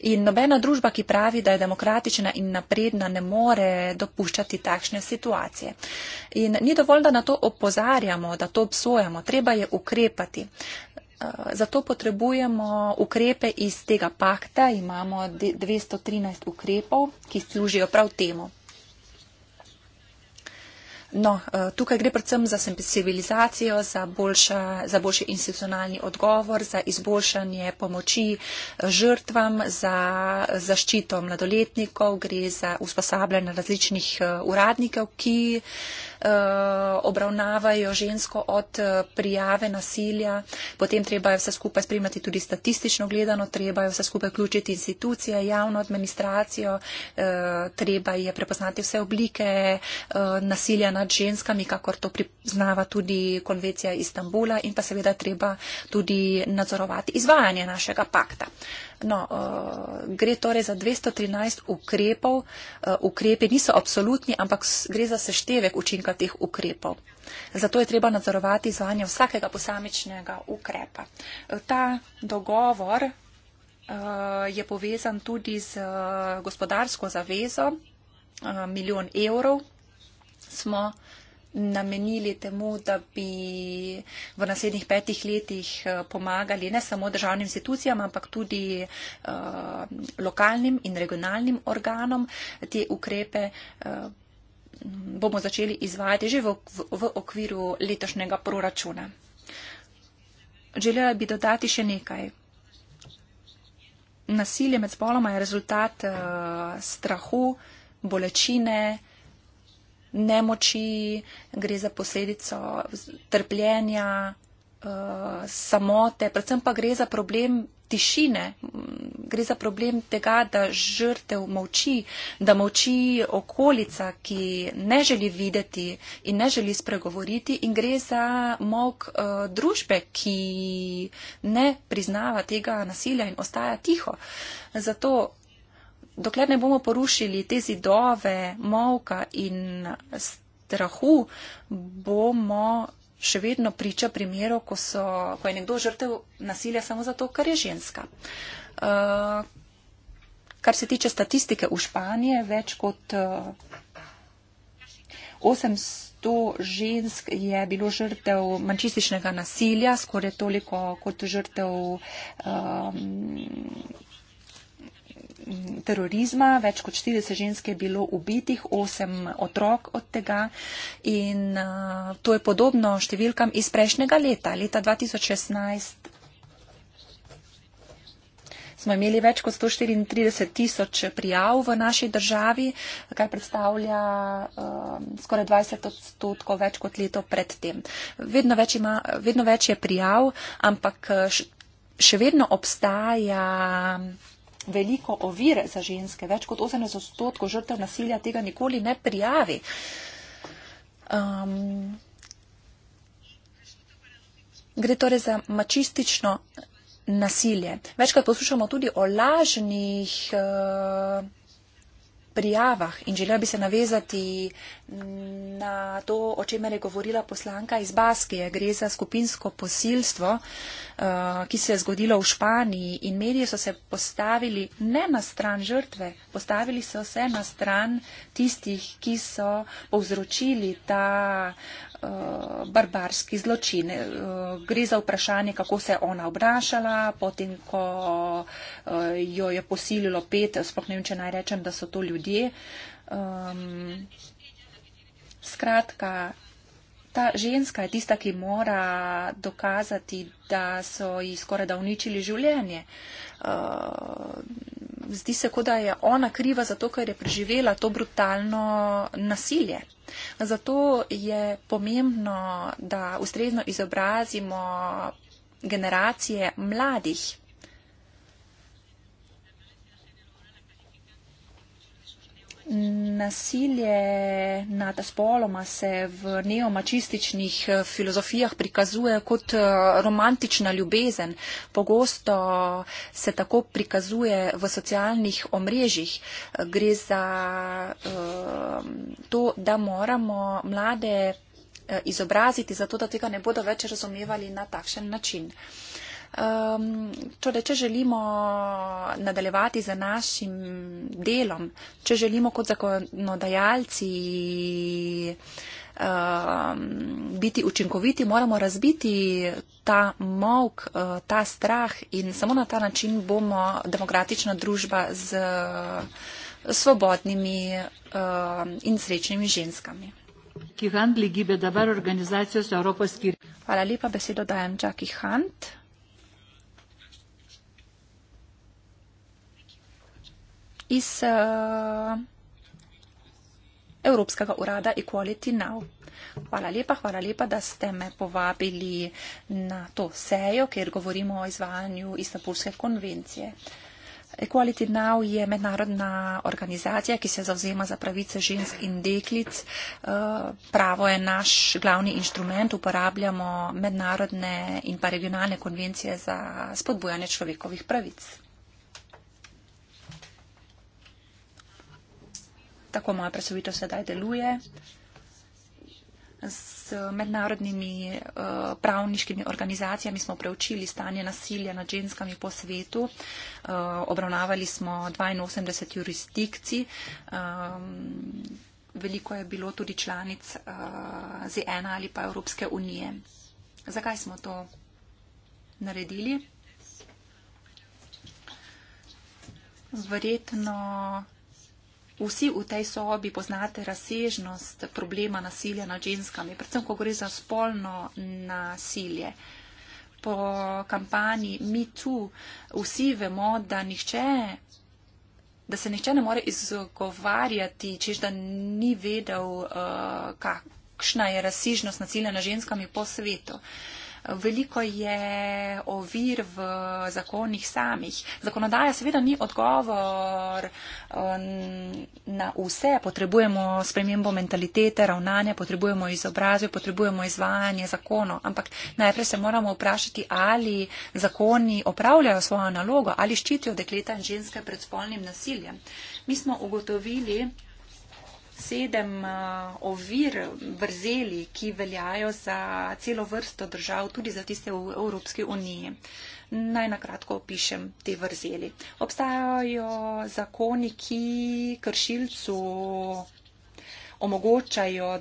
In nobena družba, ki pravi, da je demokratična in napredna, ne more dopuščati dopuščati takšne situacije. In ni dovolj, da na to opozarjamo, da to obsojamo, treba je ukrepati. Eh, zato potrebujemo ukrepe iz tega pakta, imamo 213 ukrepov, ki služijo prav temu. No, eh, tukaj gre predvsem za sensibilizacijo, za, boljša, za boljši institucionalni odgovor, za izboljšanje pomoči eh, žrtvam, za zaščito mladoletnikov, gre za usposabljanje različnih eh, uradnikov, ki Eh, obravnavajo žensko od eh, prijave nasilja, potem treba je vse skupaj spremljati tudi statistično gledano, treba je vse skupaj vključiti institucije, javno administracijo, eh, treba je prepoznati vse oblike nasilja nad ženskami, kakor to priznava tudi konvencija Istanbula in pa seveda treba tudi nadzorovati izvajanje našega pakta. No, eh, gre torej za 213 ukrepov. Eh, ukrepi niso absolutni, ampak gre za seštevek učinka teh ukrepov. Zato je treba nadzorovati izvajanje vsakega posamičnega ukrepa. Eh, ta dogovor je povezan tudi z gospodarsko zavezo, milijon evrov smo namenili temu, da bi v naslednjih petih letih eh, pomagali ne samo državnim institucijam, ampak tudi eh, lokalnim in regionalnim organom te ukrepe eh, bomo začeli izvajati že v, v, v okviru letošnjega proračuna. Želela bi dodati še nekaj. Nasilje med spoloma je rezultat uh, strahu, bolečine, uh, nemoči, gre za posledico trpljenja, eh, samote, predvsem pa gre za problem tišine, gre za problem tega, da žrtev moči, da moči okolica, ki ne želi videti in ne želi spregovoriti in gre za mok eh, družbe, ki ne priznava tega nasilja in ostaja tiho. Zato dokler ne bomo porušili te zidove molka in strahu, bomo še vedno priča primeru, ko, so, ko je nekdo žrtev nasilja samo zato, ker je ženska. Uh, kar se tiče statistike v Španiji, več kot uh, eh, 800 žensk je bilo žrtev mančističnega nasilja, skoraj toliko kot žrtev. Um, terorizma. Več kot 40 žensk je bilo ubitih, 8 otrok od tega. In uh, to je podobno številkam iz prejšnjega leta, leta 2016. Smo imeli več kot 134 tisoč prijav v naši državi, kar predstavlja uh, skoraj 20 odstotkov več kot leto predtem. Vedno več, ima, vedno več je prijav, ampak eh, še vedno obstaja veliko ovire za ženske. Več kot 18 odstotkov žrtev nasilja tega nikoli ne prijavi. Um, gre torej za mačistično nasilje. Večkrat poslušamo tudi o lažnih. Uh, prijavah in želel bi se navezati na to, o čemer je govorila poslanka iz Baskije. Gre za skupinsko posilstvo, eh, ki se je zgodilo v Španiji in mediji so se postavili ne na stran žrtve, postavili so se na stran tistih, ki so povzročili ta uh, Eh, barbarski zločin. Eh, gre za vprašanje, kako se je ona obnašala, potem, ko eh, jo je posililo pet, sploh ne vem, če naj rečem, da so to ljudje. Um, skratka, ta ženska je tista, ki mora dokazati, da so ji skoraj da uničili življenje. Uh, Eh, zdi se, kot da je ona kriva za to, ker je preživela to brutalno nasilje. Zato je pomembno, da ustrezno izobrazimo generacije mladih nasilje nad spoloma se v neomačističnih eh, filozofijah prikazuje kot eh, romantična ljubezen. Pogosto se tako prikazuje v socialnih omrežjih. Gre za eh, to, da moramo mlade izobraziti, zato da tega ne bodo več razumevali na takšen način. Um, torej, če želimo nadaljevati z našim delom, če želimo kot zakonodajalci um, biti učinkoviti, moramo razbiti ta mok, uh, eh, ta strah in samo na ta način bomo demokratična družba z eh, svobodnimi uh, in srečnimi ženskami. Hvala lepa, besedo dajem Jackie Hunt. iz eh, Evropskega urada Equality Now. Hvala lepa, hvala lepa, da ste me povabili na to sejo, kjer govorimo o izvajanju Istanbulske konvencije. Equality Now je mednarodna organizacija, ki se zauzema za pravice žensk in deklic. Eh, pravo je naš glavni inštrument, uporabljamo mednarodne in pa regionalne konvencije za spodbujanje človekovih pravic. tako moja predstavitev sedaj deluje z mednarodnimi uh, pravniškimi organizacijami smo preučili stanje nasilja nad ženskami po svetu. Uh, obravnavali smo 82 jurisdikcij. Um, veliko je bilo tudi članic uh, ZN ali pa Evropske unije. Zakaj smo to naredili? Verjetno Vsi v tej sobi poznate razsežnost problema nasilja nad ženskami, predvsem, ko gre za spolno nasilje. Po kampanji Me Too vsi vemo, da, nihče, da se nihče ne more izgovarjati, čež da ni vedel, uh, kakšna je razsežnost nasilja nad ženskami po svetu. Uh, veliko je ovir v zakonih samih. Zakonodaja seveda ni odgovor um, na vse. Potrebujemo spremembo mentalitete, ravnanja, potrebujemo izobrazbe, potrebujemo izvajanje zakono. Ampak najprej se moramo vprašati, ali zakoni opravljajo svojo nalogo, ali ščitijo dekleta in ženske pred spolnim nasiljem. Mi smo ugotovili, sedem eh, ovir, vrzeli, ki veljajo za celo vrsto držav, tudi za tiste v Evropski uniji. Naj nakratko opišem te vrzeli. Obstajajo zakoni, ki kršilcu omogočajo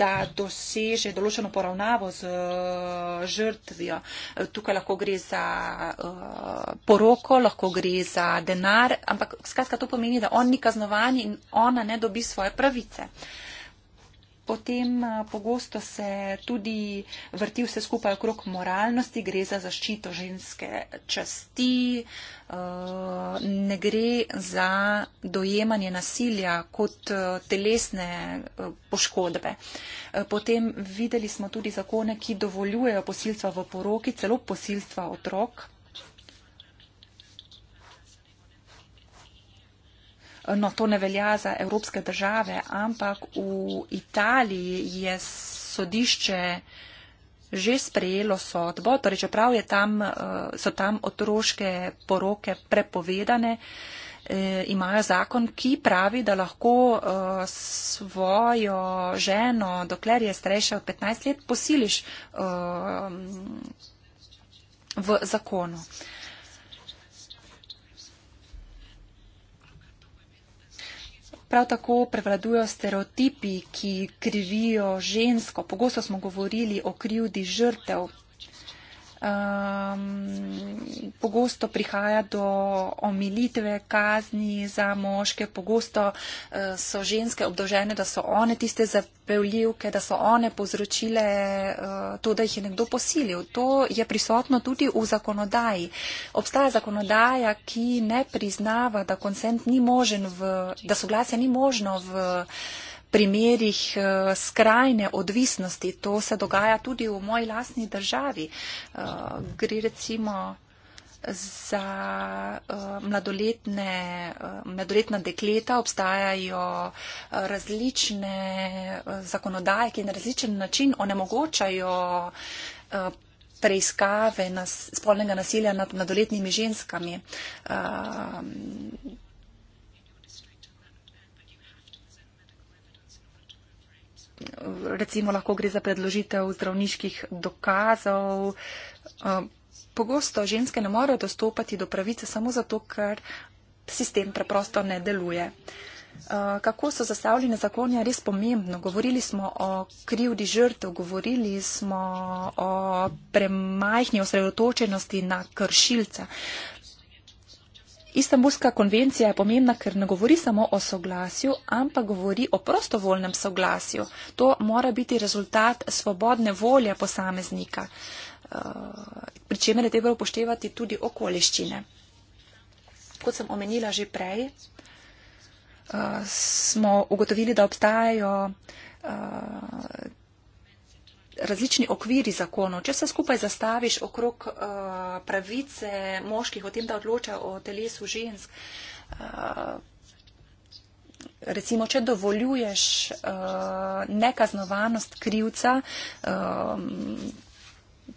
da doseže določeno poravnavo z eh, žrtvijo. Eh, tukaj lahko gre za eh, poroko, lahko gre za denar, ampak skratka to pomeni, da on ni kaznovan in ona ne dobi svoje pravice. Uh, potem pogosto se tudi vrti vse skupaj okrog moralnosti, gre za zaščito ženske časti, ne gre za dojemanje nasilja kot telesne poškodbe. Potem videli smo tudi zakone, ki dovoljujejo posilstva v poroki, celo posilstva otrok. No, to ne velja za evropske države, ampak v Italiji je sodišče že sprejelo sodbo, torej čeprav tam, eh, so tam otroške poroke prepovedane, eh, imajo zakon, ki pravi, da lahko eh, svojo ženo, dokler je starejša od 15 let, posiliš v zakonu. Prav tako prevladujo stereotipi, ki krivijo žensko. Pogosto smo govorili o krivdi žrtev, um, pogosto prihaja do omilitve kazni za moške, pogosto uh, so ženske obdožene, da so one tiste zapeljivke, da so one povzročile uh, to, da jih je nekdo posilil. To je prisotno tudi v zakonodaji. Obstaja zakonodaja, ki ne priznava, da, ni možen v, da soglasje ni možno v uh, primerih eh, skrajne odvisnosti. To se dogaja tudi v moji lasni državi. Eh, gre recimo za eh, mladoletne, mladoletna dekleta, obstajajo različne zakonodaje, ki na različen način onemogočajo preiskave nas, spolnega nasilja nad mladoletnimi ženskami. Uh, recimo lahko gre za predložitev zdravniških dokazov. Eh, pogosto ženske ne morejo dostopati do pravice samo zato, ker sistem preprosto ne deluje. Eh, kako so zastavljene zakonje, je res pomembno. Govorili smo o krivdi žrtev, govorili smo o premajhni osredotočenosti na kršilca. Istanbulska konvencija je pomembna, ker ne govori samo o soglasju, ampak govori o prostovoljnem soglasju. To mora biti rezultat svobodne volje posameznika, eh, pri čemer je treba upoštevati tudi okoliščine. Kot sem omenila že prej, eh, smo ugotovili, da obstajajo eh, različni okviri zakonov. Če se skupaj zastaviš okrog uh, pravice moških o tem, da odločajo o telesu žensk, uh, recimo, če dovoljuješ uh, nekaznovanost krivca, um,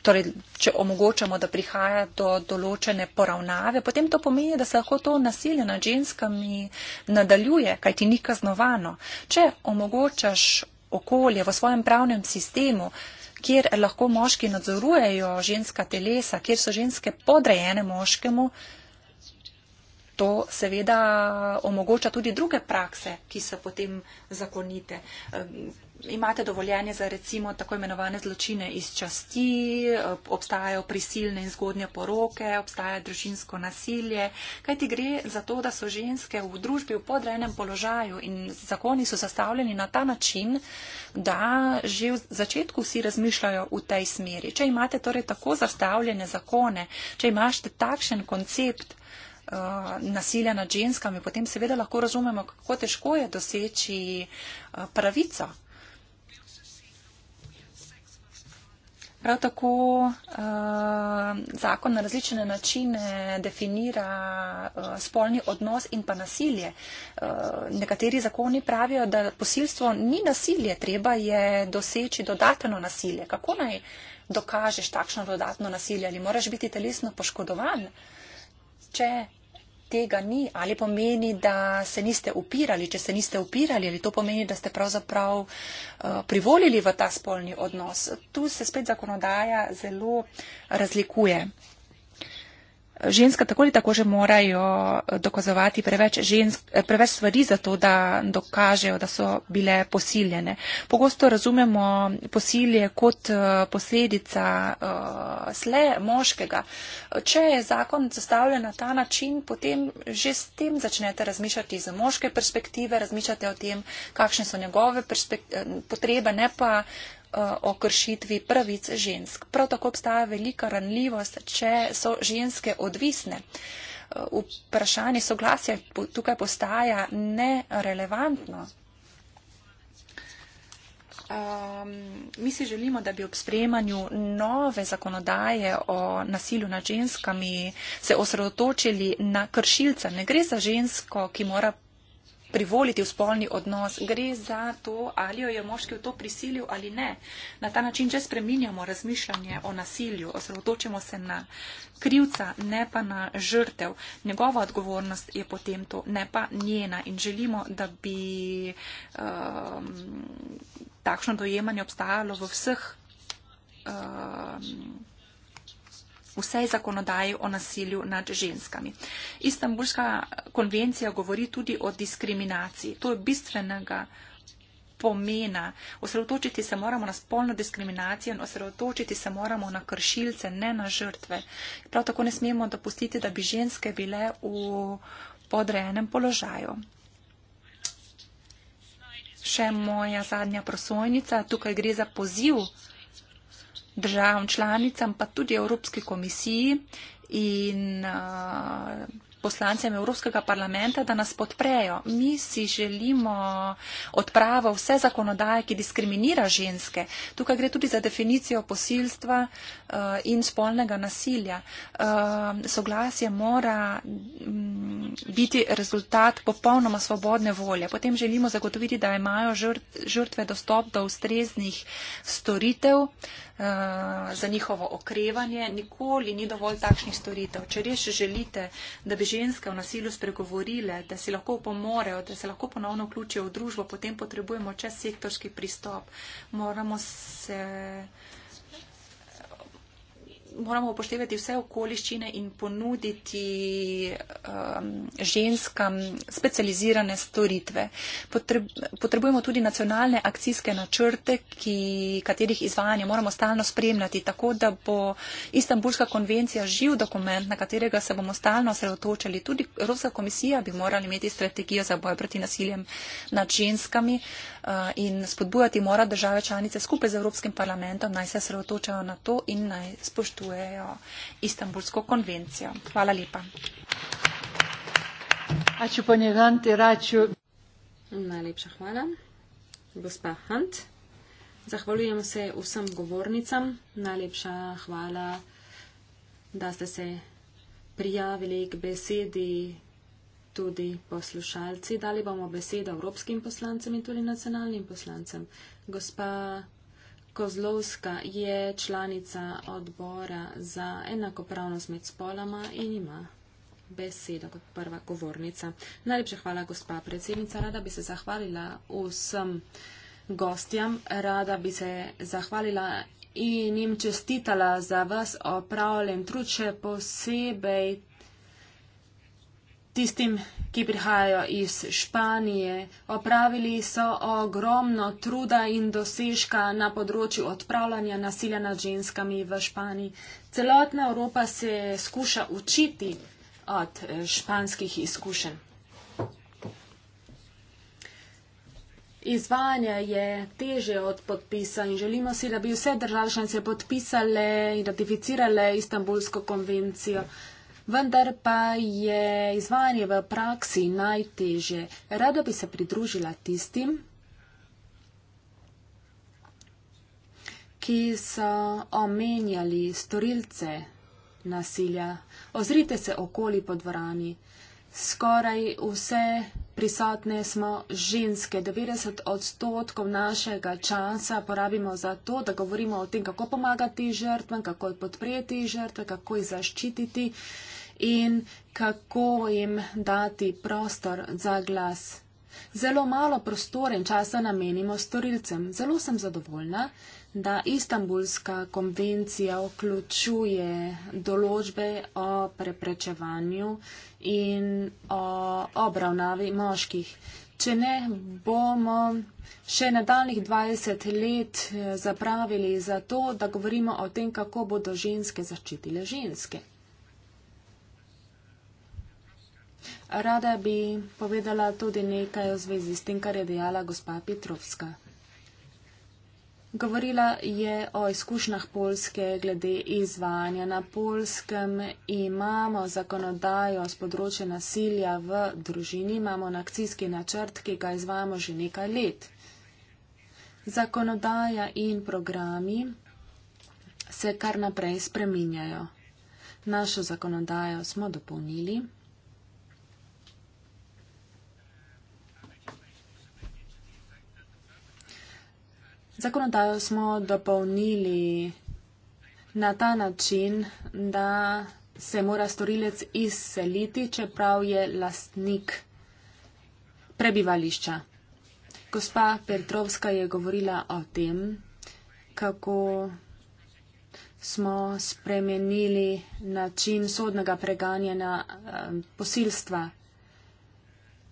torej, če omogočamo, da prihaja do določene poravnave, potem to pomeni, da se lahko to nasilje nad ženskami nadaljuje, kaj ti ni kaznovano. Če omogočaš okolje, v svojem pravnem sistemu, kjer lahko moški nadzorujejo ženska telesa, kjer so ženske podrejene moškemu, to seveda omogoča tudi druge prakse, ki so potem zakonite. Ehm, imate dovoljenje za recimo tako imenovane zločine iz časti, obstajajo prisilne in zgodnje poroke, obstaja družinsko nasilje, kajti gre za to, da so ženske v družbi v podrejenem položaju in zakoni so zastavljeni na ta način, da že v začetku vsi razmišljajo v tej smeri. Če imate torej tako zastavljene zakone, če imate takšen koncept, eh, nasilja nad ženskami, potem seveda lahko razumemo, kako težko je doseči eh, pravico. Prav tako uh, zakon na različne načine definira uh, spolni odnos in pa nasilje. Uh, nekateri zakoni pravijo, da posilstvo ni nasilje, treba je doseči dodatno nasilje. Kako naj dokažeš takšno dodatno nasilje? Ali moraš biti telesno poškodovan, če tega ni, ali pomeni, da se niste upirali, če se niste upirali, ali to pomeni, da ste pravzaprav eh, privolili v ta spolni odnos. Tu se spet zakonodaja zelo razlikuje ženska tako ali tako že morajo eh, dokazovati preveč, žensk, eh, preveč stvari za to, da dokažejo, da so bile posiljene. Pogosto razumemo posilje kot eh, posledica sle moškega. Če je zakon zastavljen na ta način, potem že s tem začnete razmišljati iz moške perspektive, razmišljate o tem, kakšne so njegove potrebe, ne pa Eh, o kršitvi pravic žensk. Prav tako obstaja velika ranljivost, če so ženske odvisne. Eh, vprašanje soglasja tukaj postaja nerelevantno. Um, mi si želimo, da bi ob sprejemanju nove zakonodaje o nasilju nad ženskami se osredotočili na kršilca. Ne gre za žensko, ki mora privoliti v spolni odnos. Gre za to, ali jo je moški v to prisilil ali ne. Na ta način že spreminjamo razmišljanje o nasilju, osredotočimo se na krivca, ne pa na žrtev. Njegova odgovornost je potem to, ne pa njena. In želimo, da bi um, takšno dojemanje obstajalo v vseh. Um, vsej zakonodaji o nasilju nad ženskami. Istanbulska konvencija govori tudi o diskriminaciji. To je bistvenega pomena. Osredotočiti se moramo na spolno diskriminacijo in osredotočiti se moramo na kršilce, ne na žrtve. Prav tako ne smemo dopustiti, da bi ženske bile v podrejenem položaju. Še moja zadnja prosojnica. Tukaj gre za poziv državam članicam, pa tudi Evropski komisiji in poslancem Evropskega parlamenta, da nas podprejo. Mi si želimo odpravo vse zakonodaje, ki diskriminira ženske. Tukaj gre tudi za definicijo posilstva, Eh, in spolnega nasilja. Eh, soglasje mora mm, biti rezultat popolnoma svobodne volje. Potem želimo zagotoviti, da imajo žrtve dostop do ustreznih storitev eh, za njihovo okrevanje. Nikoli ni dovolj takšnih storitev. Če res želite, da bi ženske v nasilju spregovorile, da si lahko pomorejo, da se lahko ponovno vključijo v družbo, potem potrebujemo čez sektorski pristop. Moramo se moramo upoštevati vse okoliščine in ponuditi um, ženskam specializirane storitve. Potreb, potrebujemo tudi nacionalne akcijske načrte, ki, katerih izvajanje moramo stalno spremljati, tako da bo Istanbulska konvencija živ dokument, na katerega se bomo stalno sredotočili. Tudi Evropska komisija bi morala imeti strategijo za boj proti nasiljem nad ženskami. Uh, Eh, in spodbujati mora države članice skupaj z Evropskim parlamentom, naj se sredotočajo na to in naj spoštujejo Istanbulsko konvencijo. Hvala lepa. Najlepša hvala, gospa Hunt. Zahvaljujem se vsem govornicam. Najlepša hvala, da ste se prijavili k besedi tudi poslušalci. Dali bomo besedo evropskim poslancem in tudi nacionalnim poslancem. Gospa Kozlovska je članica odbora za enakopravnost med spoloma in ima besedo kot prva govornica. Najlepša hvala, gospa predsednica. Rada bi se zahvalila vsem gostjam. Rada bi se zahvalila in jim čestitala za vas opravljen truče, posebej tistim, ki prihajajo iz Španije. Opravili so ogromno truda in dosežka na področju odpravljanja nasilja nad ženskami v Španiji. Celotna Evropa se skuša učiti od eh, španskih izkušenj. Izvajanje je teže od podpisa in želimo si, da bi vse države članice podpisale in ratificirale Istanbulsko konvencijo. Ja vendar pa je izvajanje v praksi najtežje. Rada bi se pridružila tistim, ki so omenjali storilce nasilja. Ozrite se okoli po dvorani. Skoraj vse prisotne smo ženske. 90 odstotkov našega časa porabimo za to, da govorimo o tem, kako pomagati žrtvam, kako podpreti žrtve, kako jih zaščititi in kako jim dati prostor za glas. Zelo malo prostora in časa namenimo storilcem. Zelo sem zadovoljna, da Istanbulska konvencija vključuje določbe o preprečevanju in o obravnavi moških. Če ne bomo še nadaljnih 20 let eh, zapravili za to, da govorimo o tem, kako bodo ženske zaščitile ženske. Rada bi povedala tudi nekaj v zvezi s tem, kar je dejala gospa Petrovska. Govorila je o izkušnjah Polske glede izvajanja na Polskem. Imamo zakonodajo z področja nasilja v družini, imamo nakcijski načrt, ki ga izvajamo že nekaj let. Zakonodaja in programi se kar naprej spreminjajo. Našo zakonodajo smo dopolnili. Zakonodajo smo dopolnili na ta način, da se mora storilec izseliti, čeprav je lastnik prebivališča. Gospa Petrovska je govorila o tem, kako smo spremenili način sodnega preganjanja eh, posilstva.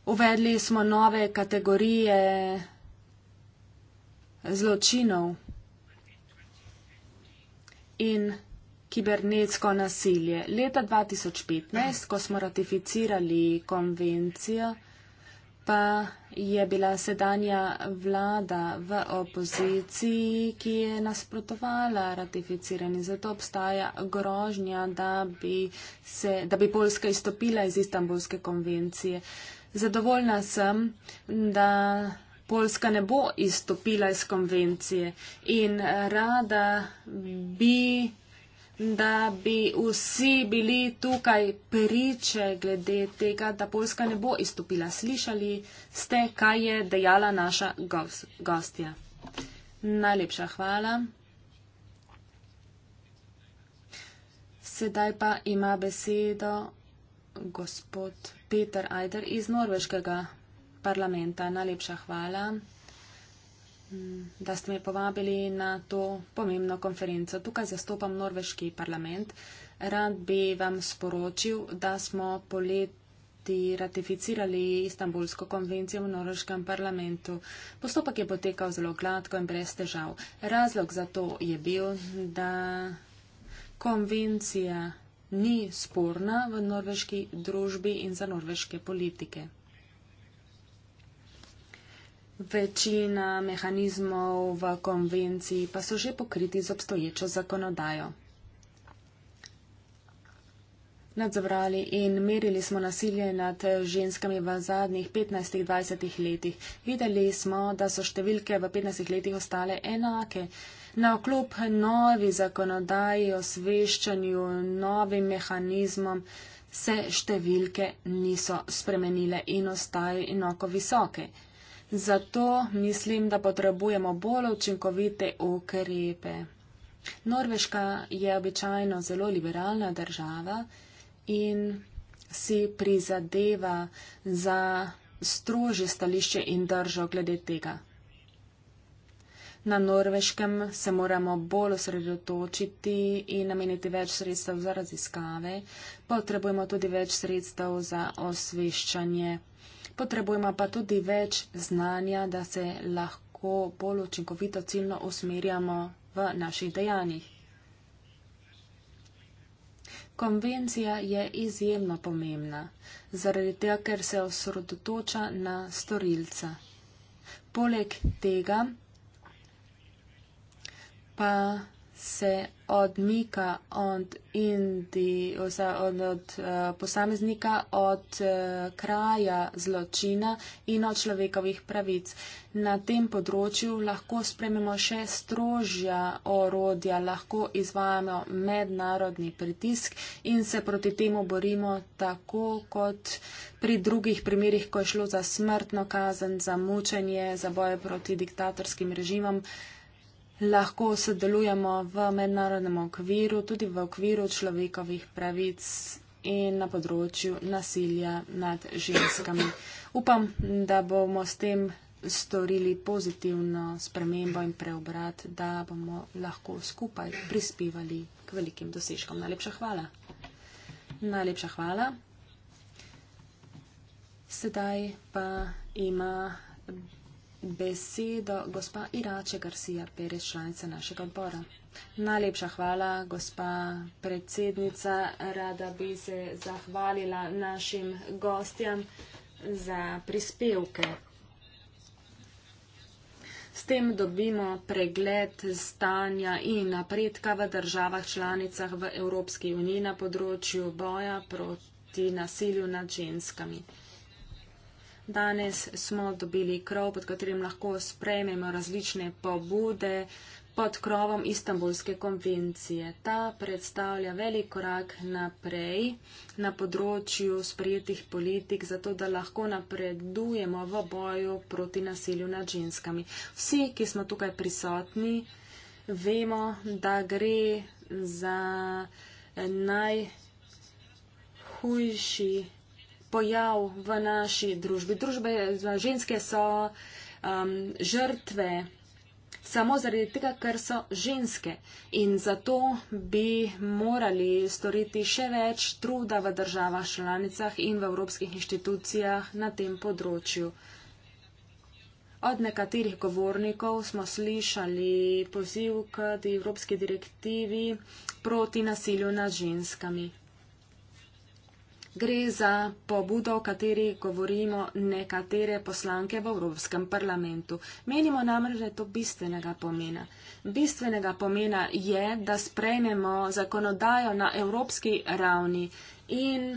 Uvedli smo nove kategorije zločinov in kibernetsko nasilje. Leta 2015, ko smo ratificirali konvencijo, pa je bila sedanja vlada v opoziciji, ki je nasprotovala ratificiranje. Zato obstaja grožnja, da bi, se, da bi Polska izstopila iz Istanbulske konvencije. Zadovoljna sem, da Poljska ne bo izstopila iz konvencije in rada bi, da bi vsi bili tukaj priče glede tega, da Poljska ne bo izstopila. Slišali ste, kaj je dejala naša gostja. Najlepša hvala. Sedaj pa ima besedo gospod Peter Ajder iz Norveškega parlamenta. Najlepša hvala, mm, da ste me povabili na to pomembno konferenco. Tukaj zastopam norveški parlament. Rad bi vam sporočil, da smo polet ratificirali Istanbulsko konvencijo v Norveškem parlamentu. Postopek je potekal zelo gladko in brez težav. Razlog za to je bil, da konvencija ni sporna v norveški družbi in za norveške politike. Večina mehanizmov v konvenciji pa so že pokriti z obstoječo zakonodajo. Nadzorali in merili smo nasilje nad ženskami v zadnjih 15-20 letih. Videli smo, da so številke v 15 letih ostale enake. Na oklub novi zakonodaji, osveščanju, novim mehanizmom se številke niso spremenile in ostajajo enako visoke. Zato mislim, da potrebujemo bolj učinkovite ukrepe. Norveška je običajno zelo liberalna država in si prizadeva za strože stališče in držo glede tega. Na norveškem se moramo bolj osredotočiti in nameniti več sredstev za raziskave, potrebujemo tudi več sredstev za osveščanje. Potrebujemo pa tudi več znanja, da se lahko bolj učinkovito ciljno usmerjamo v naših dejanjih. Konvencija je izjemno pomembna, zaradi tega, ker se osredotoča na storilca. Poleg tega pa se odmika od indi, vse, od, od uh, posameznika, od uh, kraja zločina in od človekovih pravic. Na tem področju lahko sprememo še strožja orodja, lahko izvajamo mednarodni pritisk in se proti temu borimo tako kot pri drugih primerih, ko je šlo za smrtno kazen, za mučenje, za boje proti diktatorskim režimom lahko sodelujemo v mednarodnem okviru, tudi v okviru človekovih pravic in na področju nasilja nad ženskami. Upam, da bomo s tem storili pozitivno spremembo in preobrat, da bomo lahko skupaj prispevali k velikim dosežkom. Najlepša hvala. Najlepša hvala. Sedaj pa ima besedo gospa Irače Garcia Perez, članica našega odbora. Najlepša hvala, gospa predsednica. Rada bi se zahvalila našim gostjam za prispevke. S tem dobimo pregled stanja in napredka v državah članicah v Evropski uniji na področju boja proti nasilju nad ženskami. Danes smo dobili krov, pod katerim lahko sprejmemo različne pobude pod krovom Istanbulske konvencije. Ta predstavlja velik korak naprej na področju sprejetih politik, zato da lahko napredujemo v boju proti nasilju nad ženskami. Vsi, ki smo tukaj prisotni, vemo, da gre za najhujši pojav v naši družbi. Družbe, ženske so um, žrtve samo zaradi tega, ker so ženske. In zato bi morali storiti še več truda v državah članicah in v evropskih inštitucijah na tem področju. Od nekaterih govornikov smo slišali poziv k Evropski direktivi proti nasilju nad ženskami gre za pobudo, o kateri govorimo nekatere poslanke v Evropskem parlamentu. Menimo namreč, da je to bistvenega pomena. Bistvenega pomena je, da sprejmemo zakonodajo na evropski ravni in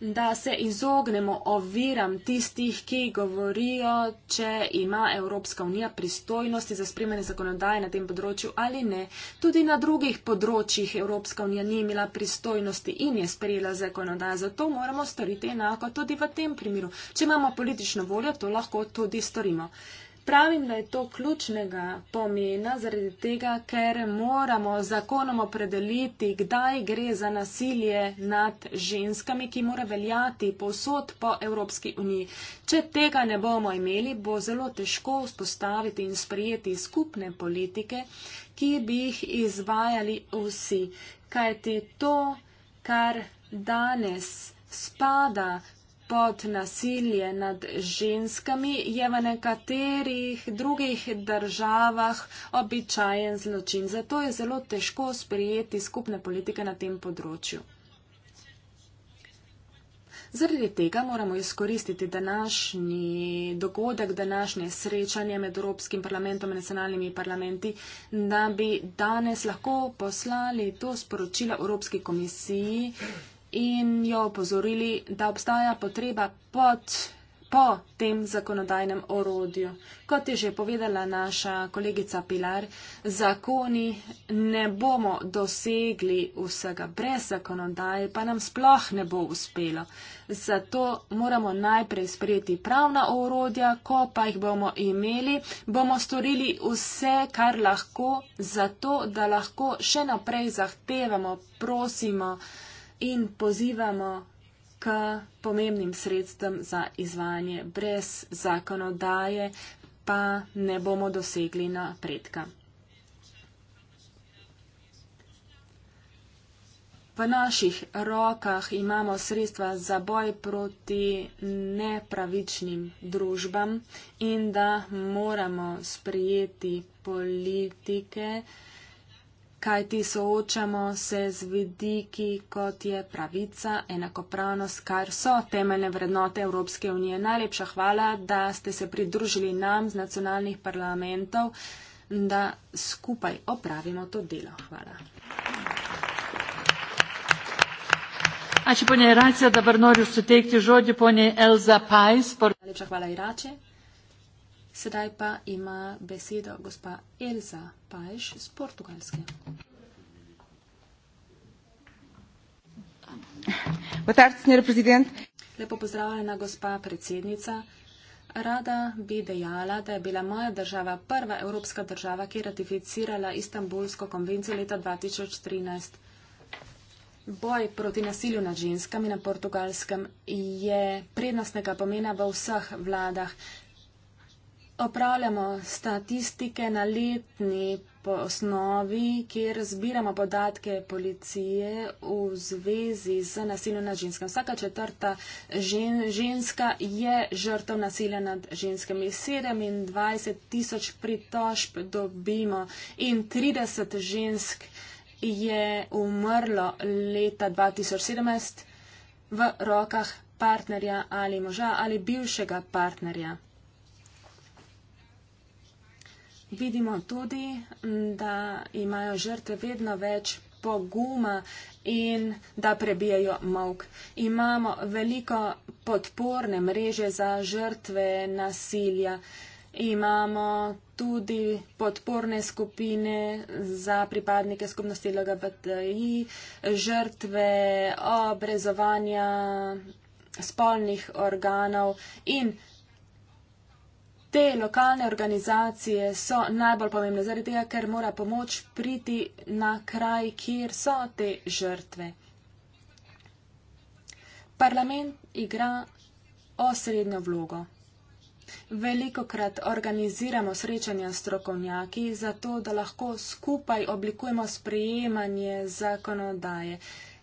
da se izognemo oviram tistih, ki govorijo, če ima Evropska unija pristojnosti za spremenje zakonodaje na tem področju ali ne. Tudi na drugih področjih Evropska unija ni imela pristojnosti in je sprejela zakonodajo. Zato moramo storiti enako tudi v tem primeru. Če imamo politično voljo, to lahko tudi storimo. Pravim, da je to ključnega pomena zaradi tega, ker moramo zakonom opredeliti, kdaj gre za nasilje nad ženskami, ki mora veljati povsod po Evropski uniji. Če tega ne bomo imeli, bo zelo težko vzpostaviti in sprijeti skupne politike, ki bi jih izvajali vsi. Kajti to, kar danes spada pod nasilje nad ženskami je v nekaterih drugih državah običajen zločin. Zato je zelo težko sprijeti skupne politike na tem področju. Zaradi tega moramo izkoristiti današnji dogodek, današnje srečanje med Evropskim parlamentom in nacionalnimi parlamenti, da bi danes lahko poslali to sporočilo Evropski komisiji, in jo opozorili, da obstaja potreba pod, po tem zakonodajnem orodju. Kot je že povedala naša kolegica Pilar, zakoni ne bomo dosegli vsega. Brez zakonodaje pa nam sploh ne bo uspelo. Zato moramo najprej sprejeti pravna orodja, ko pa jih bomo imeli, bomo storili vse, kar lahko, zato da lahko še naprej zahtevamo, prosimo, in pozivamo k pomembnim sredstvom za izvajanje. Brez zakonodaje pa ne bomo dosegli napredka. V naših rokah imamo sredstva za boj proti nepravičnim družbam in da moramo sprijeti politike, kaj ti soočamo se z vidiki, kot je pravica, enakopravnost, kar so temeljne vrednote Evropske unije. Najlepša hvala, da ste se pridružili nam z nacionalnih parlamentov, da skupaj opravimo to delo. Hvala. Ačiū, ponė Racija, dabar noriu suteikti žodį ponė Elza Pais. Por... Hvala, Irače. Sedaj pa ima besedo gospa Elza Pajš z Portugalske. Lepo pozdravljena gospa predsednica. Rada bi dejala, da je bila moja država prva evropska država, ki je ratificirala Istanbulsko konvencijo leta 2013. Boj proti nasilju nad ženskami na portugalskem je prednostnega pomena v vseh vladah. Opravljamo statistike na letni osnovi, kjer zbiramo podatke policije v zvezi z nasiljem nad ženskami. Vsaka četrta žen, ženska je žrtev nasilja nad ženskami. 27 tisoč pritožb dobimo in 30 žensk je umrlo leta 2017 v rokah partnerja ali moža ali bivšega partnerja vidimo tudi, da imajo žrtve vedno več poguma in da prebijajo mok. Imamo veliko podporne mreže za žrtve nasilja. Imamo tudi podporne skupine za pripadnike skupnosti LGBTI, žrtve obrezovanja spolnih organov in te lokalne organizacije so najbolj pomembne, zaradi tega, ker mora pomoč priti na kraj, kjer so te žrtve. Parlament igra osrednjo vlogo. Veliko krat organiziramo srečanja s trokovnjaki, zato da lahko skupaj oblikujemo sprejemanje zakonodaje.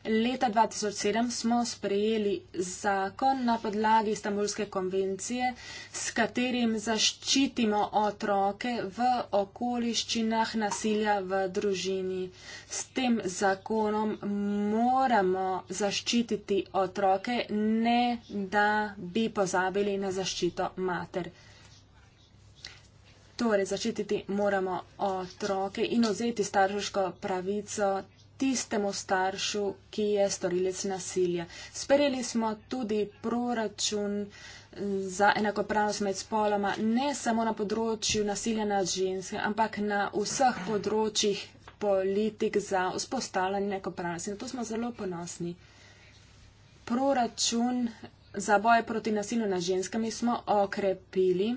Leta 2007 smo sprejeli zakon na podlagi Istanbulske konvencije, s katerim zaščitimo otroke v okoliščinah nasilja v družini. S tem zakonom moramo zaščititi otroke, ne da bi pozabili na zaščito mater. Torej, zaščititi moramo otroke in vzeti staroško pravico tistemu staršu, ki je storilec nasilja. Sprejeli smo tudi proračun eh, za enakopravnost med spoloma, ne samo na področju nasilja nad ženske, ampak na vseh področjih politik za vzpostavljanje enakopravnosti. Na to smo zelo ponosni. Proračun za boje proti nasilju nad ženskami smo okrepili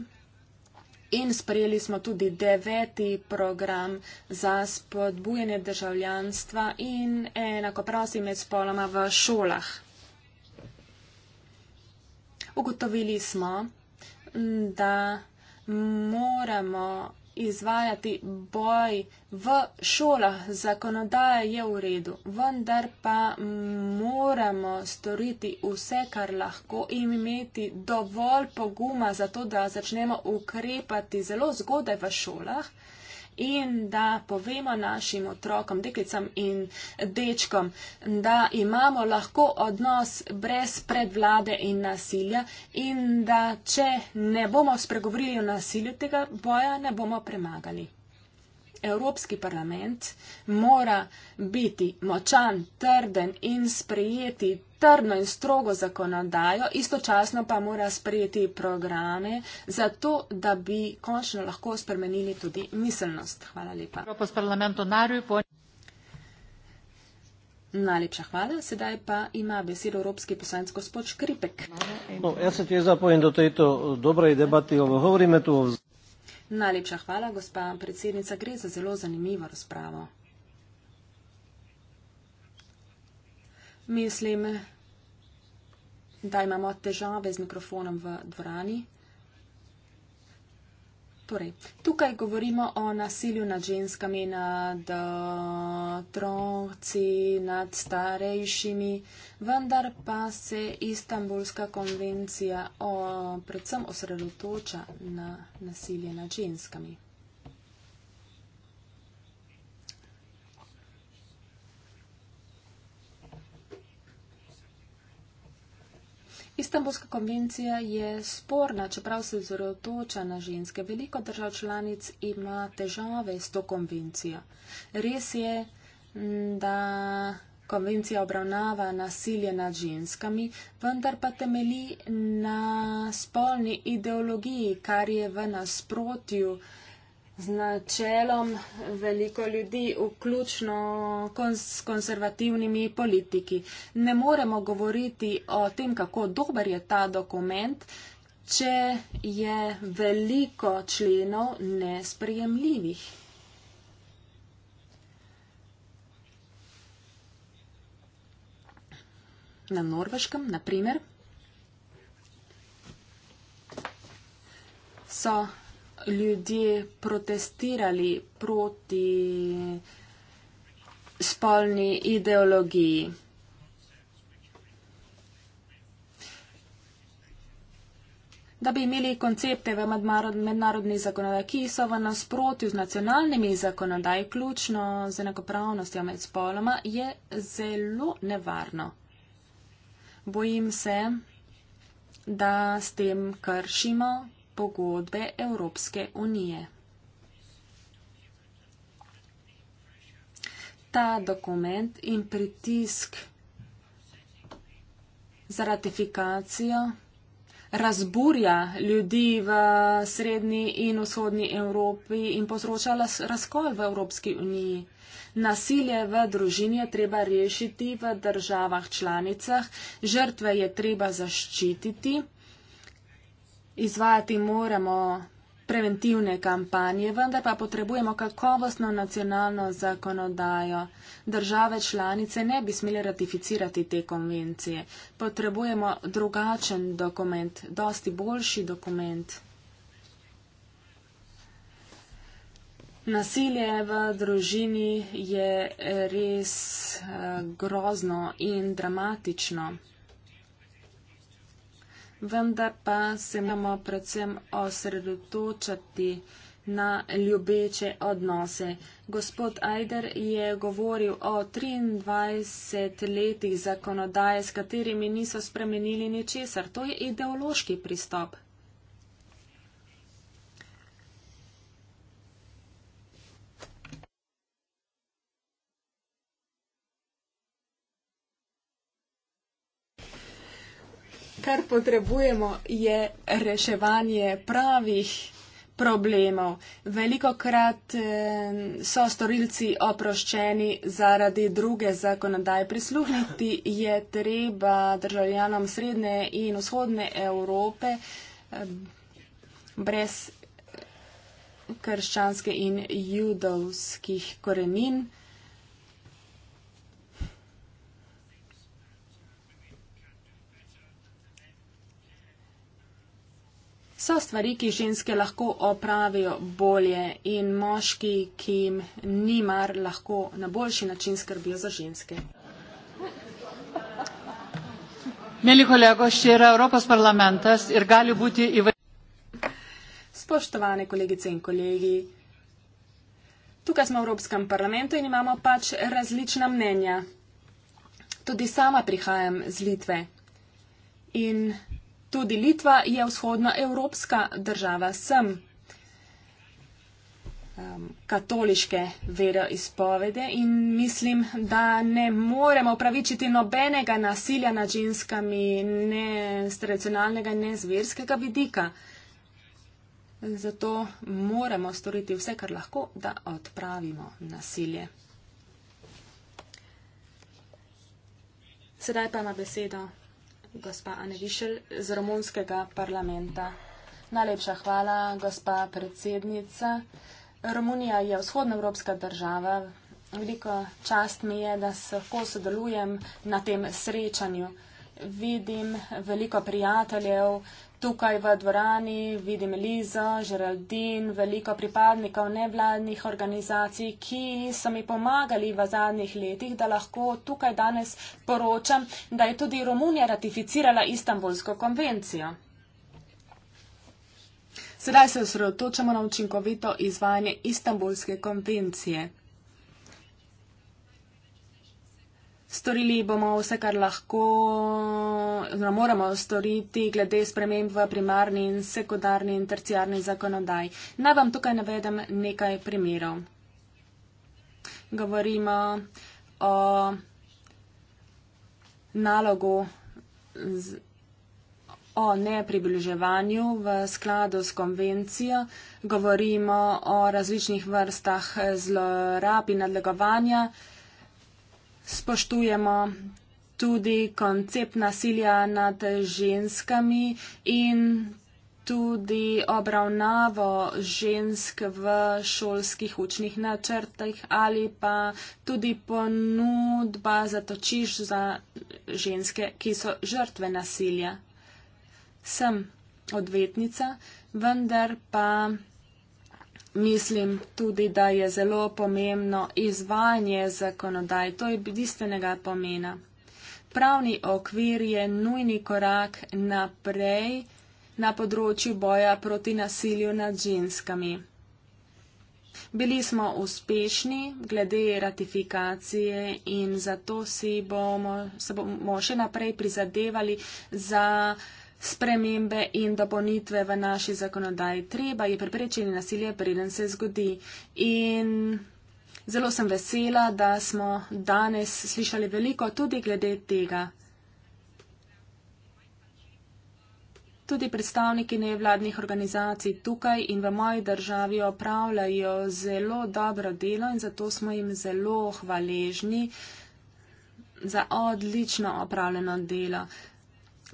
in sprejeli smo tudi deveti program za spodbujanje državljanstva in enakopravstvo med spoloma v šolah. Ugotovili smo, da moramo izvajati boj v šolah, zakonodaja je v redu, vendar pa moramo storiti vse, kar lahko in imeti dovolj poguma za to, da začnemo ukrepati zelo zgodaj v šolah in da povemo našim otrokom, deklicam in dečkom, da imamo lahko odnos brez predvlade in nasilja in da če ne bomo spregovorili o nasilju tega boja, ne bomo premagali. Evropski parlament mora biti močan, trden in sprejeti trdno in strogo zakonodajo, istočasno pa mora sprejeti programe, zato da bi končno lahko spremenili tudi miselnost. Hvala lepa. Najlepša hvala. Sedaj pa ima besedo Evropski poslanec gospod Škripek. No, jaz se ti zapojem do tej dobrej debati. Govorime tu o. Najlepša hvala, gospa predsednica. Gre za zelo zanimivo razpravo. Mislim, da imamo težave z mikrofonom v dvorani. Torej, tukaj govorimo o nasilju nad ženskami, nad otroci, eh, nad starejšimi, vendar pa se Istanbulska konvencija o, predvsem osredotoča na nasilje nad ženskami. Istanbulska konvencija je sporna, čeprav se zorotoča na ženske. Veliko držav članic ima težave s to konvencijo. Res je, mm, da konvencija obravnava nasilje nad ženskami, vendar pa temeli na spolni ideologiji, kar je v nasprotju z načelom veliko ljudi, vključno s konservativnimi politiki. Ne moremo govoriti o tem, kako dober je ta dokument, če je veliko členov nesprejemljivih. Na Norveškem, na primer, so ljudje protestirali proti spolni ideologiji. Da bi imeli koncepte v mednarodni zakonodaji, ki so v nasprotju z nacionalnimi zakonodaji, ključno z enakopravnostjo med spoloma, je zelo nevarno. Bojim se, da s tem kršimo pogodbe Evropske unije. Ta dokument in pritisk za ratifikacijo razburja ljudi v srednji in vzhodni Evropi in povzroča razkol v Evropski uniji. Nasilje v družini je treba rešiti v državah članicah, žrtve je treba zaščititi izvajati moramo preventivne kampanje, vendar pa potrebujemo kakovostno nacionalno zakonodajo. Države članice ne bi smeli ratificirati te konvencije. Potrebujemo drugačen dokument, dosti boljši dokument. Nasilje v družini je res eh, grozno in dramatično vendar pa se moramo predvsem osredotočati na ljubeče odnose. Gospod Ajder je govoril o 23 letih zakonodaje, s katerimi niso spremenili ničesar. To je ideološki pristop. kar potrebujemo, je reševanje pravih problemov. Veliko krat eh, so storilci oproščeni zaradi druge zakonodaje. Prisluhniti je treba državljanom Srednje in Vzhodne Evrope eh, brez krščanske in judovskih korenin. so stvari, ki ženske lahko opravijo bolje in moški, ki jim ni mar, lahko na boljši način skrbijo za ženske. Mili kolegoš, je Evropas parlamentas in gali biti iva. Spoštovane kolegice in kolegi, tukaj smo v Evropskem parlamentu in imamo pač različna mnenja. Tudi sama prihajam z Litve in Tudi Litva je vzhodna evropska država, sem um, katoliške veroizpovede in mislim, da ne moremo pravičiti nobenega nasilja nad ženskami, ne z tradicionalnega, ne z verskega vidika. Zato moramo storiti vse, kar lahko, da odpravimo nasilje. Sedaj pa ima besedo gospa Ane Višel z romunskega parlamenta. Najlepša hvala, gospa predsednica. Romunija je vzhodnoevropska država. Veliko čast mi je, da se lahko sodelujem na tem srečanju. Vidim veliko prijateljev, Tukaj v dvorani vidim Liza, Geraldin, veliko pripadnikov nevladnih organizacij, ki so mi pomagali v zadnjih letih, da lahko tukaj danes poročam, da je tudi Romunija ratificirala Istanbulsko konvencijo. Sedaj se osredotočamo na učinkovito izvajanje Istanbulske konvencije. Storili bomo vse, kar lahko, no, moramo storiti glede sprememb v primarni in sekundarni in terciarni zakonodaj. Naj vam tukaj navedem nekaj primerov. Govorimo o nalogu, z, o nepribliževanju v skladu s konvencijo, govorimo o različnih vrstah zlorab in nadlegovanja spoštujemo tudi koncept nasilja nad ženskami in tudi obravnavo žensk v šolskih učnih načrtih ali pa tudi ponudba zatočiš za ženske, ki so žrtve nasilja. Sem odvetnica, vendar pa mislim tudi, da je zelo pomembno izvajanje zakonodaj. To je bistvenega pomena. Pravni okvir je nujni korak naprej na področju boja proti nasilju nad ženskami. Bili smo uspešni glede ratifikacije in zato si bomo, se bomo še naprej prizadevali za spremembe in dopolnitve v naši zakonodaji. Treba je preprečiti nasilje, preden se zgodi. In zelo sem vesela, da smo danes slišali veliko tudi glede tega. Tudi predstavniki nevladnih organizacij tukaj in v moji državi opravljajo zelo dobro delo in zato smo jim zelo hvaležni za odlično opravljeno delo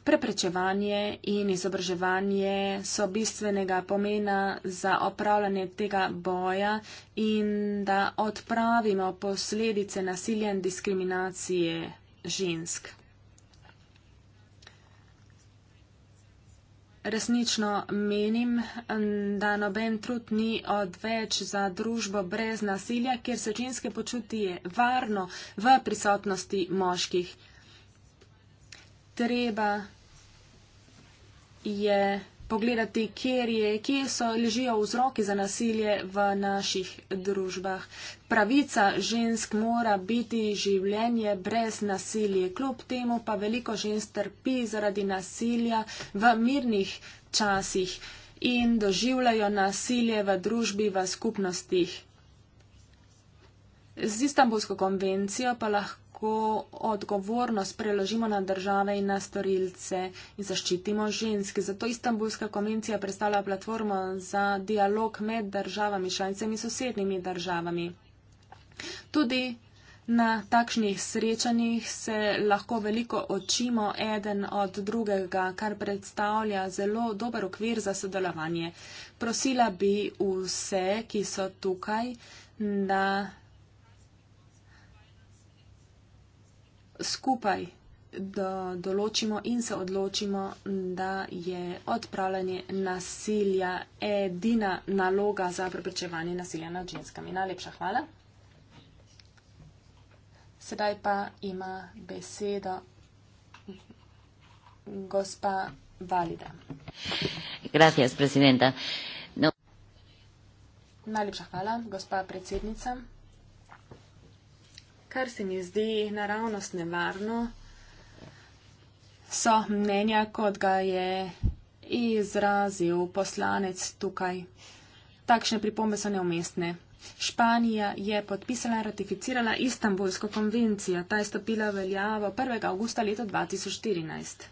preprečevanje in izobraževanje so bistvenega pomena za opravljanje tega boja in da odpravimo posledice nasilja in diskriminacije žensk. Resnično menim, da noben trud ni odveč za družbo brez nasilja, kjer se ženske počutije varno v prisotnosti moških. Treba je pogledati, kjer, je, kjer so ležijo vzroki za nasilje v naših družbah. Pravica žensk mora biti življenje brez nasilje. Kljub temu pa veliko žensk trpi zaradi nasilja v mirnih časih in doživljajo nasilje v družbi, v skupnostih. Z istambulsko konvencijo pa lahko lahko odgovornost preložimo na države in na storilce in zaščitimo ženske. Zato Istanbulska konvencija predstavlja platformo za dialog med državami, članicami in sosednjimi državami. Tudi na takšnih srečanjih se lahko veliko očimo eden od drugega, kar predstavlja zelo dober okvir za sodelovanje. Prosila bi vse, ki so tukaj, da skupaj do, določimo in se odločimo, da je odpravljanje nasilja edina naloga za preprečevanje nasilja nad ženskami. Najlepša hvala. Sedaj pa ima besedo gospa Valida. Gracias, no. Najlepša hvala, gospa predsednica kar se mi zdi naravnost nevarno, so mnenja, kot ga je izrazil poslanec tukaj. Takšne pripombe so neumestne. Španija je podpisala in ratificirala Istanbulsko konvencijo. Ta je stopila v veljavo 1. augusta leta 2014.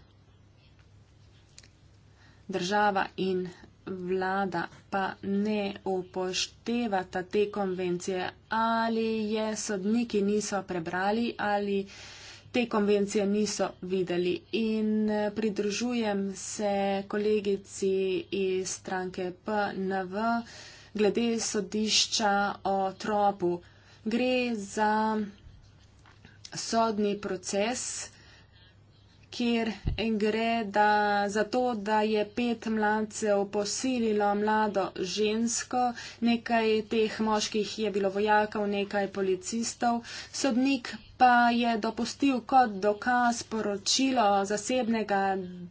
Država in vlada pa ne upoštevata te konvencije ali je sodniki niso prebrali ali te konvencije niso videli. In eh, pridružujem se kolegici iz stranke PNV glede sodišča o tropu. Gre za sodni proces, kjer gre da, za to, da je pet mladcev posililo mlado žensko, nekaj teh moških je bilo vojakov, nekaj policistov. Sodnik pa je dopustil kot dokaz poročilo zasebnega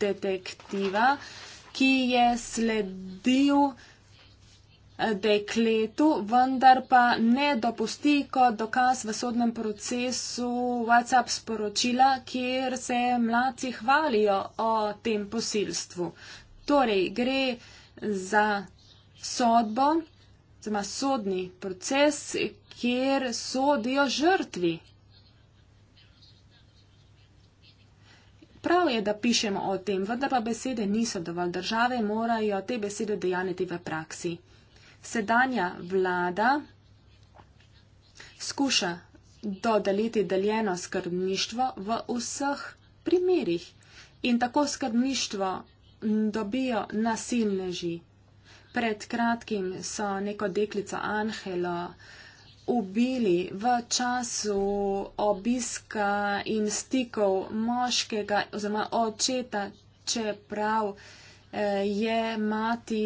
detektiva, ki je sledil dekletu, vendar pa ne dopusti kot dokaz v sodnem procesu WhatsApp sporočila, kjer se mladci hvalijo o tem posilstvu. Torej, gre za sodbo, oziroma sodni proces, kjer sodijo žrtvi. Prav je, da pišemo o tem, vendar pa besede niso dovolj. Države morajo te besede dejaniti v praksi sedanja vlada skuša dodeliti deljeno skrbništvo v vseh primerjih. In tako skrbništvo dobijo nasilneži. Pred kratkim so neko deklico Angelo ubili v času obiska in stikov moškega oziroma očeta, čeprav eh, je mati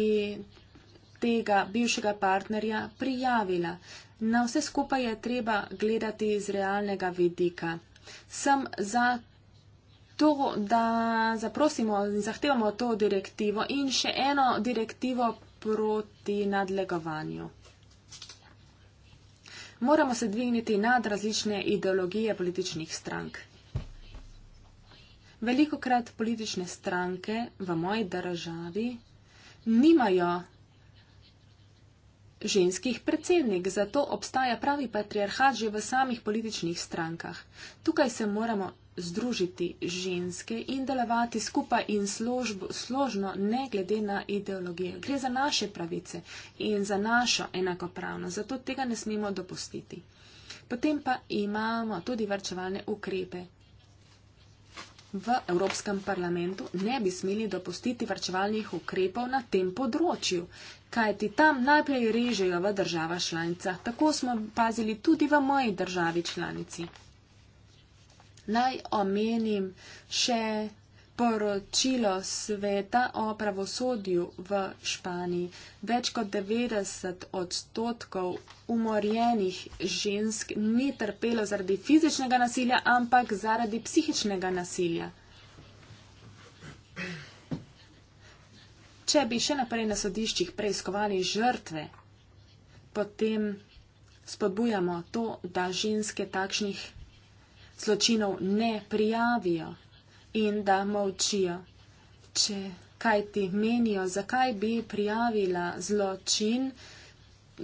tega bivšega partnerja prijavila. Na vse skupaj je treba gledati iz realnega vidika. Sem za to, da zaprosimo in zahtevamo to direktivo in še eno direktivo proti nadlegovanju. Moramo se dvigniti nad različne ideologije političnih strank. Veliko krat politične stranke v moji državi nimajo ženskih predsednik, zato obstaja pravi patriarhat že v samih političnih strankah. Tukaj se moramo združiti ženske in delovati skupaj in složb, složno, ne glede na ideologijo. Gre za naše pravice in za našo enakopravnost, zato tega ne smemo dopustiti. Potem pa imamo tudi varčevalne ukrepe v Evropskem parlamentu ne bi smeli dopustiti varčevalnih ukrepov na tem področju, kajti tam najprej režejo v država članica. Tako smo pazili tudi v moji državi članici. Naj omenim še poročilo sveta o pravosodju v Španiji. Več kot 90 odstotkov umorjenih žensk ni trpelo zaradi fizičnega nasilja, ampak zaradi psihičnega nasilja. Če bi še naprej na sodiščih preiskovali žrtve, potem spodbujamo to, da ženske takšnih zločinov ne prijavijo in da molčijo. Če kaj ti menijo, zakaj bi prijavila zločin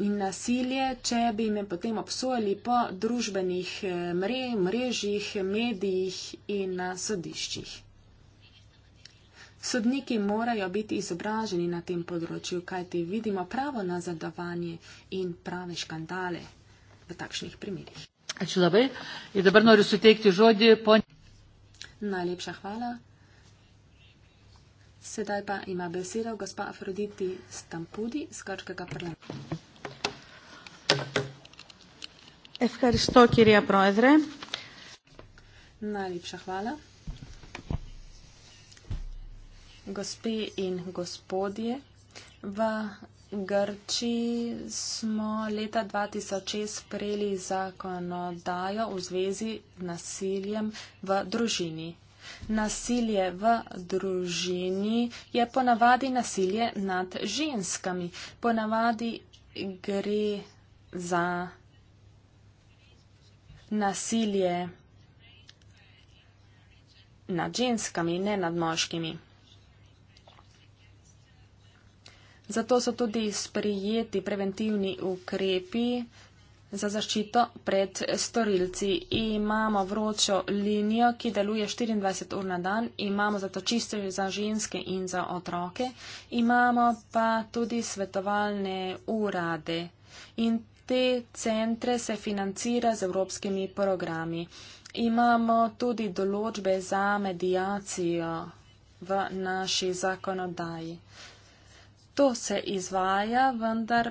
in nasilje, če bi me potem obsojali po družbenih eh, mre, mrežjih, medijih in na sodiščih. Sodniki morajo biti izobraženi na tem področju, kajti vidimo pravo na zadovanje in prave škandale v takšnih primerjih. Ačiū labai. Ir dabar noriu suteikti žodį poniai. Najlepša hvala. Sedaj pa ima besedo gospa Afroditi Stampudi z Grčkega parlamenta. Efkaristo, Kirija Proezre. Najlepša hvala. Gospe in gospodje, v Grčiji smo leta 2006 sprejeli zakonodajo v zvezi z nasiljem v družini. Nasilje v družini je ponavadi nasilje nad ženskami. Ponavadi gre za nasilje nad ženskami, ne nad moškimi. Zato so tudi sprijeti preventivni ukrepi za zaščito pred storilci. Imamo vročo linijo, ki deluje 24 ur na dan, imamo zato čisto za ženske in za otroke, imamo pa tudi svetovalne urade. In te centre se financira z evropskimi programi. Imamo tudi določbe za medijacijo v naši zakonodaji to se izvaja, vendar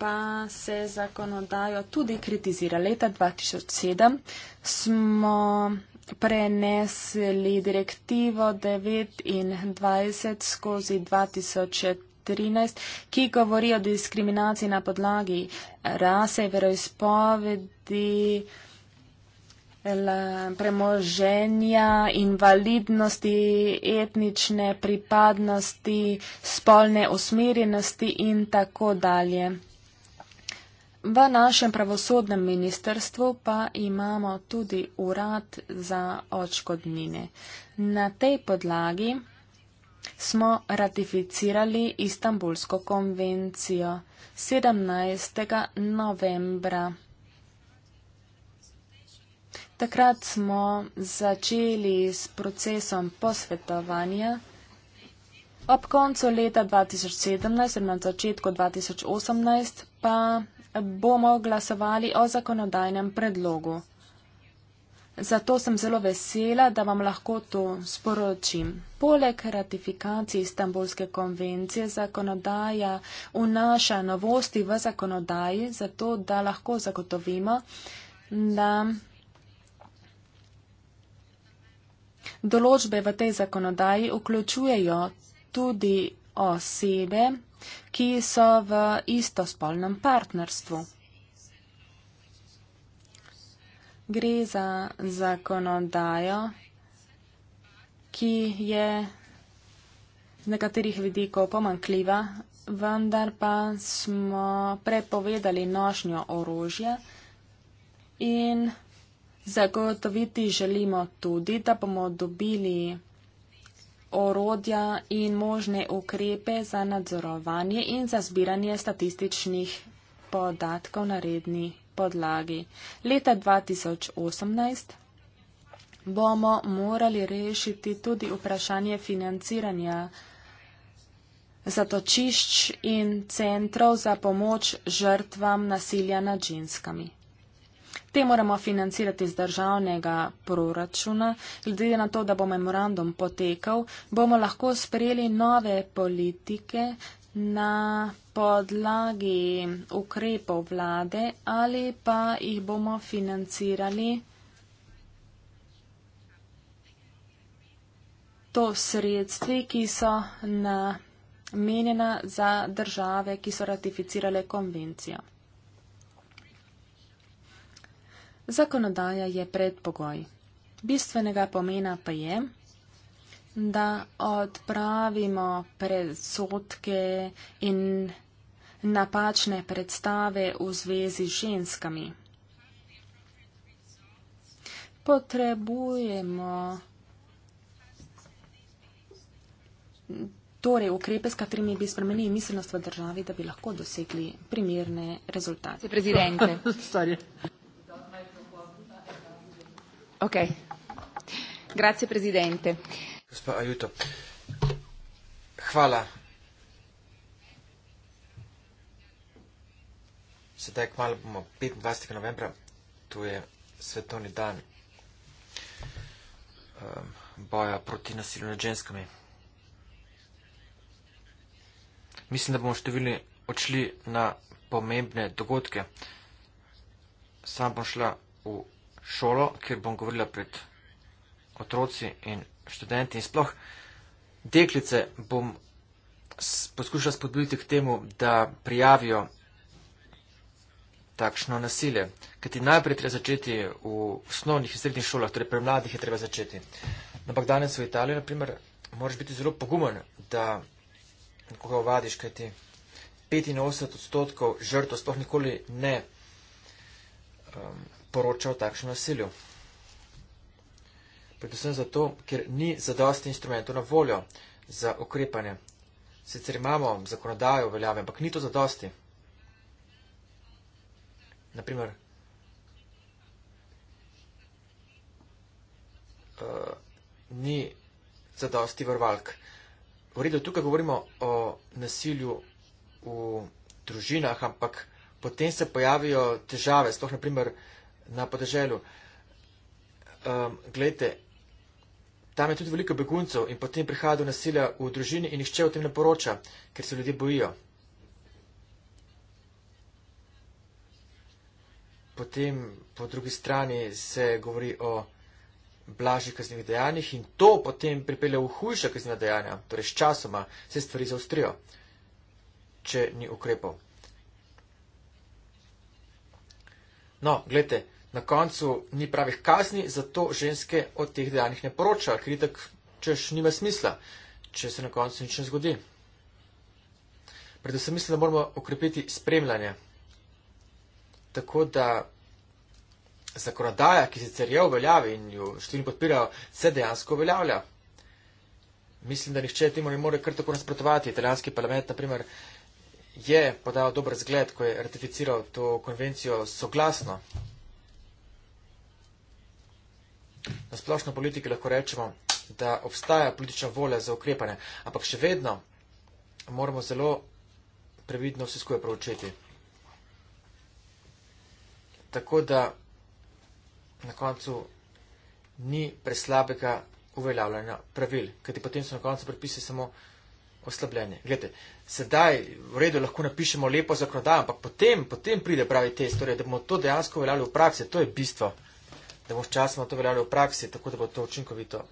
pa se zakonodajo tudi kritizira. Leta 2007 smo prenesli direktivo 29 skozi 2013, ki govori o diskriminaciji na podlagi rase, veroizpovedi, la, premoženja, invalidnosti, etnične pripadnosti, spolne usmerjenosti in tako dalje. V našem pravosodnem ministerstvu pa imamo tudi urad za očkodnine. Na tej podlagi smo ratificirali Istanbulsko konvencijo 17. novembra Takrat smo začeli s procesom posvetovanja. Ob koncu leta 2017 in na začetku 2018 pa bomo glasovali o zakonodajnem predlogu. Zato sem zelo vesela, da vam lahko to sporočim. Poleg ratifikacij Istanbulske konvencije zakonodaja vnaša novosti v zakonodaji, zato da lahko zagotovimo, da Določbe v tej zakonodaji vključujejo tudi osebe, ki so v istospolnem partnerstvu. Gre za zakonodajo, ki je z nekaterih vidikov pomankljiva, vendar pa smo prepovedali nošnjo orožja in Zagotoviti želimo tudi, da bomo dobili orodja in možne ukrepe za nadzorovanje in za zbiranje statističnih podatkov na redni podlagi. Leta 2018 bomo morali rešiti tudi vprašanje financiranja zatočišč in centrov za pomoč žrtvam nasilja nad ženskami. Te moramo financirati z državnega proračuna. Glede na to, da bo memorandum potekal, bomo lahko sprejeli nove politike na podlagi ukrepov vlade ali pa jih bomo financirali to sredstvi, ki so namenjena za države, ki so ratificirale konvencijo. Zakonodaja je predpogoj. Bistvenega pomena pa je, da odpravimo predsotke in napačne predstave v zvezi z ženskami. Potrebujemo torej ukrepe, s katerimi bi spremenili miselnost v državi, da bi lahko dosegli primerne rezultate. Ok, grazie Presidente. Gospa, aiuto. Hvala. Sedaj kmalo bomo 25. novembra, tu je svetovni dan um, boja proti nasilju nad ženskami. Mislim, da bomo številni odšli na pomembne dogodke. Sam bom šla v šolo, kjer bom govorila pred otroci in študenti in sploh deklice bom poskušala spodbuditi k temu, da prijavijo takšno nasilje. Kajti najprej treba začeti v osnovnih in srednjih šolah, torej pri mladih je treba začeti. Ampak danes v Italiji, na primer, moraš biti zelo pogumen, da nekoga ovadiš, kajti 85 odstotkov žrtv sploh nikoli ne. Um, poroča o takšnem nasilju. Predvsem zato, ker ni zadosti instrumentov na voljo za ukrepanje. Sicer imamo zakonodajo uveljavljeno, ampak ni to zadosti. Naprimer, uh, eh, ni zadosti vrvalk. V redu, tukaj govorimo o nasilju v družinah, ampak potem se pojavijo težave, sploh naprimer na podeželju. Um, glejte, tam je tudi veliko beguncev in potem prihaja do nasilja v družini in nihče o tem ne poroča, ker se ljudje bojijo. Potem po drugi strani se govori o blažjih kaznjih dejanjih in to potem pripelje v hujša kaznjena dejanja, torej s časoma se stvari zaostrijo, če ni ukrepov. No, gledajte, na koncu ni pravih kazni, zato ženske o teh dejanjih ne poročajo, ker itak, češ, nima smisla, če se na koncu nič ne zgodi. Predvsem mislim, da moramo okrepiti spremljanje. Tako da zakonodaja, ki sicer je v veljavi in jo številni podpirajo, se dejansko uveljavlja. Mislim, da nihče temu ne more kar tako nasprotovati. Italijanski parlament, naprimer, je podal dober zgled, ko je ratificiral to konvencijo soglasno na splošno politiki lahko rečemo, da obstaja politična volja za ukrepanje, ampak še vedno moramo zelo previdno vse skupaj proučiti. Tako da na koncu ni preslabega uveljavljanja pravil, kajti potem so na koncu predpisi samo oslabljeni. Glede, sedaj v redu lahko napišemo lepo zakonodajo, ampak potem, potem pride pravi test, torej, da bomo to dejansko uveljavljali v praksi, to je bistvo da bo sčasoma to veljalo v praksi, tako da bo to učinkovito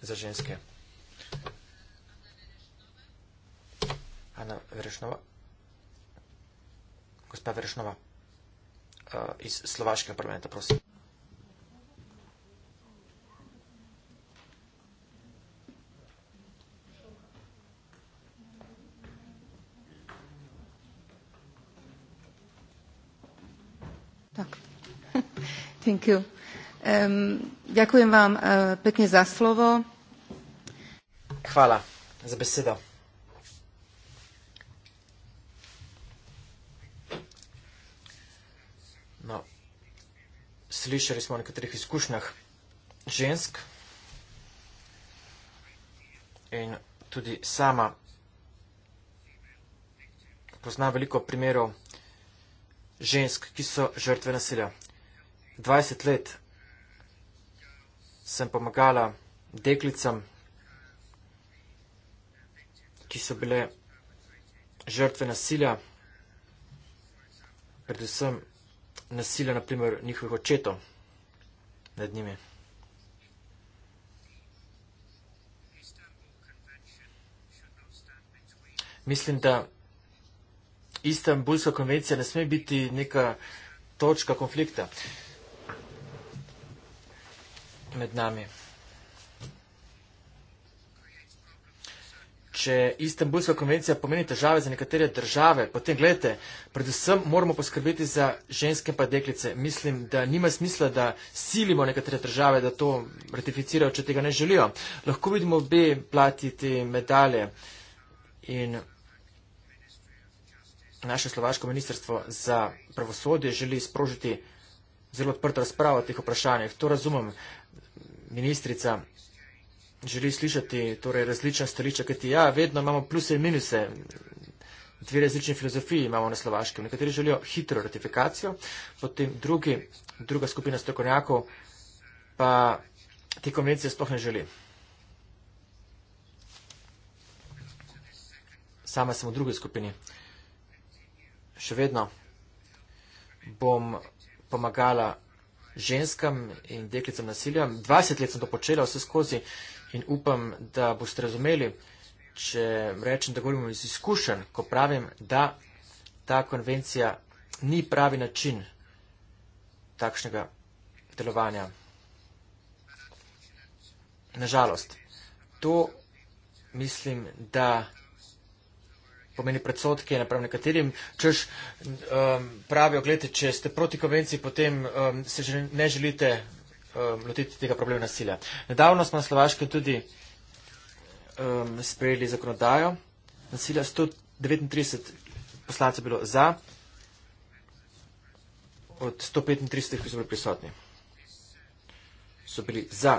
za ženske. Ana Verešnova, gospa Verešnova uh, eh, iz Slovaškega parlamenta, prosim. Tak. Thank you. Ďakujem vám eh, pekne za slovo. Chvála za besedo. No, slišali smo o nekaterih izkušnjah žensk in tudi sama poznam veliko primerov žensk, ki so žrtve nasilja. 20 let sem pomagala deklicam, ki so bile žrtve nasilja, predvsem nasilja naprimer njihovih očetov nad njimi. Mislim, da Istanbulska konvencija ne sme biti neka točka konflikta. Uh, med nami. Če Istanbulska konvencija pomeni težave za nekatere države, potem gledajte, predvsem moramo poskrbeti za ženske pa deklice. Mislim, da nima smisla, da silimo nekatere države, da to ratificirajo, če tega ne želijo. Lahko vidimo obe platiti medalje in naše slovaško ministrstvo za pravosodje želi sprožiti zelo odprto razpravo o teh vprašanjih. To razumem ministrica želi slišati torej, različna stališča, ker ti ja, vedno imamo pluse in minuse. Dve različne filozofije imamo na Slovaškem. Nekateri želijo hitro ratifikacijo, potem drugi, druga skupina strokovnjakov pa te konvencije sploh ne želi. Sama sem v drugi skupini. Še vedno bom pomagala ženskam in deklicam nasilja. 20 let sem to počela vse skozi in upam, da boste razumeli, če rečem, da govorimo iz izkušenj, ko pravim, da ta konvencija ni pravi način takšnega delovanja. Nažalost, to mislim, da pomeni predsotke naprav nekaterim, češ um, pravijo, gledajte, če ste proti konvenciji, potem um, se že ne želite um, lotiti tega problema nasilja. Nedavno smo na Slovaškem tudi um, sprejeli zakonodajo nasilja, 139 poslancev bilo za od 135, ki so bili prisotni. So bili za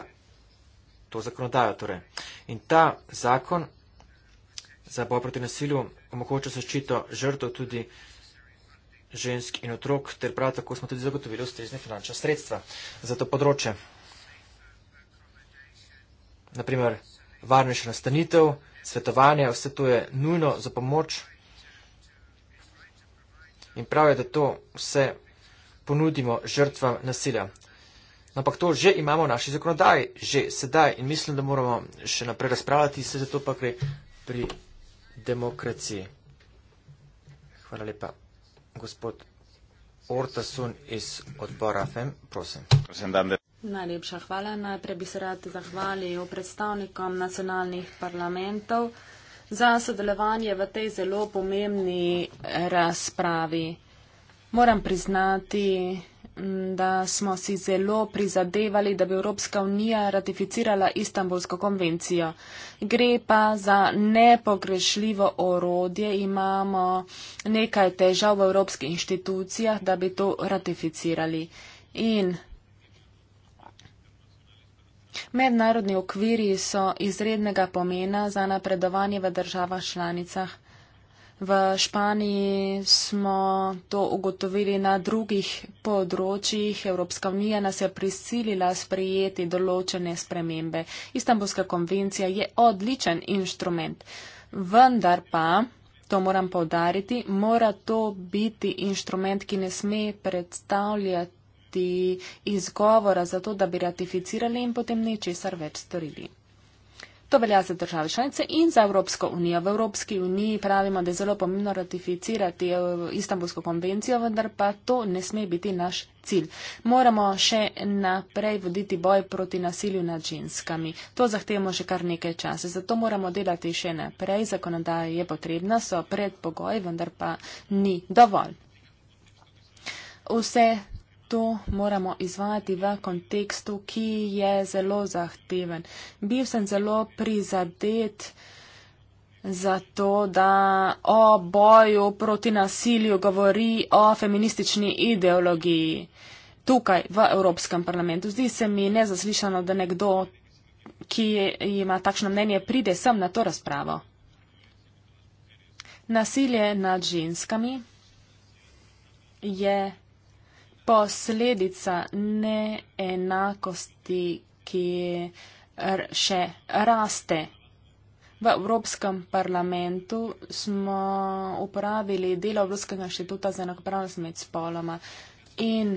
to zakonodajo torej. In ta zakon za boj proti nasilju, omogoča zaščito žrtev tudi žensk in otrok, ter prav tako smo tudi zagotovili ustrezne finančne sredstva za to področje. Naprimer, varnejša nastanitev, svetovanje, vse to je nujno za pomoč. In prav je, da to vse ponudimo žrtvam nasilja. Ampak to že imamo v naši zakonodaji, že sedaj in mislim, da moramo še naprej razpravljati, se zato pa gre pri demokracije. Hvala lepa. Gospod Ortasun iz odbora FEM, prosim. Najlepša hvala. Najprej bi se rad zahvalil predstavnikom nacionalnih parlamentov za sodelovanje v tej zelo pomembni eh, razpravi. Moram priznati, da smo si zelo prizadevali, da bi Evropska unija ratificirala Istanbulsko konvencijo. Gre pa za nepogrešljivo orodje, imamo nekaj težav v evropskih inštitucijah, da bi to ratificirali. In mednarodni okviri so izrednega pomena za napredovanje v državah članicah. V Španiji smo to ugotovili na drugih področjih. Evropska unija nas je prisilila sprejeti določene spremembe. Istanbulska konvencija je odličen inštrument. Vendar pa, to moram povdariti, mora to biti inštrument, ki ne sme predstavljati izgovora za to, da bi ratificirali in potem nečesar več storili. To velja za države članice in za Evropsko unijo. V Evropski uniji pravimo, da je zelo pomembno ratificirati eh, Istanbulsko konvencijo, vendar pa to ne sme biti naš cilj. Moramo še naprej voditi boj proti nasilju nad ženskami. To zahtevamo že kar nekaj časa. Zato moramo delati še naprej. Zakonodaja je potrebna, so predpogoj, vendar pa ni dovolj. Vse to moramo izvajati v kontekstu, ki je zelo zahteven. Bil sem zelo prizadet za to, da o boju proti nasilju govori o feministični ideologiji tukaj v Evropskem parlamentu. Zdi se mi nezaslišano, da nekdo, ki ima takšno mnenje, pride sem na to razpravo. Nasilje nad ženskami je posledica neenakosti, ki še raste. V Evropskem parlamentu smo uporabili delo Evropskega inštituta za enakopravnost med spoloma in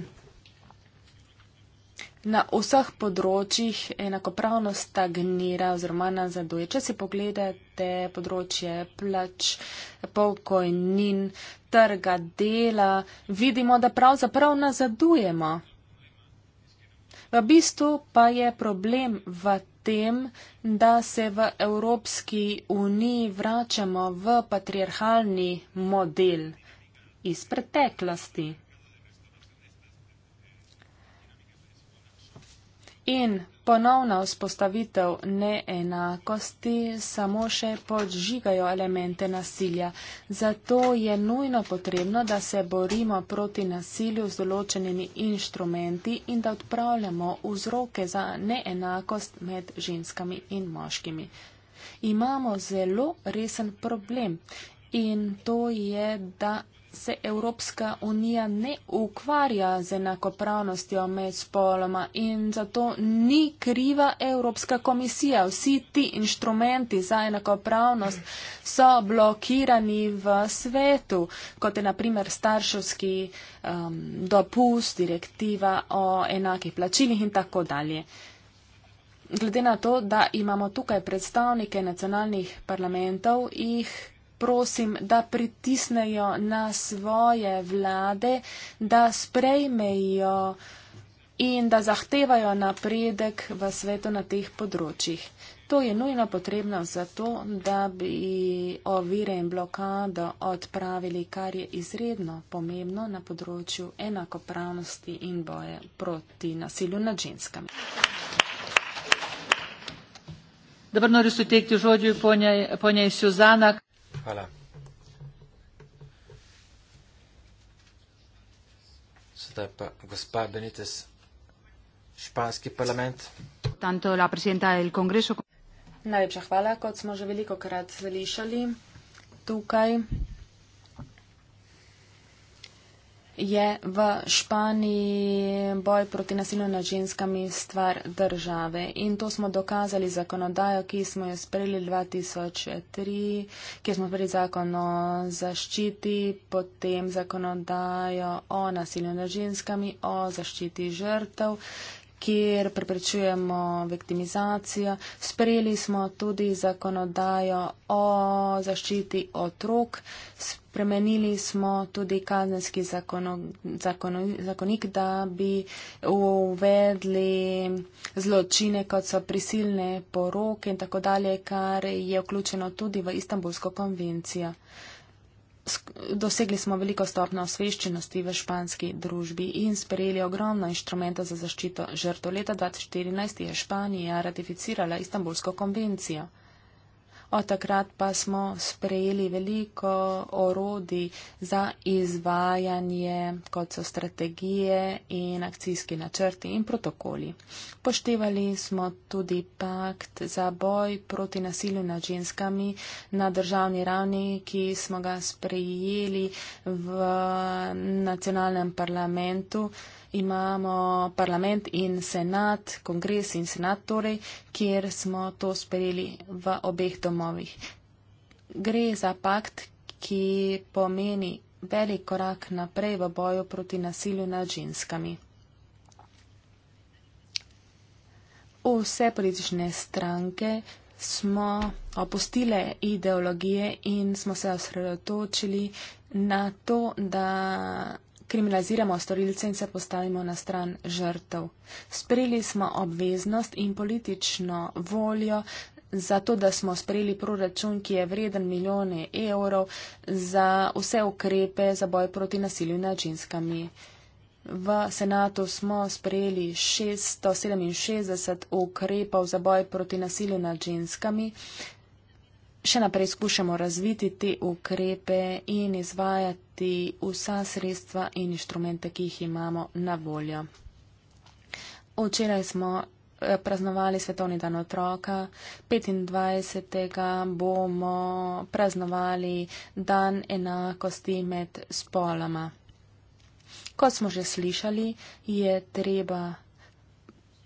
na vseh področjih enakopravnost stagnira oziroma nazaduje. Če si pogledate področje plač, pokojnin, trga dela, vidimo, da pravzaprav nazadujemo. V bistvu pa je problem v tem, da se v Evropski uniji vračamo v patriarhalni model iz preteklosti. in ponovna vzpostavitev neenakosti samo še podžigajo elemente nasilja. Zato je nujno potrebno, da se borimo proti nasilju z določenimi inštrumenti in da odpravljamo vzroke za neenakost med ženskami in moškimi. Imamo zelo resen problem in to je, da se Evropska unija ne ukvarja z enakopravnostjo med spoloma in zato ni kriva Evropska komisija. Vsi ti inštrumenti za enakopravnost so blokirani v svetu, kot je naprimer starševski um, dopust, direktiva o enakih plačilih in tako dalje. Glede na to, da imamo tukaj predstavnike nacionalnih parlamentov, jih prosim, da pritisnejo na svoje vlade, da sprejmejo in da zahtevajo napredek v svetu na teh področjih. To je nujno potrebno zato, da bi ovire in blokado odpravili, kar je izredno pomembno na področju enakopravnosti in boje proti nasilju nad ženskami. Dobro, noriš v tekti žodju, ponja je Suzana. Hvala. Sedaj pa gospa Benites, španski parlament. Tanto la presidenta del Congreso. Najlepša hvala, kot smo že veliko krat slišali tukaj. je v Španiji boj proti nasilju nad ženskami stvar države. In to smo dokazali zakonodajo, ki smo jo sprejeli 2003, kjer smo sprejeli zakon o zaščiti, potem zakonodajo o nasilju nad ženskami, o zaščiti žrtev kjer preprečujemo viktimizacijo. Sprejeli smo tudi zakonodajo o zaščiti otrok, spremenili smo tudi kazenski zakonik, da bi uvedli zločine, kot so prisilne poroke in tako dalje, kar je vključeno tudi v Istanbulsko konvencijo dosegli smo veliko stopno osveščenosti v španski družbi in sprejeli ogromno inštrumenta za zaščito žrtov. Leta 2014 je Španija ratificirala Istanbulsko konvencijo od takrat pa smo sprejeli veliko orodi za izvajanje, kot so strategije in akcijski načrti in protokoli. Poštevali smo tudi pakt za boj proti nasilju nad ženskami na državni ravni, ki smo ga sprejeli v nacionalnem parlamentu imamo parlament in senat, kongres in senat torej, kjer smo to sprejeli v obeh domovih. Gre za pakt, ki pomeni velik korak naprej v boju proti nasilju nad ženskami. Vse politične stranke smo opustile ideologije in smo se osredotočili na to, da kriminaliziramo storilce in se postavimo na stran žrtev. Sprejeli smo obveznost in politično voljo za to, da smo sprejeli proračun, ki je vreden milijone evrov za vse ukrepe za boj proti nasilju nad ženskami. V senatu smo sprejeli 667 ukrepov za boj proti nasilju nad ženskami še naprej skušamo razviti te ukrepe in izvajati vsa sredstva in inštrumente, ki jih imamo na voljo. Včeraj smo eh, praznovali Svetovni dan otroka, 25. bomo praznovali dan enakosti med spoloma. Kot smo že slišali, je treba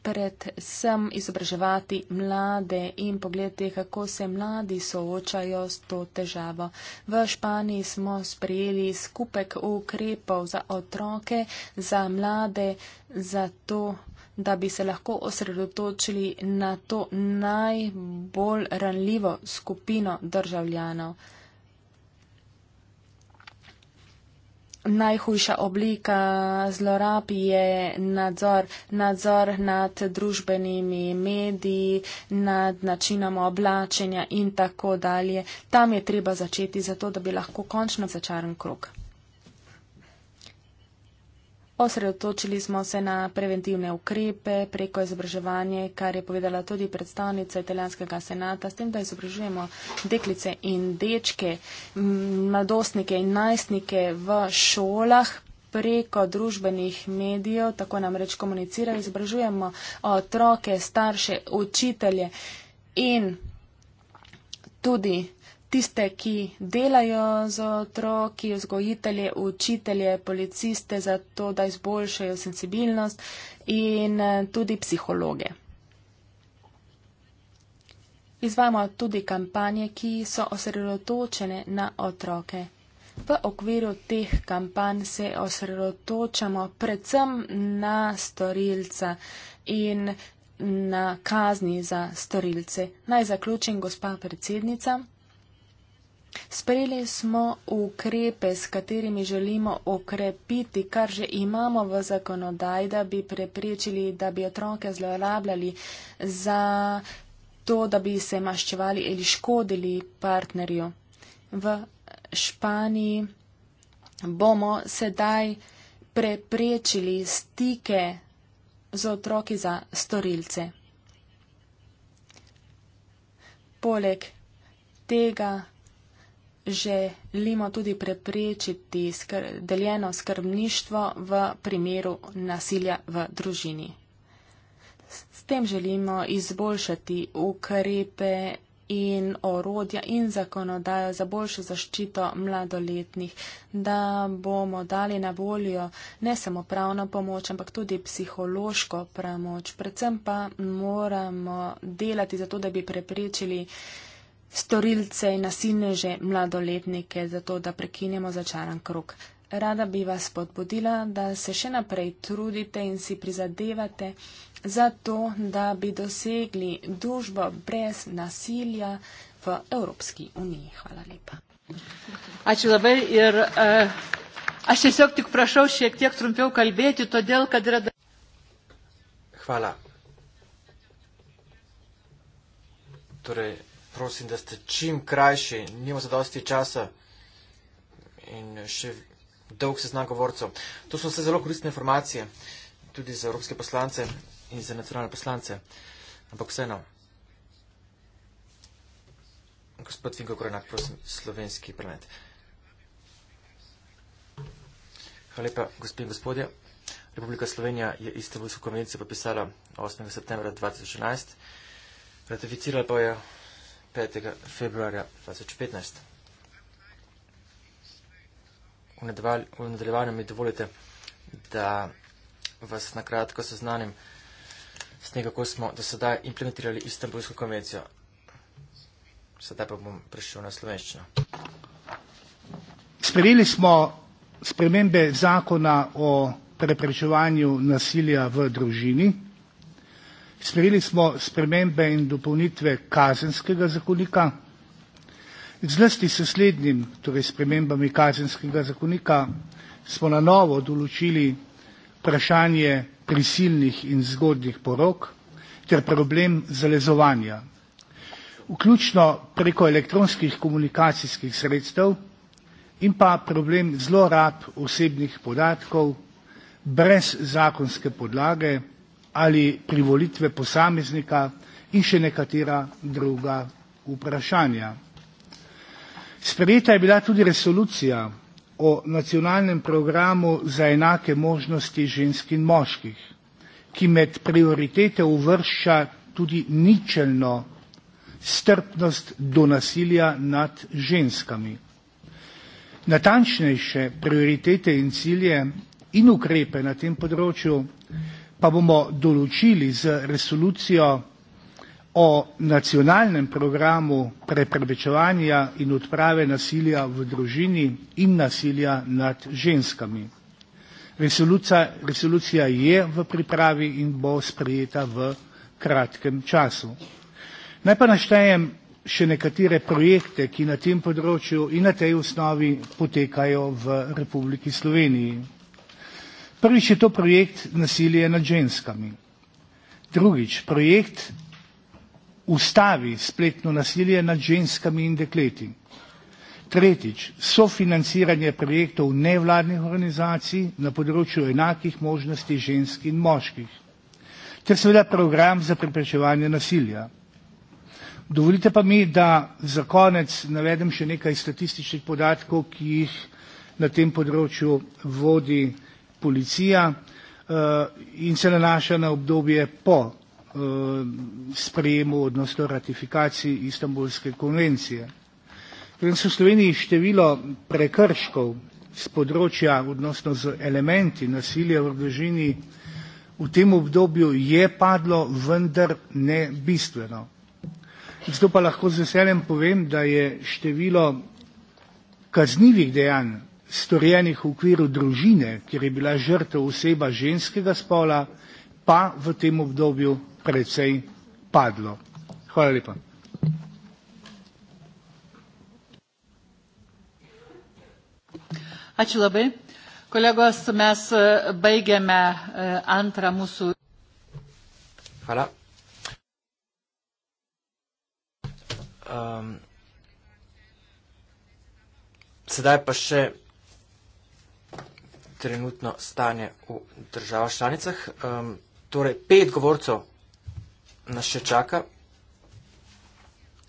predvsem izobraževati mlade in pogledati, kako se mladi soočajo s to težavo. V Španiji smo sprejeli skupek ukrepov za otroke, za mlade, za to, da bi se lahko osredotočili na to najbolj ranljivo skupino državljanov. najhujša oblika zlorab je nadzor, nadzor nad družbenimi mediji, nad načinom oblačenja in tako dalje. Tam je treba začeti, zato da bi lahko končno začaran krok. Osredotočili smo se na preventivne ukrepe preko izobraževanja, kar je povedala tudi predstavnica italijanskega senata, s tem, da izobražujemo deklice in dečke, mladostnike in najstnike v šolah preko družbenih medijev, tako nam reč komunicirajo, izobražujemo otroke, starše, učitelje in tudi tiste, ki delajo z otroki, vzgojitelje, učitelje, policiste, zato da izboljšajo sensibilnost in eh, tudi psihologe. Izvamo tudi kampanje, ki so osredotočene na otroke. V okviru teh kampanj se osredotočamo predvsem na storilca in na kazni za storilce. Naj zaključim, gospa predsednica. Sprejeli smo ukrepe, s katerimi želimo okrepiti, kar že imamo v zakonodaji, da bi preprečili, da bi otroke zlorabljali za to, da bi se maščevali ali škodili partnerju. V Španiji bomo sedaj preprečili stike z otroki za storilce. Poleg tega, želimo tudi preprečiti skr deljeno skrbništvo v primeru nasilja v družini. S tem želimo izboljšati ukrepe in orodja in zakonodajo za boljšo zaščito mladoletnih, da bomo dali na voljo ne samo pravno pomoč, ampak tudi psihološko pomoč. Predvsem pa moramo delati za to, da bi preprečili storilce in nasilneže mladoletnike, zato da prekinemo začaran krok. Rada bi vas podbudila, da se še naprej trudite in si prizadevate za to, da bi dosegli družbo brez nasilja v Evropski uniji. Hvala lepa. Ačiū labai ir uh, aš tiesiog tik prašau šiek tiek trumpiau kalbėti, todėl kad yra. Hvala. Torej, prosim, da ste čim krajši, nima se dosti časa in še dolg seznam govorcev. To so vse zelo koristne informacije, tudi za evropske poslance in za nacionalne poslance. Ampak vseeno, gospod Vinko Korenak, prosim, slovenski planet. Hvala lepa, gospod in gospodje. Republika Slovenija je isto vso konvencijo popisala 8. septembra 2011. Ratificirala pa je 5. februarja 2015. V nadaljevanju mi dovolite, da vas nakratko seznanim s tem, kako smo do sedaj implementirali Istanbulsko konvencijo. Sedaj pa bom prišel na slovenščino. Sprejeli smo spremembe zakona o preprečevanju nasilja v družini sprejeli smo spremembe in dopolnitve kazenskega zakonika. Zlasti s slednjim, torej spremembami kazenskega zakonika, smo na novo določili vprašanje prisilnih in zgodnih porok ter problem zalezovanja. Vključno preko elektronskih komunikacijskih sredstev in pa problem zlorab osebnih podatkov brez zakonske podlage ali privolitve posameznika in še nekatera druga vprašanja. Sprejeta je bila tudi resolucija o nacionalnem programu za enake možnosti žensk in moških, ki med prioritete uvršča tudi ničelno strpnost do nasilja nad ženskami. Natančnejše prioritete in cilje in ukrepe na tem področju pa bomo določili z resolucijo o nacionalnem programu preprečevanja in odprave nasilja v družini in nasilja nad ženskami. Resolucija, resolucija je v pripravi in bo sprejeta v kratkem času. Naj pa naštejem še nekatere projekte, ki na tem področju in na tej osnovi potekajo v Republiki Sloveniji. Prvič je to projekt nasilje nad ženskami. Drugič, projekt ustavi spletno nasilje nad ženskami in dekleti. Tretjič, sofinanciranje projektov nevladnih organizacij na področju enakih možnosti žensk in moških. Ter seveda program za preprečevanje nasilja. Dovolite pa mi, da za konec navedem še nekaj statističnih podatkov, ki jih na tem področju vodi policija eh, in se nanaša na obdobje po eh, sprejemu odnosno ratifikaciji Istanbulske konvencije. Ker torej so v Sloveniji število prekrškov z področja odnosno z elementi nasilja v družini v tem obdobju je padlo, vendar ne bistveno. Zato pa lahko z veseljem povem, da je število kaznivih dejanj storjenih v okviru družine, kjer je bila žrtev oseba ženskega spola, pa v tem obdobju precej padlo. Hvala lepa. Ačiū labai. Kolegos, mes e, baigiame e, antrą mūsų. Hvala. Um, sedaj pa še trenutno stanje v državah članicah. Um, torej, pet govorcev nas še čaka.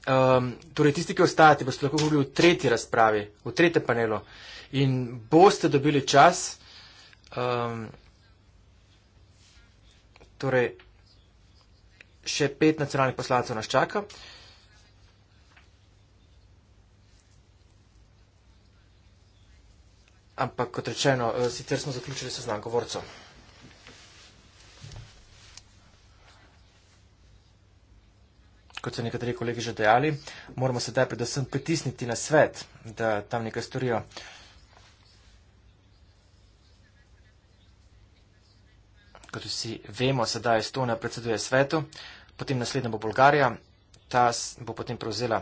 Um, torej, tisti, ki ostajate, boste lahko govorili v tretji razpravi, v tretjem panelu in boste dobili čas. Um, torej, še pet nacionalnih poslancev nas čaka. Ampak kot rečeno, eh, sicer smo zaključili seznam govorcev. Kot so nekateri kolegi že dejali, moramo sedaj predvsem pritisniti na svet, da tam nekaj storijo. Kot vsi vemo, sedaj Estonija predseduje svetu, potem naslednja bo Bolgarija, ta bo potem prevzela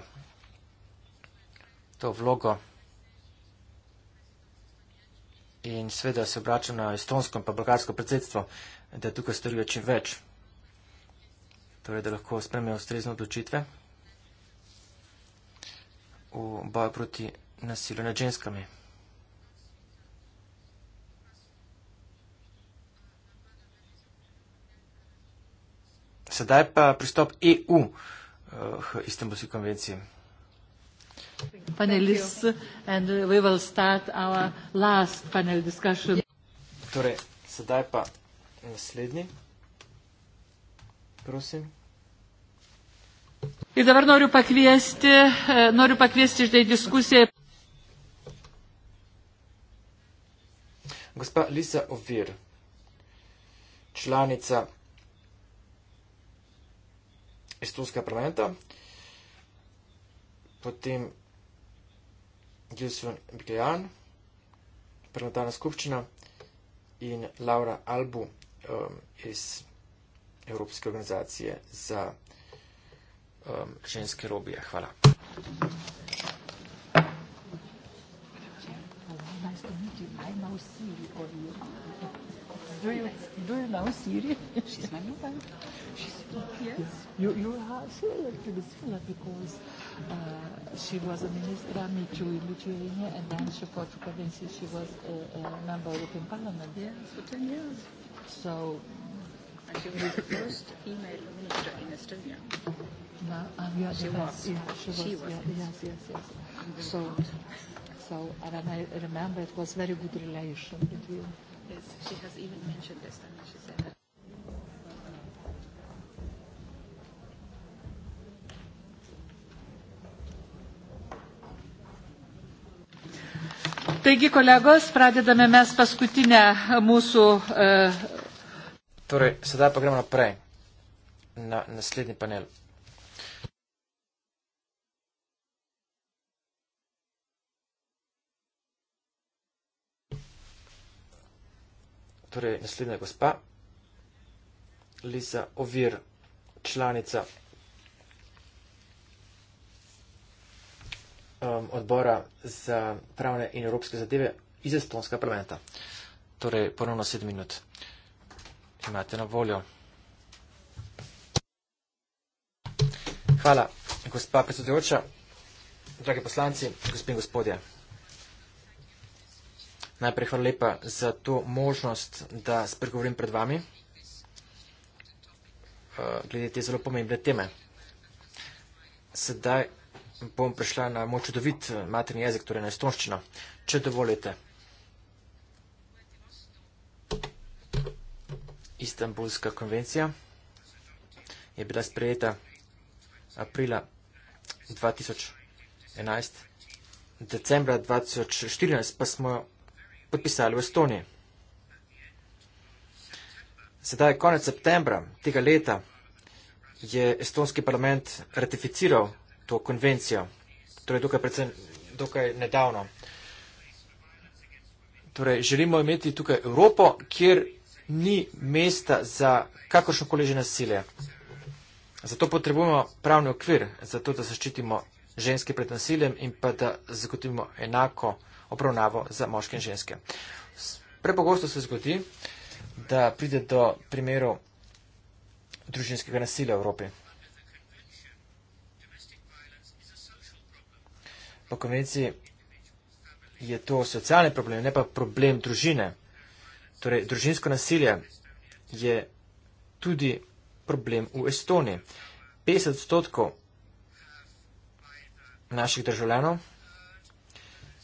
to vlogo in sveda se obrača na estonsko in pa bolgarsko predsedstvo, da tukaj storijo čim več, torej da lahko spremljajo ustrezne odločitve v boju proti nasilju nad ženskami. Sedaj pa pristop EU k eh, Istanbulski konvenciji panelists and uh, we will start our last panel discussion. Torej, sedaj pa naslednji. Prosim. Ir dabar noriu pakviesti, eh, noriu pakviesti iš tai diskusiją. Gospa Lisa Ovir, članica Estonskega parlamenta, potem Gilson Biglian, prenatalna skupščina in Laura Albu um, iz Evropske organizacije za um, ženske robije. Hvala. Do you know Siri? She's my new friend. She's yes. You you have Siri to be similar because. Uh, she was a minister, Michu Lithuania, and then she fought for provinces. She was a, a member of the European Parliament. Yes, for 10 years. So. And she was the first female minister in Estonia. No, um, yeah, she, was. Yeah, she was. She yeah, was. Yes, yes, yes. So, so, and I remember it was very good relation between. Yes, she has even mentioned Estonia, she said. Taigi, kolegos, pradedame mes paskutinę mūsų. E, torej, sedaj pa gremo naprej na naslednji panel. Torej, naslednja gospa, Lisa Ovir, članica um, odbora za pravne in evropske zadeve iz Estonska parlamenta. Torej, ponovno sedem minut. Imate na voljo. Hvala, gospa predsedujoča, dragi poslanci, gospe in gospodje. Najprej hvala lepa za to možnost, da spregovorim pred vami uh, glede te zelo pomembne teme. Sedaj bom prišla na moj čudovit eh, materni jezik, torej na estonščino, če dovolite. Istanbulska konvencija je bila sprejeta aprila 2011, decembra 2014 pa smo jo podpisali v Estoniji. Sedaj konec septembra tega leta je estonski parlament ratificiral to konvencijo. Torej, dokaj, predvsem, dokaj nedavno. Torej, želimo imeti tukaj Evropo, kjer ni mesta za kakršnokoli že nasilje. Zato potrebujemo pravni okvir, zato da zaščitimo ženske pred nasiljem in pa da zagotovimo enako obravnavo za moške in ženske. Prepogosto se zgodi, da pride do primerov družinskega nasilja v Evropi. po konvenciji je to socialni problem, ne pa problem družine. Torej, družinsko nasilje je tudi problem v Estoniji. 50 odstotkov naših državljanov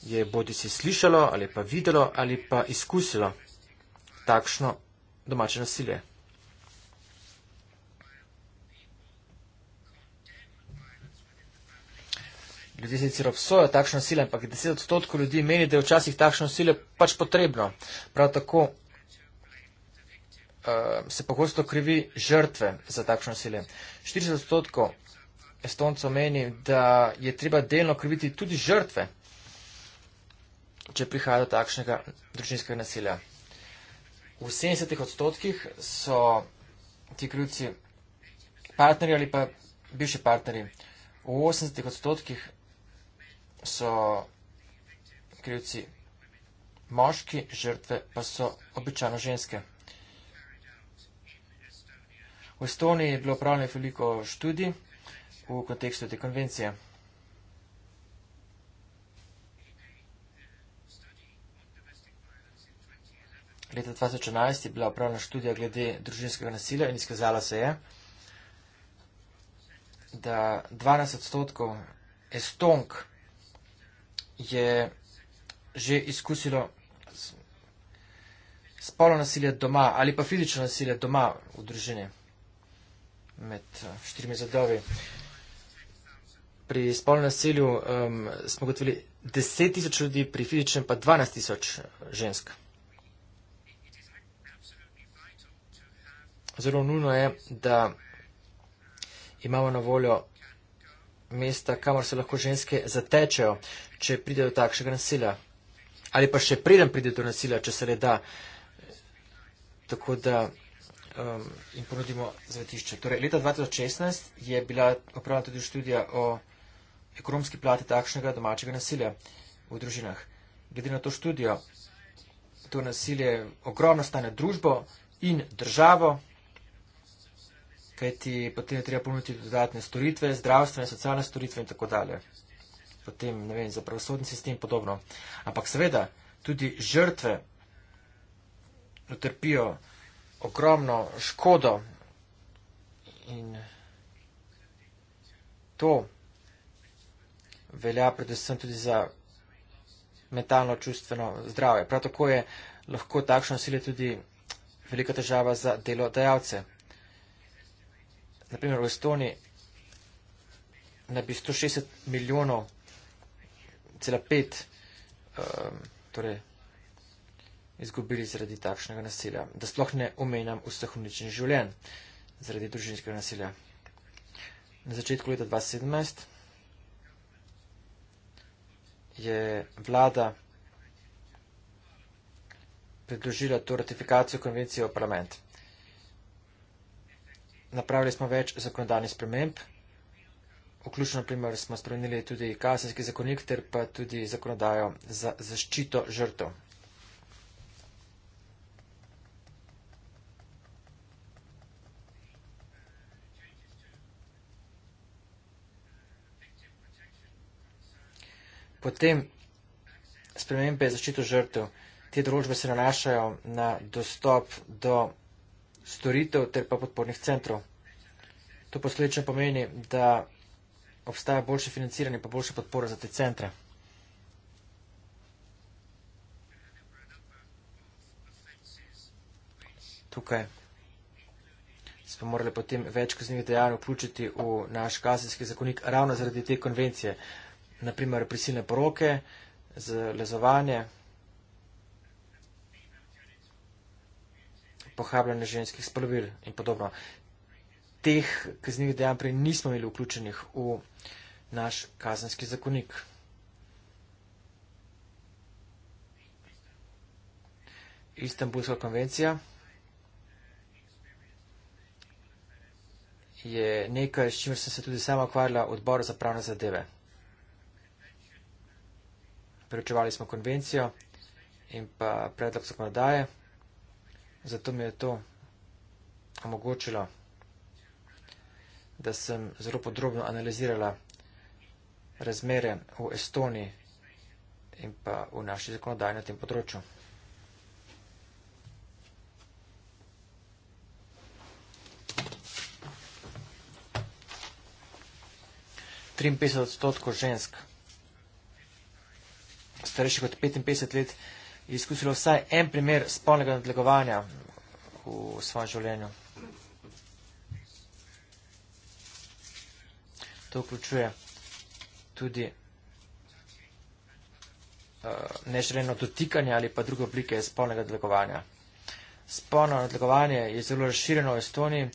je bodi si slišalo ali pa videlo ali pa izkusilo takšno domače nasilje. ljudje sicer obsojo takšno silo, ampak 10 odstotkov ljudi meni, da je včasih takšno silo pač potrebno. Prav tako uh, se pogosto krivi žrtve za takšno silo. 40 odstotkov estoncov meni, da je treba delno kriviti tudi žrtve, če prihaja do takšnega družinskega nasilja. V 70 odstotkih so ti krivci partnerji ali pa bivši partnerji. V 80 odstotkih so krivci moški, žrtve pa so običajno ženske. V Estoniji je bilo upravljeno veliko študij v kontekstu te konvencije. Leta 2011 je bila upravljena študija glede družinskega nasilja in izkazala se je, da 12 odstotkov estonk je že izkusilo spolno nasilje doma ali pa fizično nasilje doma v družini med eh, štirimi zadovi. Pri spolnem nasilju um, smo gotovili 10 tisoč ljudi, pri fizičnem pa 12 tisoč eh, žensk. Zelo nujno je, da imamo na voljo mesta, kamor se lahko ženske zatečejo če pride do takšnega nasilja. Ali pa še preden pride do nasilja, če se le da. Tako da um, jim ponudimo zvetišče. Torej, leta 2016 je bila opravljena tudi študija o ekonomski plati takšnega domačega nasilja v družinah. Glede na to študijo, to nasilje ogromno stane družbo in državo, kajti potem je treba ponuditi dodatne storitve, zdravstvene, socialne storitve in tako dalje potem, ne vem, za pravosodni sistem in podobno. Ampak seveda, tudi žrtve utrpijo ogromno škodo in to velja predvsem tudi za mentalno čustveno zdravje. Prav tako je lahko takšno nasilje tudi velika težava za delodajalce. Naprimer, v Estoniji naj bi 160 milijonov 1,5 um, torej, izgubili zaradi takšnega nasilja. Da sploh ne omenjam vseh uničenih življenj zaradi družinskega nasilja. Na začetku leta 2017 je vlada predložila to ratifikacijo konvencije v parlament. Napravili smo več zakonodajnih sprememb, vključno primer smo spremenili tudi kazenski zakonik ter pa tudi zakonodajo za zaščito žrtev. Potem spremembe zaščito žrtev. Te določbe se nanašajo na dostop do storitev ter pa podpornih centrov. To posledično pomeni, da obstaja boljše financiranje pa boljša podpora za te centre. Tukaj smo morali potem več kaznjivih dejanj vključiti v naš kazenski zakonik ravno zaradi te konvencije. Naprimer, prisilne poroke, zalezovanje, pohabljanje ženskih spolovil in podobno teh kaznjivih dejanj prej nismo imeli vključenih v naš kazenski zakonik. Istanbulska konvencija je nekaj, s čimer sem se tudi sama ukvarjala v odboru za pravne zadeve. Preučevali smo konvencijo in pa predlog zakonodaje, zato mi je to omogočilo da sem zelo podrobno analizirala razmere v Estoniji in pa v naši zakonodaji na tem področju. Trinpetdeset odstotkov žensk, starejših od 55 let, je izkusilo vsaj en primer spolnega nadlegovanja v svojem življenju. To vključuje tudi uh, neželeno dotikanje ali pa druge oblike spolnega nadlegovanja. Spolno nadlegovanje je zelo razširjeno v Estoniji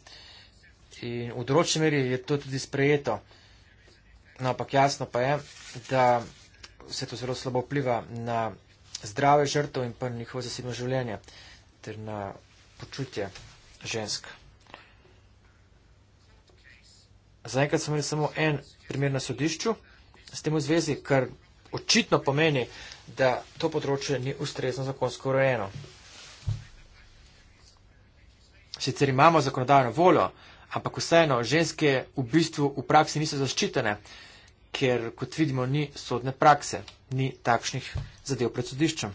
in v določeni meri je to tudi sprejeto. No, ampak jasno pa je, da se to zelo slabo vpliva na zdrave žrtev in pa na njihovo zasebno življenje ter na počutje žensk. Zaenkrat smo imeli samo en primer na sodišču s tem v zvezi, kar očitno pomeni, da to področje ni ustrezno zakonsko urejeno. Sicer imamo zakonodajno voljo, ampak vseeno ženske v bistvu v praksi niso zaščitene, ker kot vidimo ni sodne prakse, ni takšnih zadev pred sodiščem.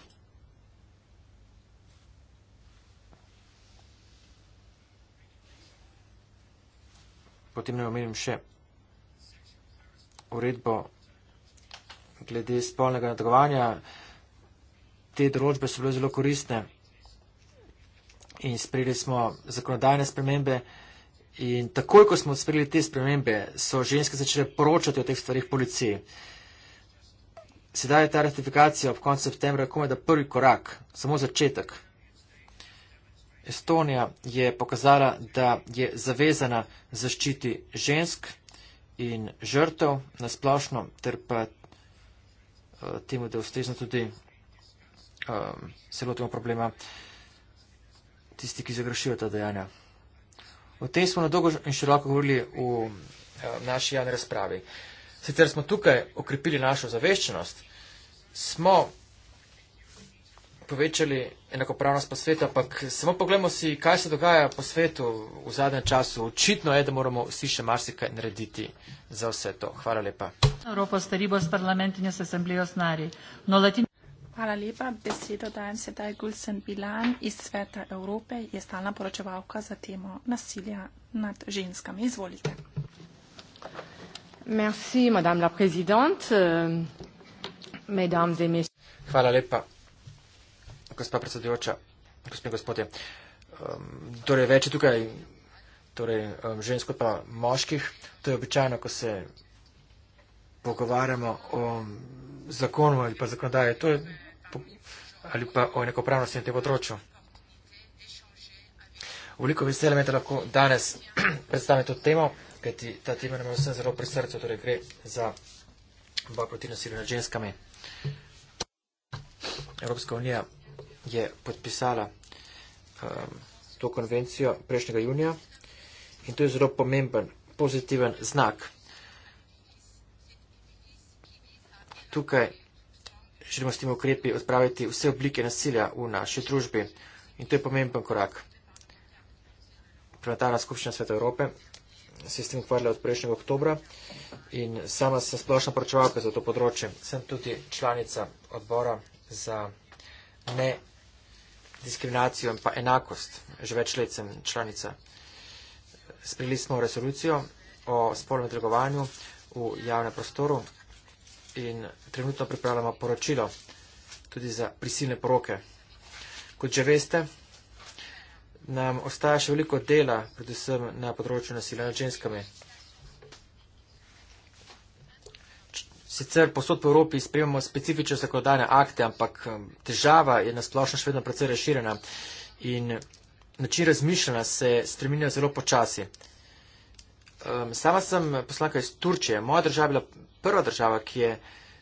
potem ne omenim še uredbo glede spolnega nadgovanja. Te določbe so bile zelo koristne in sprejeli smo zakonodajne spremembe. In takoj, ko smo sprejeli te spremembe, so ženske začele poročati o teh stvarih policiji. Sedaj je ta ratifikacija ob koncu septembra komaj da prvi korak, samo začetek. Estonija je pokazala, da je zavezana zaščiti žensk in žrtev na splošno, ter pa eh, temu, da ustrezno tudi ehm, se lotimo problema tisti, ki zagrešijo ta dejanja. O tem smo na dolgo in široko govorili v eh, naši javni razpravi. Sicer smo tukaj okrepili našo zaveščenost, smo povečali enakopravnost po svetu, ampak samo pogledamo si, kaj se dogaja po svetu v zadnjem času. Očitno je, da moramo vsi še marsikaj narediti za vse to. Hvala lepa. Evropa staribo s parlamentinjo se sem bil osnari. No, latin... Hvala lepa. Besedo dajem sedaj Gulsen Bilan iz Sveta Evrope, je stalna poročevalka za temo nasilja nad ženskami. Izvolite. Merci, madame la présidente. Euh, mesdames et messieurs. Hvala lepa gospa predsedujoča, gospod gospodje. Um, torej, več je tukaj torej, um, žensk kot pa moških. To je običajno, ko se pogovarjamo o zakonu ali pa zakonodaje to je, ali pa o nekopravnosti na tem področju. Veliko veselje me je, da lahko danes predstavim to temo, kajti ta tema nam je vsem zelo pri srcu, torej gre za boj proti nasilju nad ženskami. Evropska unija je podpisala um, to konvencijo prejšnjega junija in to je zelo pomemben, pozitiven znak. Tukaj želimo s tem ukrepi odpraviti vse oblike nasilja v naši družbi in to je pomemben korak. Planetarna skupščina Sveta Evrope se je s tem ukvarjala od prejšnjega oktobra in sama sem splošna poročevalka za to področje. Sem tudi članica odbora za ne diskriminacijo in pa enakost že več let sem članica. Sprejeli smo resolucijo o spolnem trgovanju v javnem prostoru in trenutno pripravljamo poročilo tudi za prisilne poroke. Kot že veste, nam ostaja še veliko dela, predvsem na področju nasilja nad ženskami. sicer posod po Evropi sprejemamo specifične zakonodajne akte, ampak um, težava je nasplošno še vedno precej razširjena in način razmišljanja se spremenja zelo počasi. Um, sama sem poslanka iz Turčije. Moja država je bila prva država, ki je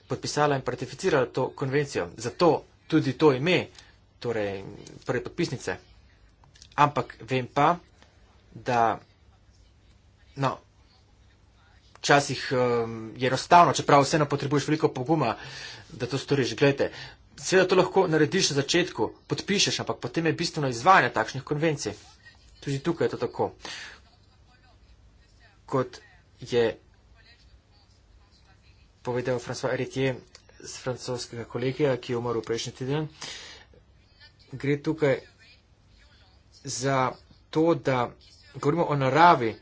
podpisala in ratificirala to konvencijo. Zato tudi to ime, torej prve torej podpisnice. Ampak vem pa, da. No, včasih um, je enostavno, čeprav vseeno potrebuješ veliko poguma, da to storiš. Glede, seveda to lahko narediš na začetku, podpišeš, ampak potem je bistveno izvajanje takšnih konvencij. Tudi tukaj je to tako. Kot je povedal François Eritier z francoskega kolegija, ki je umrl prejšnji teden, gre tukaj za to, da govorimo o naravi,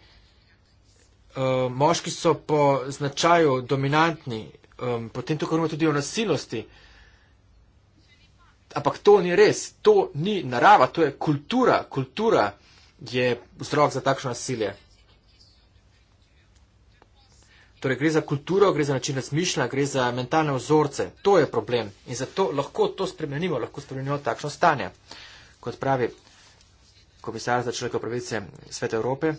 Eh, moški so po značaju dominantni, um, potem to govorimo tudi o nasilnosti. Ampak to ni res, to ni narava, to je kultura. Kultura je vzrok za takšno nasilje. Torej, gre za kulturo, gre za način razmišljanja, gre za mentalne vzorce. To je problem in zato lahko to spremenimo, lahko spremenimo takšno stanje. Kot pravi komisar za človekove pravice Sveta Evrope, uh,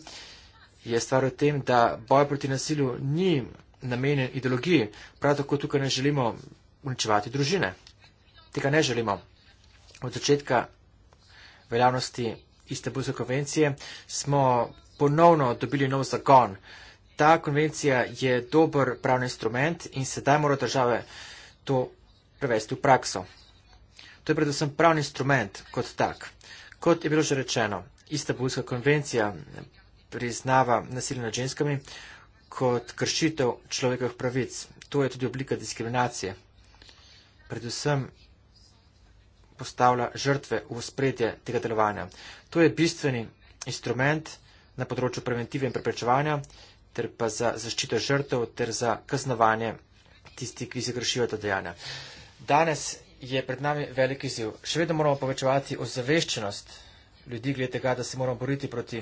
je stvar v tem, da boj proti nasilju ni namenjen ideologiji. Prav tako tukaj ne želimo uničevati družine. Tega ne želimo. Od začetka veljavnosti Istanbulske konvencije smo ponovno dobili nov zagon. Ta konvencija je dober pravni instrument in sedaj mora države to prevesti v prakso. To je predvsem pravni instrument kot tak. Kot je bilo že rečeno, Istanbulska konvencija priznava nasilje nad ženskami kot kršitev človekovih pravic. To je tudi oblika diskriminacije. Predvsem postavlja žrtve v spredje tega delovanja. To je bistveni instrument na področju preventive in preprečevanja ter pa za zaščito žrtev ter za kaznovanje tistih, ki se grešijo ta dejanja. Danes je pred nami velik izziv. Še vedno moramo povečevati ozaveščenost ljudi glede tega, da se moramo boriti proti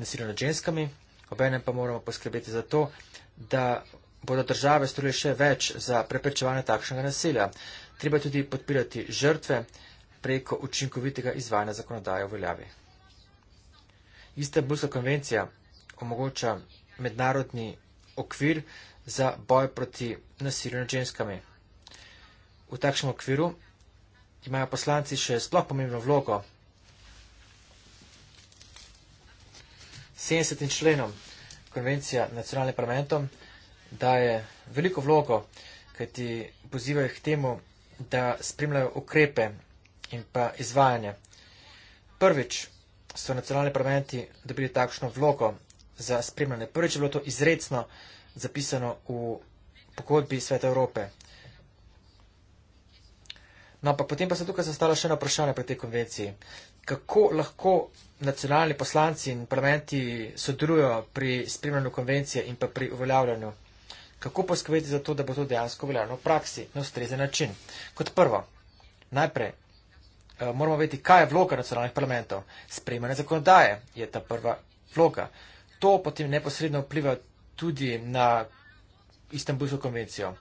nasilja nad ženskami, obenem pa moramo poskrbeti za to, da bodo države storile še več za preprečevanje takšnega nasilja. Treba tudi podpirati žrtve preko učinkovitega izvajanja zakonodaje v veljavi. Istanbulska konvencija omogoča mednarodni okvir za boj proti nasilju nad ženskami. V takšnem okviru imajo poslanci še sploh pomembno vlogo 70. členom konvencija nacionalnim parlamentom daje veliko vlogo, kajti pozivajo k temu, da spremljajo ukrepe in pa izvajanje. Prvič so nacionalni parlamenti dobili takšno vlogo za spremljanje. Prvič je bilo to izredno zapisano v pogodbi Sveta Evrope. No, pa potem pa se tukaj zastala še eno vprašanje pri tej konvenciji. Kako lahko nacionalni poslanci in parlamenti sodelujo pri spremljanju konvencije in pa pri uveljavljanju. Kako poskrbeti za to, da bo to dejansko uveljavljeno v praksi na ustrezen način? Kot prvo, najprej eh, moramo vedeti, kaj je vloga nacionalnih parlamentov. Spremljanje zakonodaje je ta prva vloga. To potem neposredno vpliva tudi na Istanbulsko konvencijo. Uh,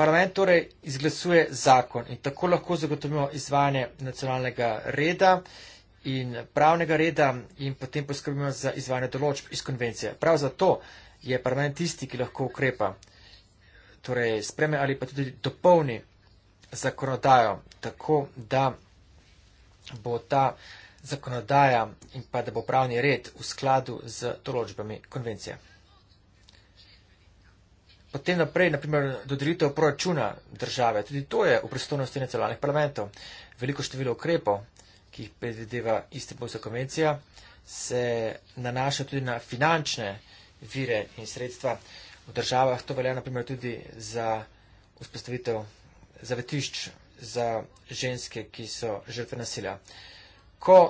Parlament torej izglasuje zakon in tako lahko zagotovimo izvajanje nacionalnega reda in pravnega reda in potem poskrbimo za izvajanje določb iz konvencije. Prav zato je parlament tisti, ki lahko ukrepa, torej spreme ali pa tudi dopolni zakonodajo, tako da bo ta zakonodaja in pa da bo pravni red v skladu z določbami konvencije. Potem naprej, naprimer, dodelitev proračuna države. Tudi to je v pristojnosti nacionalnih parlamentov. Veliko število ukrepov, ki jih predvideva Istanbulska konvencija, se nanaša tudi na finančne vire in sredstva v državah. To velja naprimer tudi za vzpostavitev zavetišč za ženske, ki so žrtve nasilja. Ko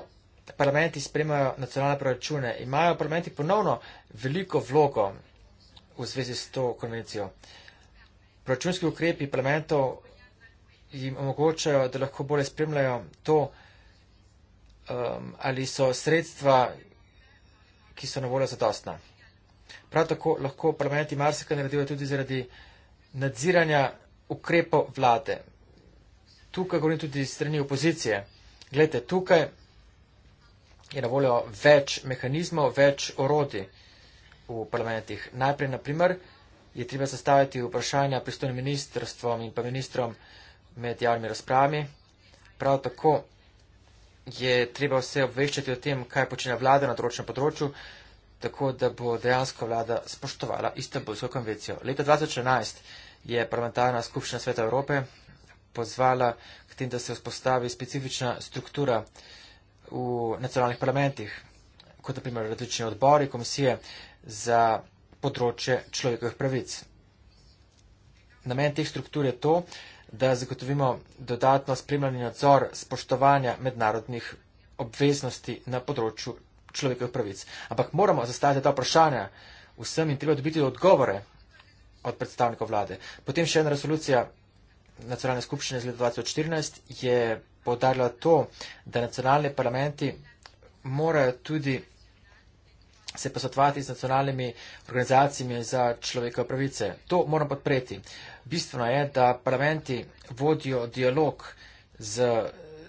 parlamenti spremajo nacionalne proračune, imajo parlamenti ponovno veliko vlogo v zvezi s to konvencijo. Proračunski ukrepi parlamentov jim omogočajo, da lahko bolje spremljajo to, um, ali so sredstva, ki so na voljo zadostna. Prav tako lahko parlamenti marsikaj naredijo tudi zaradi nadziranja ukrepov vlade. Tukaj govorim tudi strani opozicije. Glejte, tukaj je na voljo več mehanizmov, več orodij v parlamentih. Najprej, na primer, je treba zastaviti vprašanja pristojnim ministrstvom in pa ministrom med javnimi razpravami. Prav tako je treba vse obveščati o tem, kaj počne vlada na določenem področju, tako da bo dejansko vlada spoštovala Istanbulsko konvencijo. Leta 2011 je parlamentarna skupščina Sveta Evrope pozvala k tem, da se vzpostavi specifična struktura v nacionalnih parlamentih, kot naprimer različni odbori, komisije, za področje človekovih pravic. Namen teh struktur je to, da zagotovimo dodatno spremljanje in nadzor spoštovanja mednarodnih obveznosti na področju človekovih pravic. Ampak moramo zastaviti ta vprašanja vsem in treba dobiti odgovore od predstavnikov vlade. Potem še ena resolucija nacionalne skupščine iz leta 2014 je podarila to, da nacionalni parlamenti morajo tudi se posvetovati z nacionalnimi organizacijami za človekove pravice. To moram podpreti. Bistveno je, da parlamenti vodijo dialog z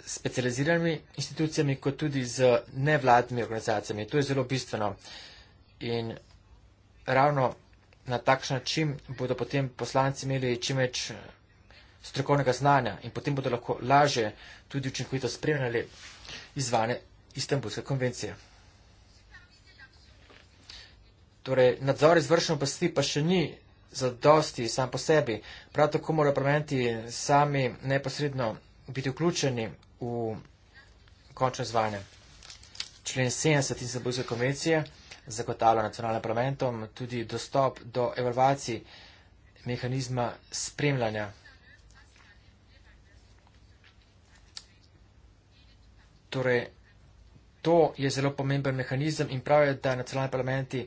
specializiranimi institucijami, kot tudi z nevladnimi organizacijami. To je zelo bistveno. In ravno na takšen način bodo potem poslanci imeli čim več strokovnega znanja in potem bodo lahko laže tudi učinkovito spremljali izvane istambulske konvencije. Torej, nadzor izvršne oblasti pa še ni za dosti sam po sebi. Prav tako morajo parlamenti sami neposredno biti vključeni v končno izvajanje. Člen 70 in Zabuzke konvencije zagotavlja nacionalnim parlamentom tudi dostop do evalvacij mehanizma spremljanja. Torej, to je zelo pomemben mehanizem in prav je, da nacionalni parlamenti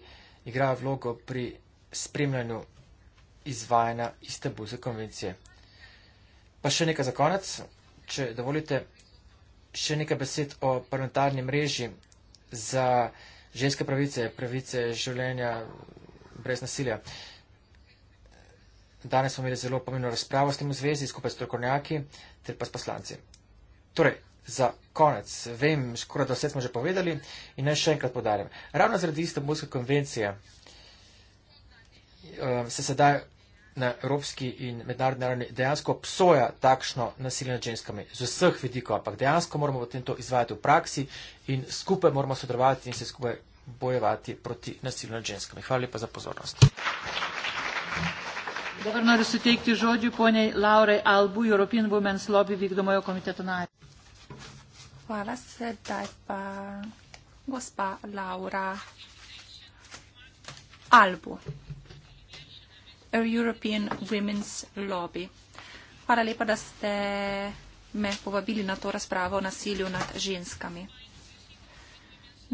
igrajo vlogo pri spremljanju izvajanja Istanbulske konvencije. Pa še nekaj za konec, če dovolite, še nekaj besed o parlamentarni mreži za ženske pravice, pravice življenja brez nasilja. Danes smo imeli zelo pomembno razpravo s tem v zvezi, skupaj s trokovnjaki ter pa s poslanci. Torej, za konec. Vem, skoraj da vse smo že povedali in naj še enkrat podarim. Ravno zaradi Istanbulske konvencije eh, se sedaj na evropski in mednarodni ravni dejansko obsoja takšno nasilje nad ženskami z vseh vidikov, ampak dejansko moramo potem to izvajati v praksi in skupaj moramo sodelovati in se skupaj bojevati proti nasilju nad ženskami. Hvala lepa za pozornost. Dobro, naredite teikti žodžiu poniai Laurai Albu, European Women's Lobby vykdomojo komiteto narė. Hvala, sedaj pa gospa Laura Albu, European Women's Lobby. Hvala lepa, da ste me povabili na to razpravo o nasilju nad ženskami.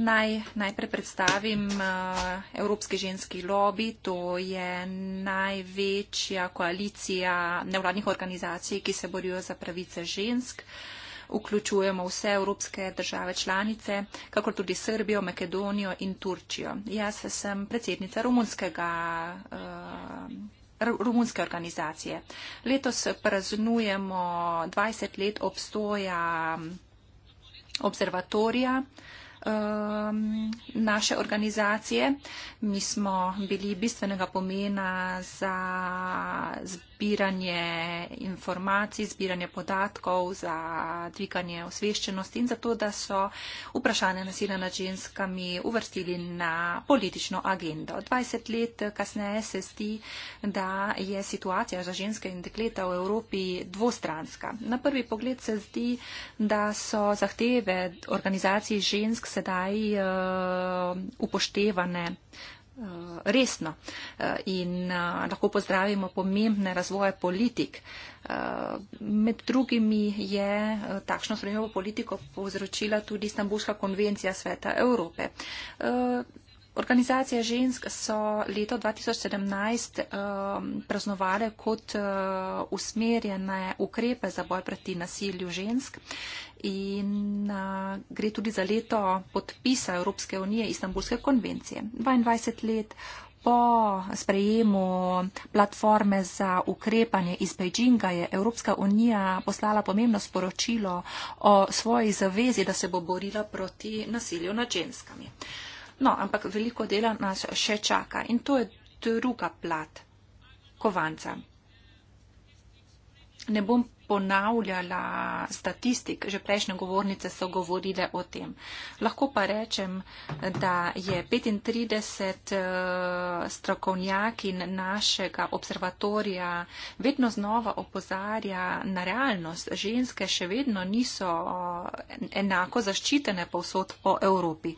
Naj najprej predstavim eh, Evropski ženski lobby. To je največja koalicija nevladnih organizacij, ki se borijo za pravice žensk. Uh, vključujemo vse evropske države članice, kako tudi Srbijo, Makedonijo in Turčijo. Jaz sem predsednica romunskega. Uh, Romunske organizacije. Letos praznujemo 20 let obstoja observatorija. Uh, um, naše organizacije. Mi smo bili bistvenega pomena za zbiranje informacij, zbiranje podatkov, za dvikanje osveščenosti in za to, da so vprašanje nasilja nad ženskami uvrstili na politično agendo. 20 let kasneje se zdi, da je situacija za ženske in dekleta v Evropi dvostranska. Na prvi pogled se zdi, da so zahteve organizacij žensk sedaj uh, upoštevane uh, resno eh, in uh, lahko pozdravimo pomembne razvoje politik. Uh, med drugimi je uh, takšno spremljivo politiko povzročila tudi Istanbulska konvencija Sveta Evrope. Uh, Organizacije žensk so leto 2017 um, praznovale kot uh, usmerjene ukrepe za boj proti nasilju žensk in gre tudi za leto podpisa Evropske unije Istanbulske konvencije. 22 let po sprejemu platforme za ukrepanje iz Pejdžinga je Evropska unija poslala pomembno sporočilo o svoji zavezi, da se bo borila proti nasilju nad ženskami. No, ampak veliko dela nas še čaka in to je druga plat kovanca ne bom ponavljala statistik, že prejšnje govornice so govorile o tem. Lahko pa rečem, da je 35 eh, strokovnjaki našega observatorija vedno znova opozarja na realnost. Ženske še vedno niso eh, enako zaščitene povsod po Evropi.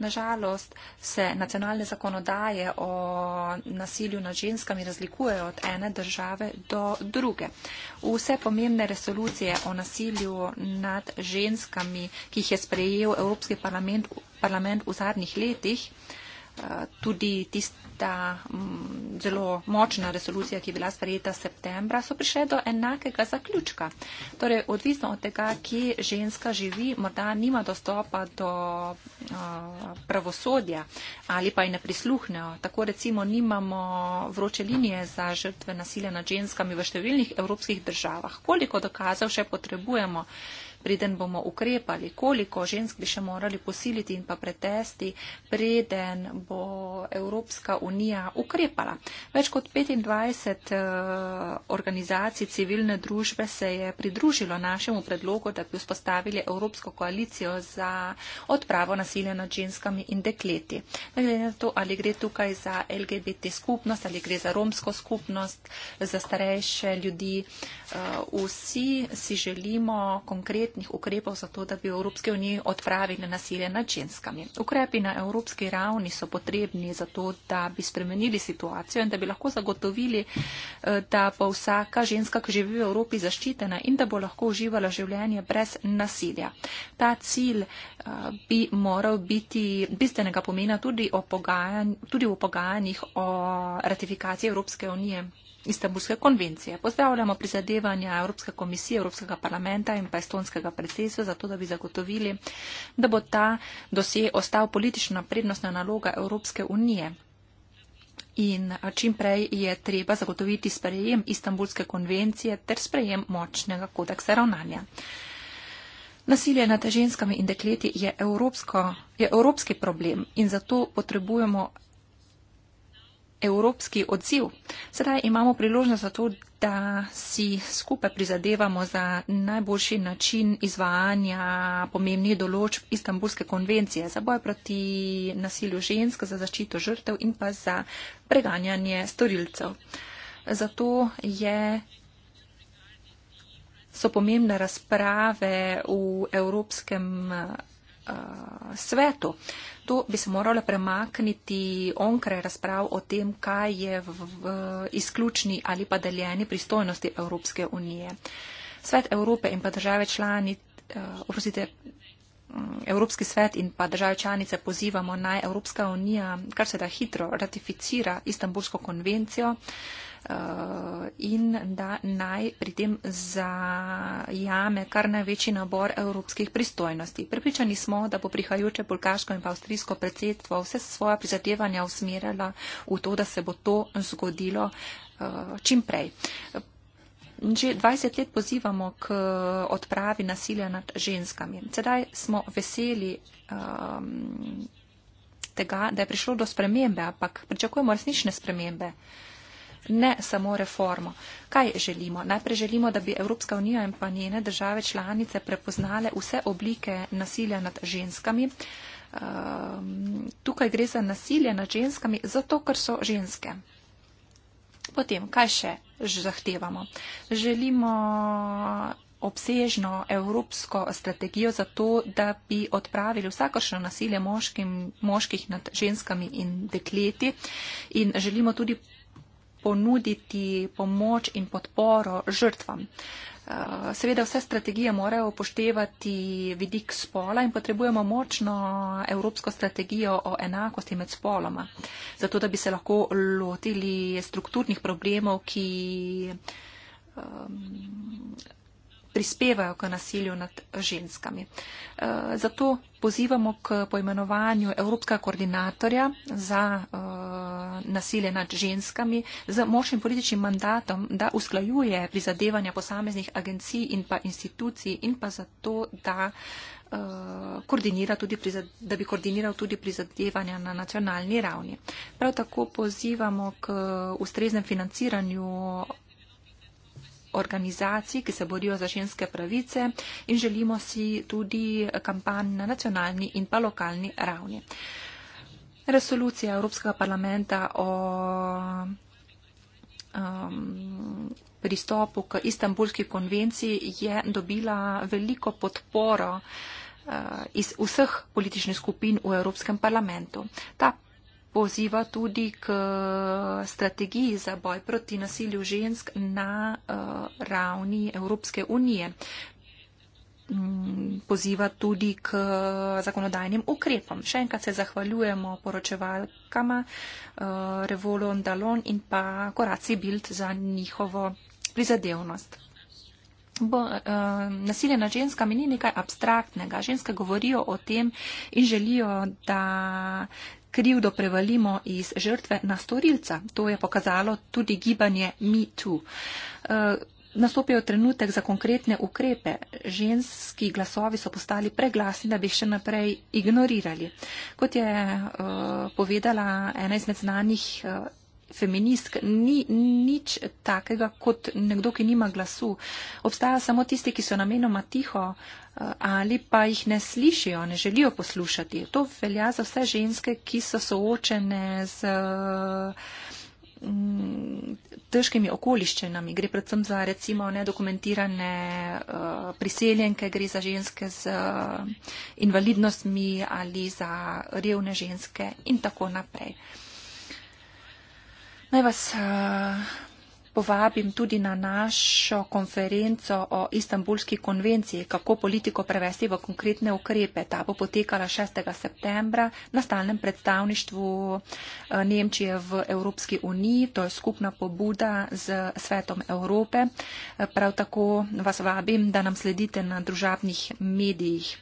Nažalost se nacionalne zakonodaje o nasilju nad ženskami razlikujejo od ene države do druge. Vse pomembne resolucije o nasilju nad ženskami, ki jih je sprejel Evropski parlament, parlament v zadnjih letih, Eh, tudi tista mm, zelo močna resolucija, ki je bila sprejeta septembra, so prišle do enakega zaključka. Torej, odvisno od tega, kje ženska živi, morda nima dostopa do eh, pravosodja ali pa je ne prisluhnejo. Tako recimo nimamo vroče linije za žrtve nasilja nad ženskami v številnih evropskih državah. Koliko dokazov še potrebujemo? preden bomo ukrepali, koliko žensk bi še morali posiliti in pa pretesti, preden bo Evropska unija ukrepala. Več kot 25 eh, organizacij civilne družbe se je pridružilo našemu predlogu, da bi vzpostavili Evropsko koalicijo za odpravo nasilja nad ženskami in dekleti. Ne glede na to, ali gre tukaj za LGBT skupnost, ali gre za romsko skupnost, za starejše ljudi, eh, vsi si želimo konkretno konkretnih ukrepov za to, da bi v Evropski uniji odpravili nasilje nad ženskami. Ukrepi na evropski ravni so potrebni za to, da bi spremenili situacijo in da bi lahko zagotovili, eh, da bo vsaka ženska, ki živi v Evropi, zaščitena in da bo lahko uživala življenje brez nasilja. Ta cilj eh, bi moral biti bistvenega pomena tudi v pogajanjih o ratifikaciji Evropske unije. Istanbulske konvencije. Pozdravljamo prizadevanja Evropske komisije, Evropskega parlamenta in pa estonskega predsedstva za to, da bi zagotovili, da bo ta dosje ostal politična prednostna naloga Evropske unije. In čim prej je treba zagotoviti sprejem Istanbulske konvencije ter sprejem močnega kodeksa ravnanja. Nasilje nad ženskami in dekleti je, evropsko, je evropski problem in zato potrebujemo evropski odziv. Sedaj imamo priložnost za to, da si skupaj prizadevamo za najboljši način izvajanja pomembnih določb Istanbulske konvencije za boj proti nasilju žensk, za zaščito žrtev in pa za preganjanje storilcev. Zato je, so pomembne razprave v Evropskem odziv Eh, svetu. To bi se moralo premakniti onkraj razprav o tem, kaj je v, v izključni ali pa deljeni pristojnosti Evropske unije. Svet Evrope in pa države člani, uh, oprostite, mm, Evropski svet in pa države članice pozivamo naj Evropska unija kar se da hitro ratificira Istanbulsko konvencijo, uh, Eh, in da naj pri tem zajame kar največji nabor evropskih pristojnosti. Pripričani smo, da bo prihajajoče polkaško in pa avstrijsko predsedstvo vse svoja prizadevanja usmerjala v to, da se bo to zgodilo eh, čim prej. Že 20 let pozivamo k odpravi nasilja nad ženskami. Sedaj smo veseli um, tega, da je prišlo do spremembe, ampak pričakujemo resnične spremembe. Uh, ne samo reformo. Kaj želimo? Najprej želimo, da bi Evropska unija in pa njene države članice prepoznale vse oblike nasilja nad ženskami. Ehm, tukaj gre za nasilje nad ženskami, zato ker so ženske. Potem, kaj še zahtevamo? Želimo obsežno evropsko strategijo za to, da bi odpravili vsakošno nasilje moškim, moških nad ženskami in dekleti. In želimo tudi ponuditi pomoč in podporo žrtvam. Eh, seveda vse strategije morajo upoštevati vidik spola in potrebujemo močno evropsko strategijo o enakosti med spoloma, zato da bi se lahko lotili strukturnih problemov, ki. Um, prispevajo k nasilju nad ženskami. Eh, zato pozivamo k poimenovanju Evropskega koordinatorja za eh, nasilje nad ženskami z močnim političnim mandatom, da usklajuje prizadevanja posameznih agencij in pa institucij in pa zato, da, eh, da bi koordiniral tudi prizadevanja na nacionalni ravni. Prav tako pozivamo k ustreznem financiranju organizacij, ki se borijo za ženske pravice in želimo si tudi kampanj na nacionalni in pa lokalni ravni. Resolucija Evropskega parlamenta o um, pristopu k Istanbulski konvenciji je dobila veliko podporo uh, iz vseh političnih skupin v Evropskem parlamentu. Ta poziva tudi k eh, strategiji za boj proti nasilju žensk na uh, ravni Evropske unije. Mm, poziva tudi k zakonodajnim ukrepom. Še enkrat se zahvaljujemo poročevalkama uh, eh, Revolon Dalon in pa Koraci Bild za njihovo prizadevnost. Bo, uh, nasilje nad ženskami ni nekaj abstraktnega. Ženske govorijo o tem in želijo, da krivdo prevalimo iz žrtve na storilca. To je pokazalo tudi gibanje MeToo. Eh, Nastopijo trenutek za konkretne ukrepe. Ženski glasovi so postali preglasni, da bi še naprej ignorirali. Kot je uh, povedala ena izmed znanih uh, feministk ni nič takega kot nekdo, ki nima glasu. Obstaja samo tisti, ki so namenoma tiho eh, ali pa jih ne slišijo, ne želijo poslušati. To velja za vse ženske, ki so soočene z mm, težkimi okoliščinami. Gre predvsem za recimo nedokumentirane uh, priseljenke, gre za ženske z uh, invalidnostmi ali za revne ženske in tako naprej. Uh, Naj vas eh, povabim tudi na našo konferenco o Istanbulski konvenciji, kako politiko prevesti v konkretne ukrepe. Ta bo potekala 6. septembra na stalnem predstavništvu eh, Nemčije v Evropski uniji. To je skupna pobuda z svetom Evrope. Eh, prav tako vas vabim, da nam sledite na družabnih medijih.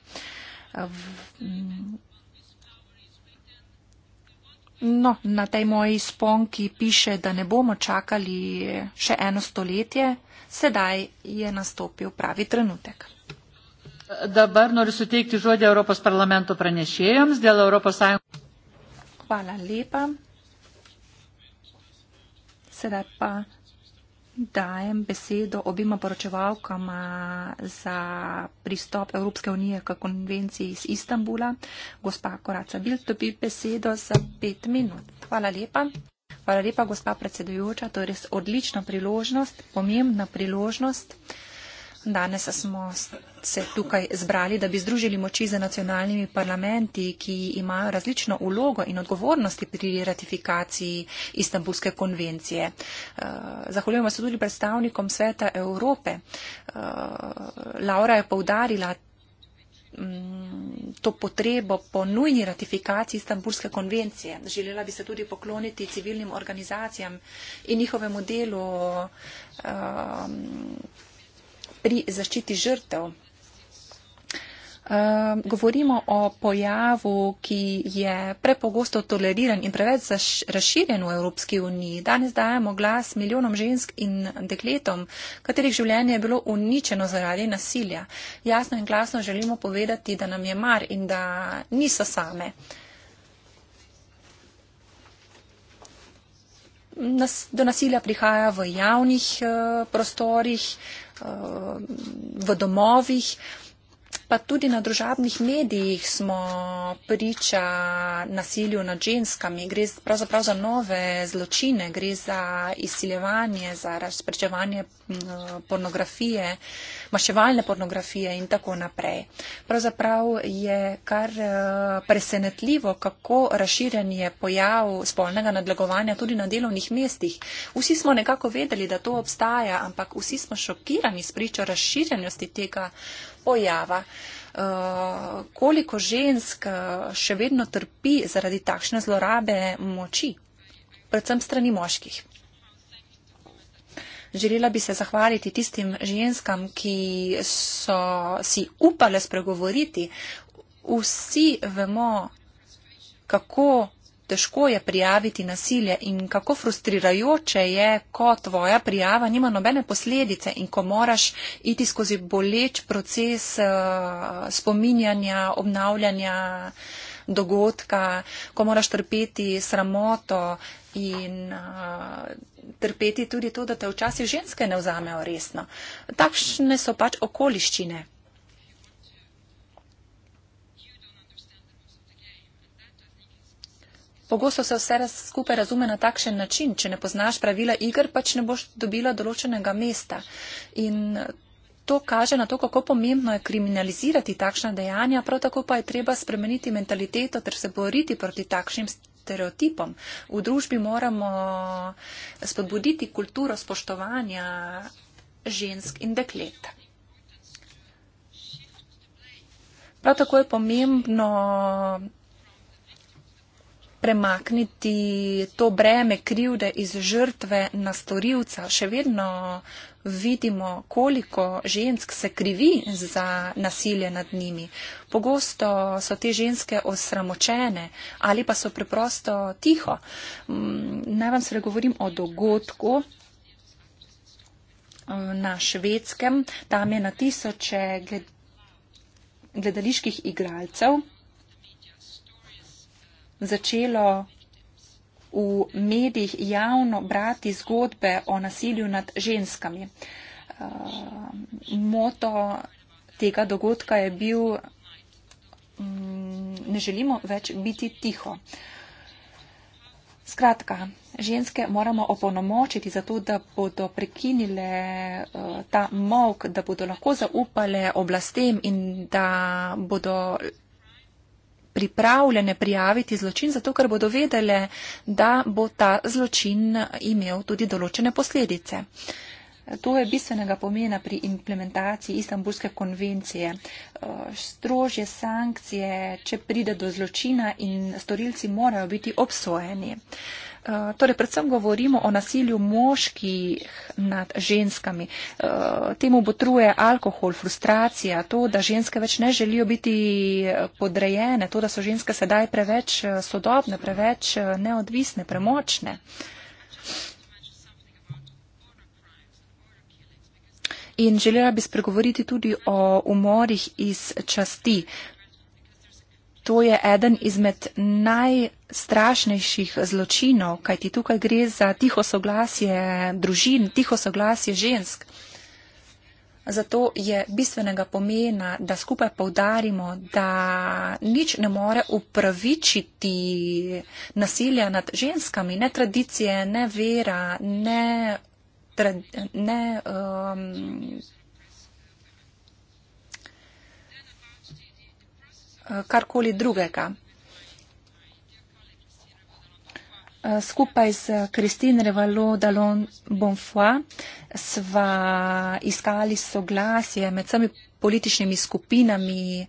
V, m, No, na tej moji sponki piše, da ne bomo čakali še eno stoletje, sedaj je nastopil pravi trenutek. Dabar noriu suteikti žodį Europos parlamento pranešėjams dėl Europos Sąjungos. Hvala lepa. Sedaj pa dajem besedo obima poročevalkama za pristop Evropske unije k konvenciji iz Istanbula. Gospa Koraca Bil dobi besedo za pet minut. Hvala lepa. Hvala lepa, gospa predsedujoča. To je res odlična priložnost, pomembna priložnost. Danes smo se tukaj zbrali, da bi združili moči z nacionalnimi parlamenti, ki imajo različno ulogo in odgovornosti pri ratifikaciji Istanbulske konvencije. Eh, zahvaljujemo se tudi predstavnikom Sveta Evrope. Eh, Laura je povdarila mm, to potrebo po nujni ratifikaciji Istanbulske konvencije. Želela bi se tudi pokloniti civilnim organizacijam in njihovemu delu, um, pri zaščiti žrtev. Uh, govorimo o pojavu, ki je prepogosto toleriran in preveč razširjen v Evropski uniji. Danes dajemo glas milijonom žensk in dekletom, katerih življenje je bilo uničeno zaradi nasilja. Jasno in glasno želimo povedati, da nam je mar in da niso same. Nas, do nasilja prihaja v javnih uh, prostorih. Uh, v domovih, pa tudi na družabnih medijih smo priča nasilju nad ženskami. Gre pravzaprav za nove zločine, gre za izsiljevanje, za razprečevanje pornografije, maševalne pornografije in tako naprej. Pravzaprav je kar eh, presenetljivo, kako razširjen je pojav spolnega nadlegovanja tudi na delovnih mestih. Vsi smo nekako vedeli, da to obstaja, ampak vsi smo šokirani s pričo razširjenosti tega pojava. Uh, koliko žensk eh, še vedno trpi zaradi takšne zlorabe moči, predvsem strani moških? Želela bi se zahvaliti tistim ženskam, ki so si upale spregovoriti. Vsi vemo, kako težko je prijaviti nasilje in kako frustrirajoče je, ko tvoja prijava nima nobene posledice in ko moraš iti skozi boleč proces eh, spominjanja, obnavljanja dogodka, ko moraš trpeti sramoto in eh, trpeti tudi to, da te včasih ženske ne vzamejo resno. Takšne so pač okoliščine. Pogosto se vse skupaj razume na takšen način, če ne poznaš pravila igr, pač ne boš dobila določenega mesta. In eh, to kaže na to, kako pomembno je kriminalizirati takšna dejanja, prav tako pa je treba spremeniti mentaliteto ter se boriti proti takšnim stereotipom. V družbi moramo spodbuditi kulturo spoštovanja žensk in deklet. Prav tako je pomembno premakniti to breme krivde iz žrtve na storilca. Še vedno vidimo, koliko žensk se krivi za nasilje nad njimi. Pogosto so te ženske osramočene ali pa so preprosto tiho. Mm, naj vam se govorim o dogodku eh, na švedskem. Tam je na tisoče gledaliških igralcev začelo v medijih javno brati zgodbe o nasilju nad ženskami. Eh, moto tega dogodka je bil mm, ne želimo več biti tiho. Skratka, ženske moramo opolnomočiti zato, da bodo prekinile eh, ta mok, da bodo lahko zaupale oblastem in da bodo pripravljene prijaviti zločin, zato ker bodo vedele, da bo ta zločin imel tudi določene posledice. To je bistvenega pomena pri implementaciji Istanbulske konvencije. Eh, strožje sankcije, če pride do zločina in storilci morajo biti obsojeni. Eh, torej predvsem govorimo o nasilju moških nad ženskami. Eh, temu botruje alkohol, frustracija, to, da ženske več ne želijo biti eh, podrejene, to, da so ženske sedaj preveč sodobne, preveč neodvisne, premočne. In želela bi spregovoriti tudi o umorih iz časti. Uh, To je eden izmed najstrašnejših zločinov, kajti tukaj gre za tiho soglasje družin, tiho soglasje žensk. Zato je bistvenega pomena, da skupaj povdarimo, da nič ne more upravičiti nasilja nad ženskami, ne tradicije, ne vera, ne. Tra, ne um, karkoli drugega. Eh, skupaj s Kristin Revalo Dalon Bonfoy sva iskali soglasje med vsemi političnimi skupinami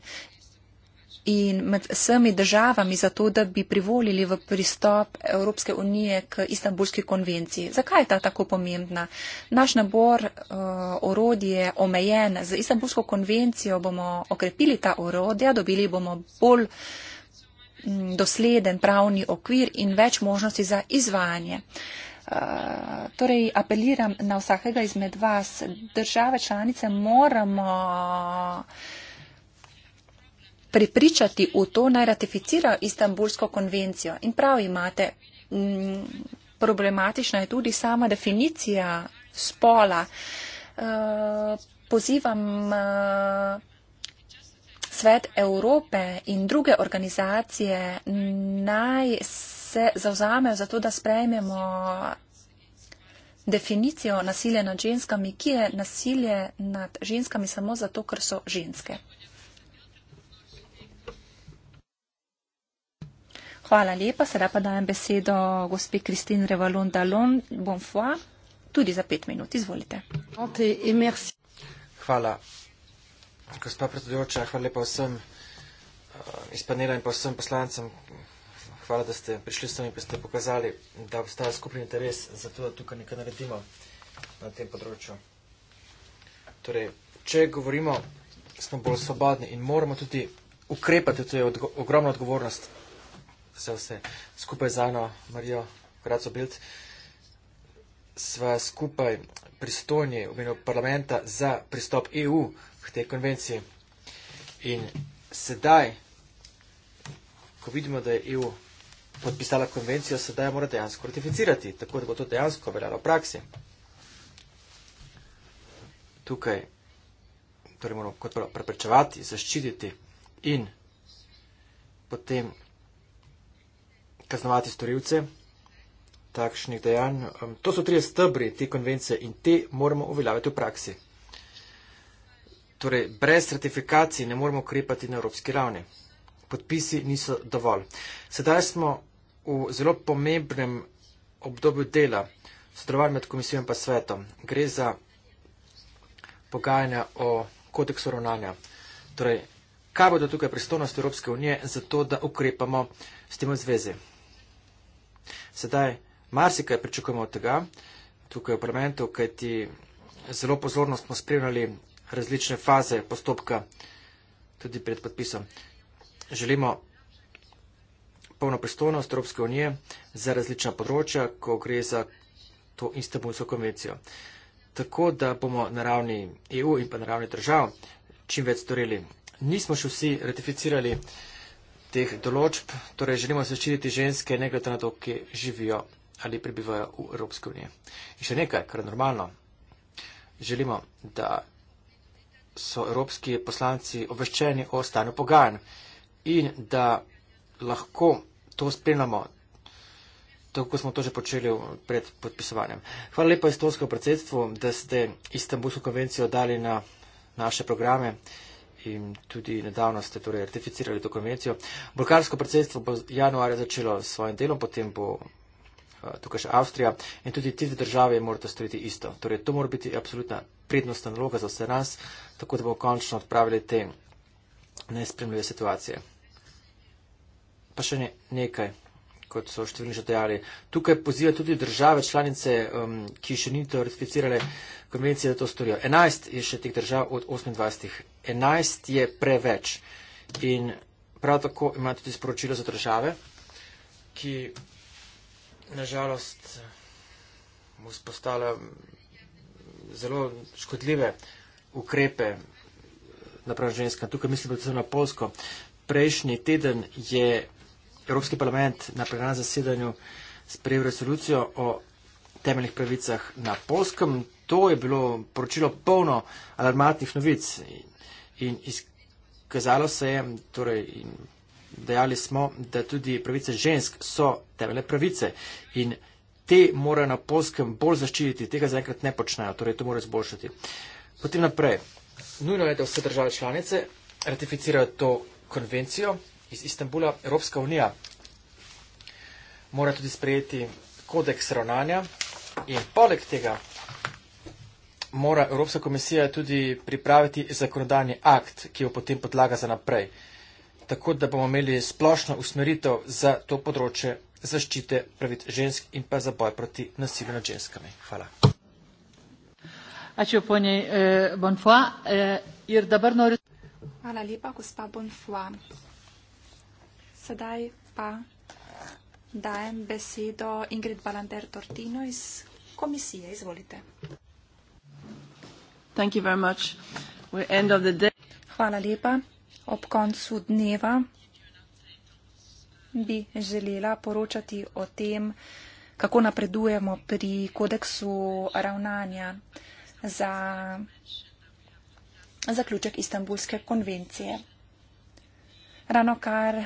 in med vsemi državami za to, da bi privolili v pristop Evropske unije k Istanbulski konvenciji. Zakaj je ta tako pomembna? Naš nabor uh, orodij je omejen. Z Istanbulsko konvencijo bomo okrepili ta orodja, dobili bomo bolj mm, dosleden pravni okvir in več možnosti za izvajanje. Uh, torej, apeliram na vsakega izmed vas, države članice moramo uh, prepričati v to, naj ratificirajo Istanbulsko konvencijo. In prav imate, mm, problematična je tudi sama definicija spola. Eh, pozivam eh, svet Evrope in druge organizacije naj se zauzamejo za to, da sprejmemo definicijo nasilja nad ženskami, ki je nasilje nad ženskami samo zato, ker so ženske. Hvala lepa. Sedaj pa dajem besedo gospe Kristin Revalon Dalon Bonfoy. Tudi za pet minut. Izvolite. Hvala. Gospa predsedujoča, hvala lepa vsem eh, iz panela in pa vsem poslancem. Hvala, da ste prišli s nami in ste pokazali, da obstaja skupni interes za to, da tukaj nekaj naredimo na tem področju. Torej, če govorimo, smo bolj svobodni in moramo tudi ukrepati, to je odgo ogromna odgovornost vse, vse skupaj z Ano Marijo Kratso Bild, sva skupaj pristojni v imenu parlamenta za pristop EU k tej konvenciji. In sedaj, ko vidimo, da je EU podpisala konvencijo, sedaj mora dejansko ratificirati, tako da bo to dejansko veljalo v praksi. Tukaj torej moramo kot prvo preprečevati, zaščititi in potem kaznovati storilce takšnih dejanj. Um, to so tri stebri te konvencije in te moramo uveljaviti v praksi. Torej, brez ratifikacij ne moremo ukrepati na evropski ravni. Podpisi niso dovolj. Sedaj smo v zelo pomembnem obdobju dela, sodelovanja med komisijo in pa svetom. Gre za pogajanja o kodeksu ravnanja. Torej, kaj bodo tukaj pristojnosti Evropske unije za to, da ukrepamo s tem v zvezi? Sedaj, marsikaj pričakujemo od tega, tukaj v parlamentu, kajti zelo pozorno smo spremljali različne faze postopka tudi pred podpisom. Želimo polno pristojnost Evropske unije za različna področja, ko gre za to Istanbulsko konvencijo. Tako, da bomo na ravni EU in pa na ravni držav čim več storili. Nismo še vsi ratificirali teh določb, torej želimo zaščititi ženske, ne glede na to, kje živijo ali prebivajo v Evropske unije. In še nekaj, kar je normalno. Želimo, da so evropski poslanci obveščeni o stanju pogajanj in da lahko to spremljamo, tako kot smo to že počeli pred podpisovanjem. Hvala lepa Estonskemu predsedstvu, da ste Istanbulsko konvencijo dali na naše programe in tudi nedavno ste torej ratificirali to konvencijo. Bolgarsko predsedstvo bo januarja začelo s svojim delom, potem bo eh, tukaj še Avstrija in tudi tiste države morate storiti isto. Torej, to mora biti absolutna prednostna naloga za vse nas, tako da bomo končno odpravili te nespremljive situacije. Pa še ne, nekaj kot so številni že dejali. Tukaj poziva tudi države članice, um, ki še ni to ratificirale konvencije, da to storijo. 11 je še teh držav od 28. 11 je preveč. In prav tako ima tudi sporočilo za države, ki nažalost mu spostala mm, zelo škodljive ukrepe napravo ženska. Tukaj mislim, da se na Polsko. Prejšnji teden je Evropski parlament na prenajem zasedanju sprejel resolucijo o temeljnih pravicah na polskem. To je bilo poročilo polno alarmantnih novic in, in izkazalo se je, torej dejali smo, da tudi pravice žensk so temeljne pravice in te morajo na polskem bolj zaščititi, tega zaenkrat ne počnejo, torej to morajo zboljšati. Potem naprej, nujno je, da vse države članice ratificirajo to konvencijo iz Istanbula, Evropska unija mora tudi sprejeti kodeks ravnanja in poleg tega mora Evropska komisija tudi pripraviti zakonodajni akt, ki jo potem podlaga za naprej, tako da bomo imeli splošno usmeritev za to področje zaščite pravic žensk in pa za boj proti nasilju nad ženskami. Hvala. Eh, eh, Hvala lepa, gospa Bonfoy. Sedaj pa dajem besedo Ingrid Balander Tortino iz komisije. Izvolite. Thank you very much. End of the day. Hvala lepa. Ob koncu dneva bi želela poročati o tem, kako napredujemo pri kodeksu ravnanja za zaključek Istanbulske konvencije. Ravno kar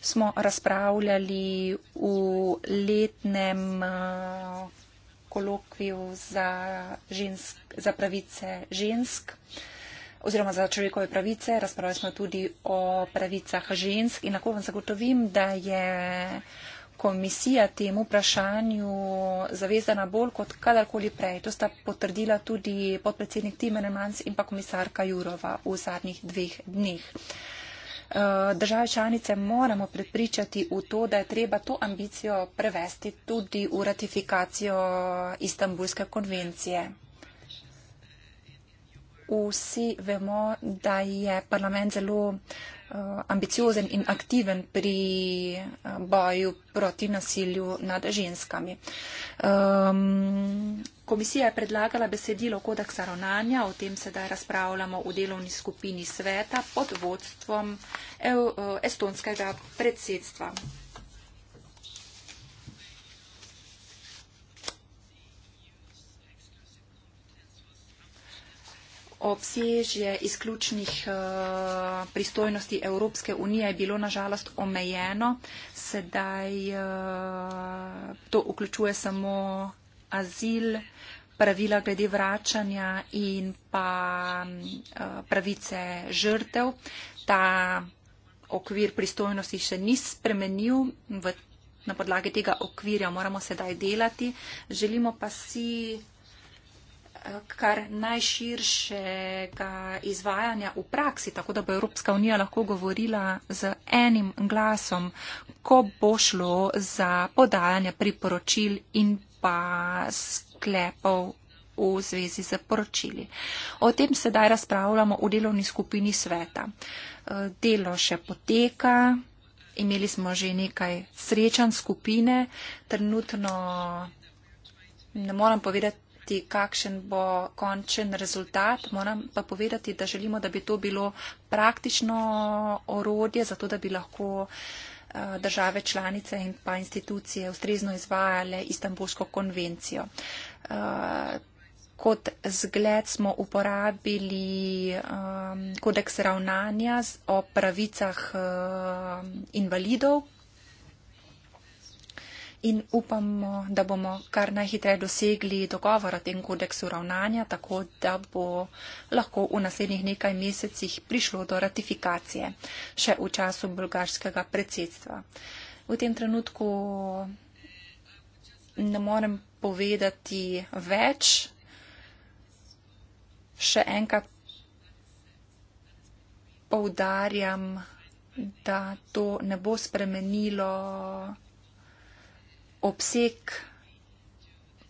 smo razpravljali v letnem eh, kolokviju za, žensk, za pravice žensk oziroma za človekove pravice. Razpravljali smo tudi o pravicah žensk in lahko vam zagotovim, da je komisija temu vprašanju zavezana bolj kot kadarkoli prej. To sta potrdila tudi podpredsednik Timenemans in pa komisarka Jurova v zadnjih dveh dneh. Eh, države članice moramo predpričati v to, da je treba to ambicijo prevesti tudi v ratifikacijo Istanbulske konvencije. Vsi vemo, da je parlament zelo Eh, ambiciozen in aktiven pri eh, boju proti nasilju nad ženskami. Um, komisija je predlagala besedilo kodeksa ravnanja, o tem sedaj razpravljamo v delovni skupini sveta pod vodstvom EU, eh, estonskega predsedstva. obsežje izključnih eh, pristojnosti Evropske unije je bilo nažalost omejeno. Sedaj eh, to vključuje samo azil, pravila glede vračanja in pa eh, pravice žrtev. Ta okvir pristojnosti še ni spremenil. Na podlagi tega okvirja moramo sedaj delati. Želimo pa si kar najširšega izvajanja v praksi, tako da bo Evropska unija lahko govorila z enim glasom, ko bo šlo za podajanje priporočil in pa sklepov v zvezi z poročili. O tem sedaj razpravljamo v delovni skupini sveta. E, delo še poteka. Imeli smo že nekaj srečanj skupine. Trenutno ne moram povedati, povedati, kakšen bo končen rezultat. Moram pa povedati, da želimo, da bi to bilo praktično orodje, zato da bi lahko eh, države članice in pa institucije ustrezno izvajale Istanbulsko konvencijo. Eh, kot zgled smo uporabili um, kodeks ravnanja o pravicah um, invalidov, in upamo, da bomo kar najhitreje dosegli dogovor o tem kodeksu ravnanja, tako da bo lahko v naslednjih nekaj mesecih prišlo do ratifikacije še v času bolgarskega predsedstva. V tem trenutku ne morem povedati več. Še enkrat poudarjam, da to ne bo spremenilo obseg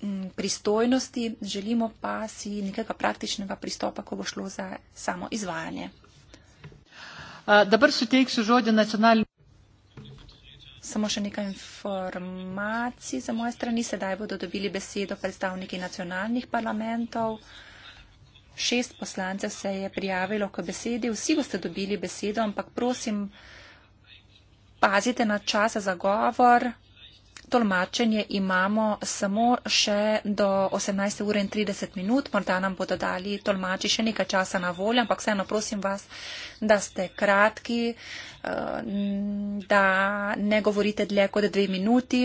mm, pristojnosti, želimo pa si nekega praktičnega pristopa, ko bo šlo za samo izvajanje. Dobro sutek, sužodje nacionalni. Samo še nekaj informacij za moje strani. Sedaj bodo dobili besedo predstavniki nacionalnih parlamentov. Šest poslancev se je prijavilo k besedi. Vsi boste dobili besedo, ampak prosim, pazite na čas za govor tolmačenje imamo samo še do 18.30 minut, morda nam bodo dali tolmači še nekaj časa na voljo, ampak vseeno prosim vas, da ste kratki, eh, da ne govorite dlje kot dve minuti.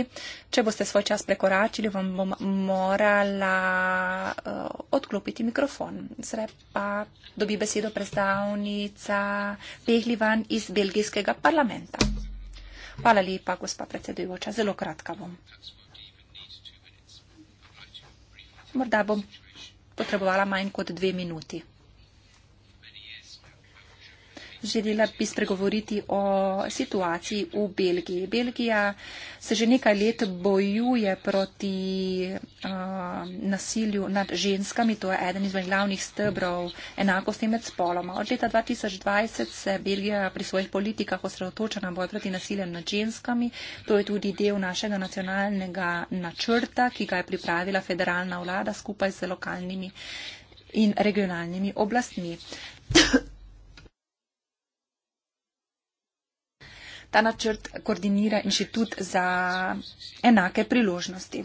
Če boste svoj čas prekoračili, vam bom morala eh, odklopiti mikrofon. Zdaj pa dobi besedo predstavnica Pehlivan iz belgijskega parlamenta. Thank you. Hvala lepa, gospa predsedujoča. Zelo kratka bom. Morda bom potrebovala manj kot dve minuti želela bi spregovoriti o situaciji v Belgiji. Belgija se že nekaj let bojuje proti uh, nasilju nad ženskami, to je eden izmed glavnih stebrov enakosti med spoloma. Od leta 2020 se Belgija pri svojih politikah osredotoča na boj proti nasilju nad ženskami. To je tudi del našega nacionalnega načrta, ki ga je pripravila federalna vlada skupaj z lokalnimi in regionalnimi oblastmi. Ta načrt koordinira Inštitut za enake priložnosti.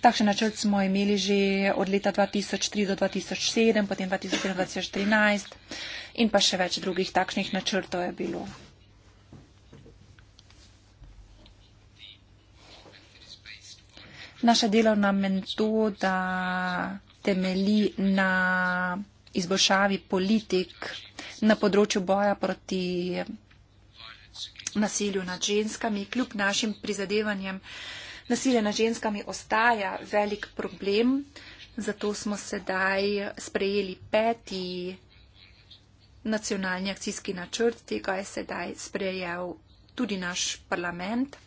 Takšen načrt smo imeli že od leta 2003 do 2007, potem 2013 in pa še več drugih takšnih načrtov je bilo. Naša delovna metoda temelji na izboljšavi politik na področju boja proti nasilju nad ženskami. Kljub našim prizadevanjem nasilje nad ženskami ostaja velik problem, zato smo sedaj sprejeli peti nacionalni akcijski načrt, tega je sedaj sprejel tudi naš parlament.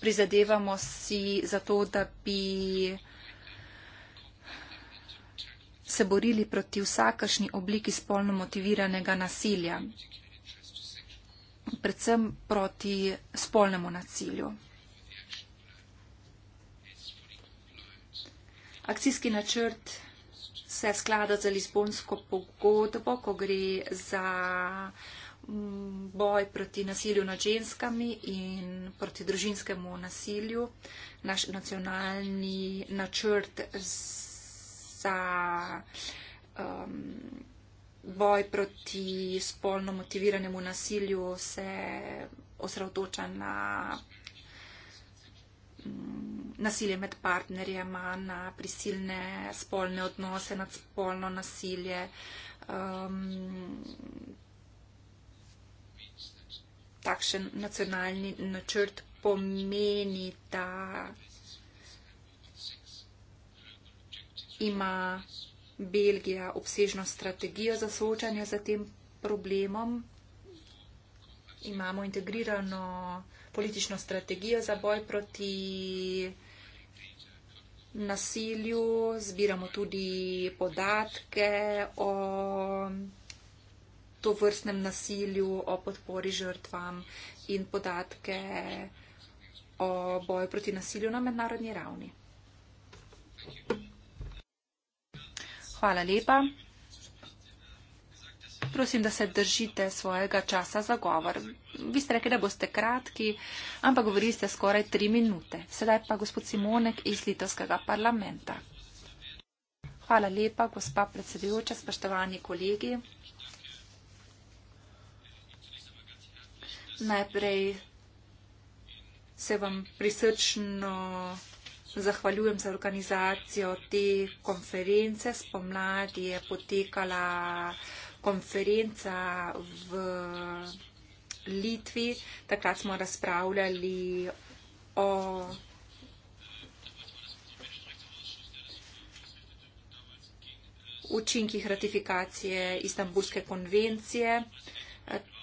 Prizadevamo si za to, da bi se borili proti vsakašni obliki spolno motiviranega nasilja, predvsem proti spolnemu nasilju. Akcijski načrt se sklada za Lizbonsko pogodbo, ko gre za mm, boj proti nasilju nad ženskami in proti družinskemu nasilju. Naš nacionalni načrt z za um, boj proti spolno motiviranemu nasilju se osredotoča na mm, nasilje med partnerjema, na prisilne spolne odnose, na spolno nasilje. Um, takšen nacionalni načrt pomeni, da ima Belgija obsežno strategijo za soočanje z tem problemom. Imamo integrirano politično strategijo za boj proti nasilju, zbiramo tudi podatke o to vrstnem nasilju, o podpori žrtvam in podatke o boju proti nasilju na mednarodni ravni. Thank you. Hvala lepa. Prosim, da se držite svojega časa za govor. Vi ste rekli, da boste kratki, ampak govorili ste skoraj tri minute. Sedaj pa gospod Simonek iz Litovskega parlamenta. Hvala lepa, gospa predsedujoča, spoštovani kolegi. Najprej se vam prisrčno Zahvaljujem za organizacijo te konference. Spomladi je potekala konferenca v Litvi. Takrat smo razpravljali o učinkih ratifikacije Istanbulske konvencije.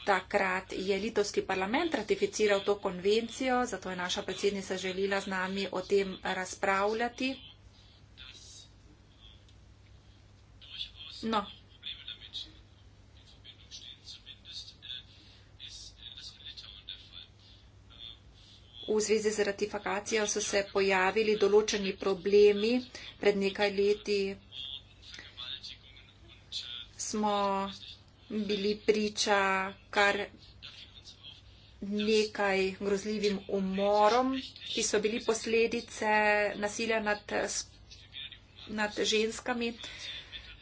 Takrat je litovski parlament ratificiral to konvencijo, zato je naša predsednica želila z nami o tem razpravljati. No. V zvezi z ratifikacijo so se pojavili določeni problemi. Pred nekaj leti smo bili priča kar nekaj grozljivim umorom, ki so bili posledice nasilja nad, nad ženskami.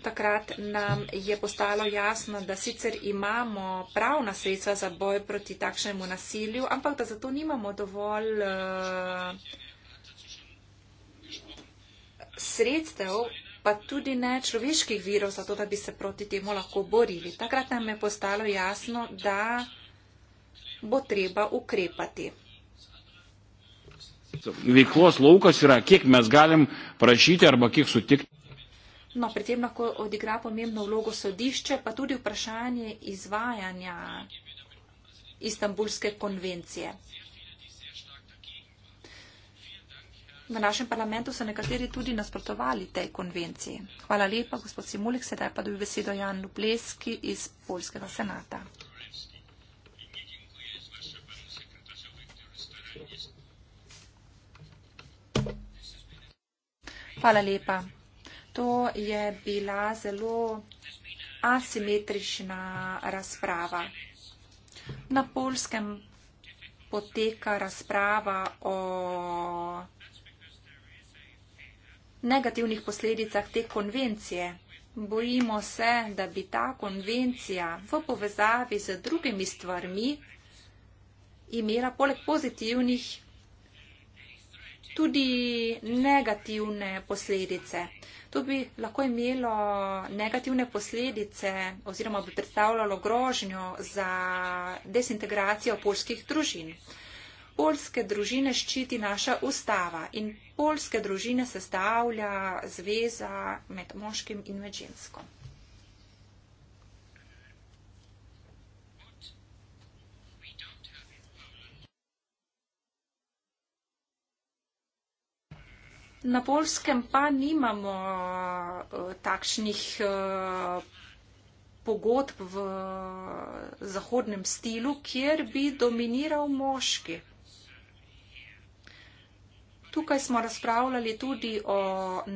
Takrat nam je postalo jasno, da sicer imamo pravna sredstva za boj proti takšnemu nasilju, ampak da zato nimamo dovolj uh, sredstev, pa tudi ne človeških virov, zato da bi se proti temu lahko borili. Takrat nam je postalo jasno, da bo treba ukrepati. Veiklos laukas yra, kiek mes galim prašyti arba kiek sutikti. No, pri tem lahko odigra pomembno vlogo sodišče, pa tudi vprašanje izvajanja Istanbulske konvencije. V našem parlamentu so nekateri tudi nasprotovali tej konvenciji. Hvala lepa, gospod Simulik, sedaj pa dobi besedo Jan Lupleski iz Polskega senata. Hvala lepa. To je bila zelo asimetrična razprava. Na polskem poteka razprava o negativnih posledicah te konvencije. Bojimo se, da bi ta konvencija v povezavi z drugimi stvarmi imela poleg pozitivnih tudi negativne posledice. To bi lahko imelo negativne posledice oziroma bi predstavljalo grožnjo za desintegracijo polskih družin. Poljske družine ščiti naša ustava in poljske družine sestavlja zveza med moškim in med žensko. Na polskem pa nimamo eh, takšnih eh, pogodb v eh, zahodnem stilu, kjer bi dominiral moški. Tukaj smo razpravljali tudi o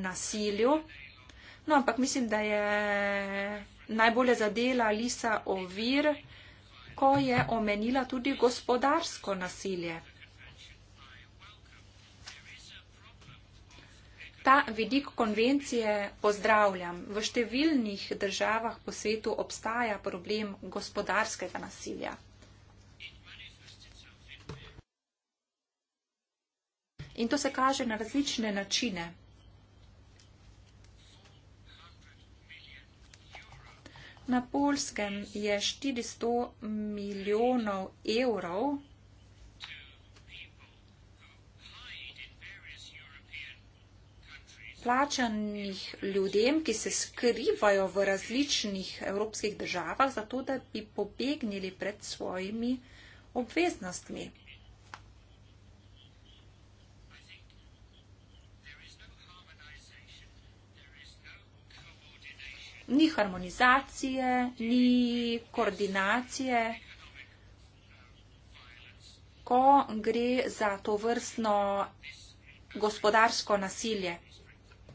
nasilju, no ampak mislim, da je najbolje zadela Lisa Ovir, ko je omenila tudi gospodarsko nasilje. Ta vidik konvencije pozdravljam. V številnih državah po svetu obstaja problem gospodarskega nasilja. In to se kaže na različne načine. Na polskem je 400 milijonov evrov plačanih ljudem, ki se skrivajo v različnih evropskih državah, zato da bi pobegnili pred svojimi obveznostmi. ni harmonizacije, ni koordinacije. Ko gre za to vrstno gospodarsko nasilje.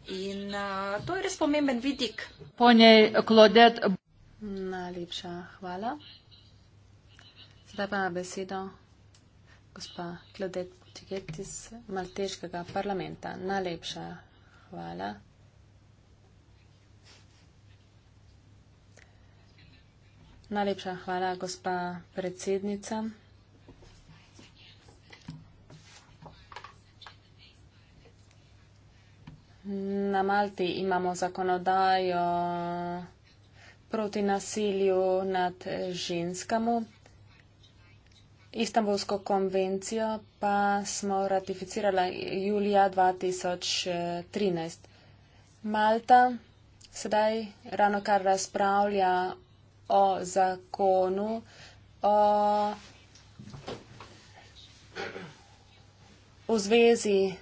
In uh, to je res pomemben vidik. Po njej, Klodet. Najlepša hvala. Zdaj pa ima besedo gospa Klodet Potigetis Malteškega parlamenta. Najlepša hvala. Najlepša hvala, gospa predsednica. Na Malti imamo zakonodajo proti nasilju nad ženskamu. Istanbulsko konvencijo pa smo ratificirali julija 2013. Malta sedaj ravno kar razpravlja o zakonu, o v zvezi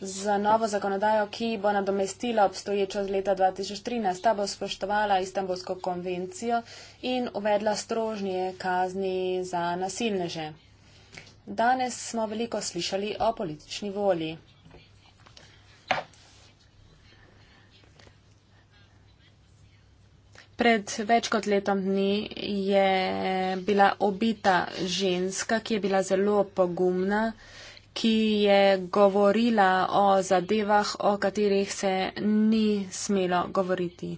z novo zakonodajo, ki bo nadomestila obstoječo z leta 2013. Ta bo spoštovala Istanbulsko konvencijo in uvedla strožnje kazni za nasilneže. Danes smo veliko slišali o politični volji. Pred več kot letom dni je bila obita ženska, ki je bila zelo pogumna, ki je govorila o zadevah, o katerih se ni smelo govoriti.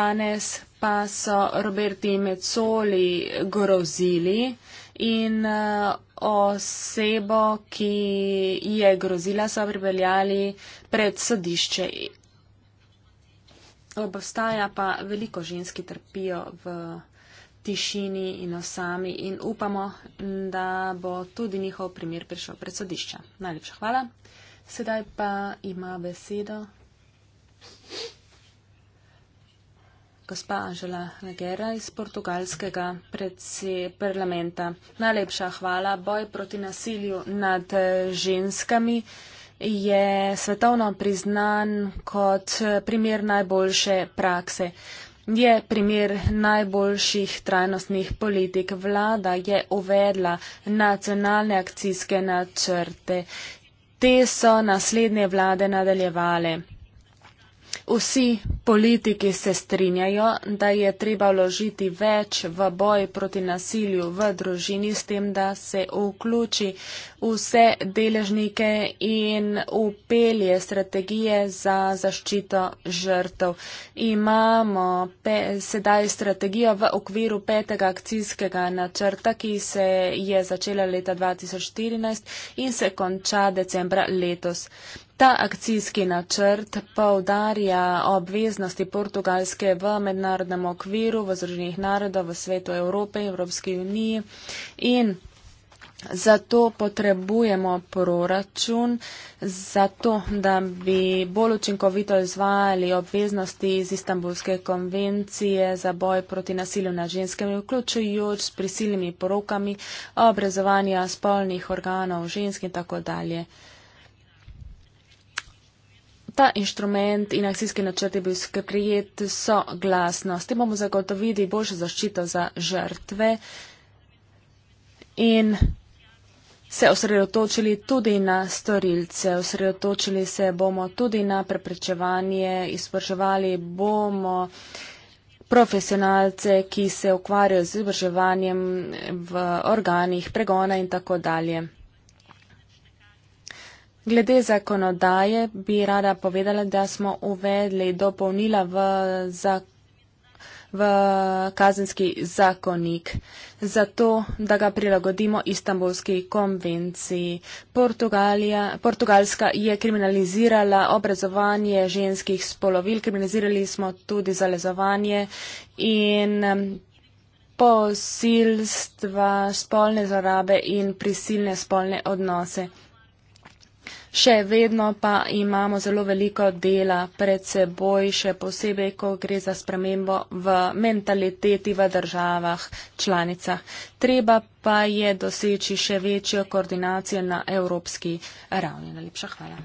Danes pa so Roberti Mecoli grozili in eh, osebo, ki je grozila, so pripeljali pred sodišče obstaja pa veliko ženski trpijo v tišini in osami in upamo, da bo tudi njihov primer prišel pred sodišča. Najlepša hvala. Sedaj pa ima besedo gospa Anžela Nagera iz portugalskega parlamenta. Najlepša hvala. Boj proti nasilju nad ženskami je svetovno priznan kot primer najboljše prakse. Je primer najboljših trajnostnih politik. Vlada je uvedla nacionalne akcijske načrte. Te so naslednje vlade nadaljevale. Vsi politiki se strinjajo, da je treba vložiti več v boj proti nasilju v družini, s tem, da se vključi vse deležnike in upelje strategije za zaščito žrtev. Imamo sedaj strategijo v okviru petega akcijskega načrta, ki se je začela leta 2014 in se konča decembra letos. Ta akcijski načrt pa udarja obveznosti Portugalske v mednarodnem okviru, v Združenih narodov, v svetu Evrope, Evropski uniji in zato potrebujemo proračun, zato da bi bolj učinkovito izvajali obveznosti iz Istanbulske konvencije za boj proti nasilju na ženskem, vključujoč s prisilnimi porokami, obrazovanja spolnih organov žensk in tako dalje ta inštrument in akcijski načrt je bil skrijet so glasno. S tem bomo zagotovili boljšo zaščito za žrtve in se osredotočili tudi na storilce. Osredotočili se bomo tudi na preprečevanje, izvrževali bomo profesionalce, ki se ukvarjajo z izvrževanjem v organih pregona in tako dalje. Glede zakonodaje bi rada povedala, da smo uvedli dopolnila v, za, v kazenski zakonik, zato da ga prilagodimo istambulski konvenciji. Portugalska je kriminalizirala obrazovanje ženskih spolovil, kriminalizirali smo tudi zalezovanje in um, posilstva, spolne zarabe in prisilne spolne odnose. Še vedno pa imamo zelo veliko dela pred seboj, še posebej, ko gre za spremembo v mentaliteti v državah članicah. Treba pa je doseči še večjo koordinacijo na evropski ravni. Najlepša hvala.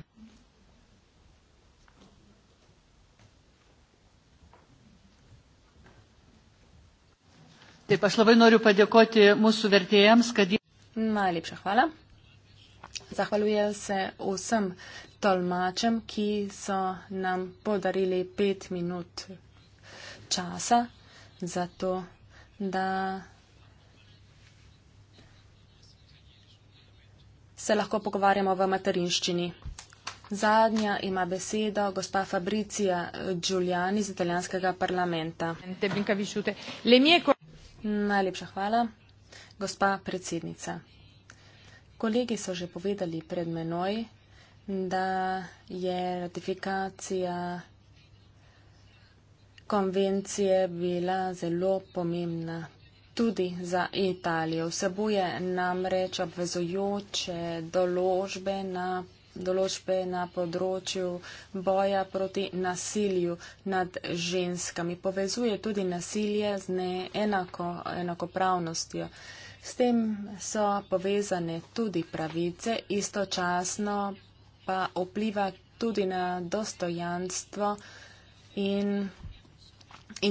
Najlepša hvala. Zahvaljujem se vsem tolmačem, ki so nam podarili pet minut časa za to, da se lahko pogovarjamo v materinščini. Zadnja ima besedo gospa Fabricija Giuliani iz italijanskega parlamenta. Najlepša hvala, gospa predsednica. Kolegi so že povedali pred menoj, da je ratifikacija konvencije bila zelo pomembna tudi za Italijo. Vsebuje namreč obvezujoče določbe na, določbe na področju boja proti nasilju nad ženskami. Povezuje tudi nasilje z neenako, enakopravnostjo. S tem so povezane tudi pravice, istočasno pa vpliva tudi na dostojanstvo in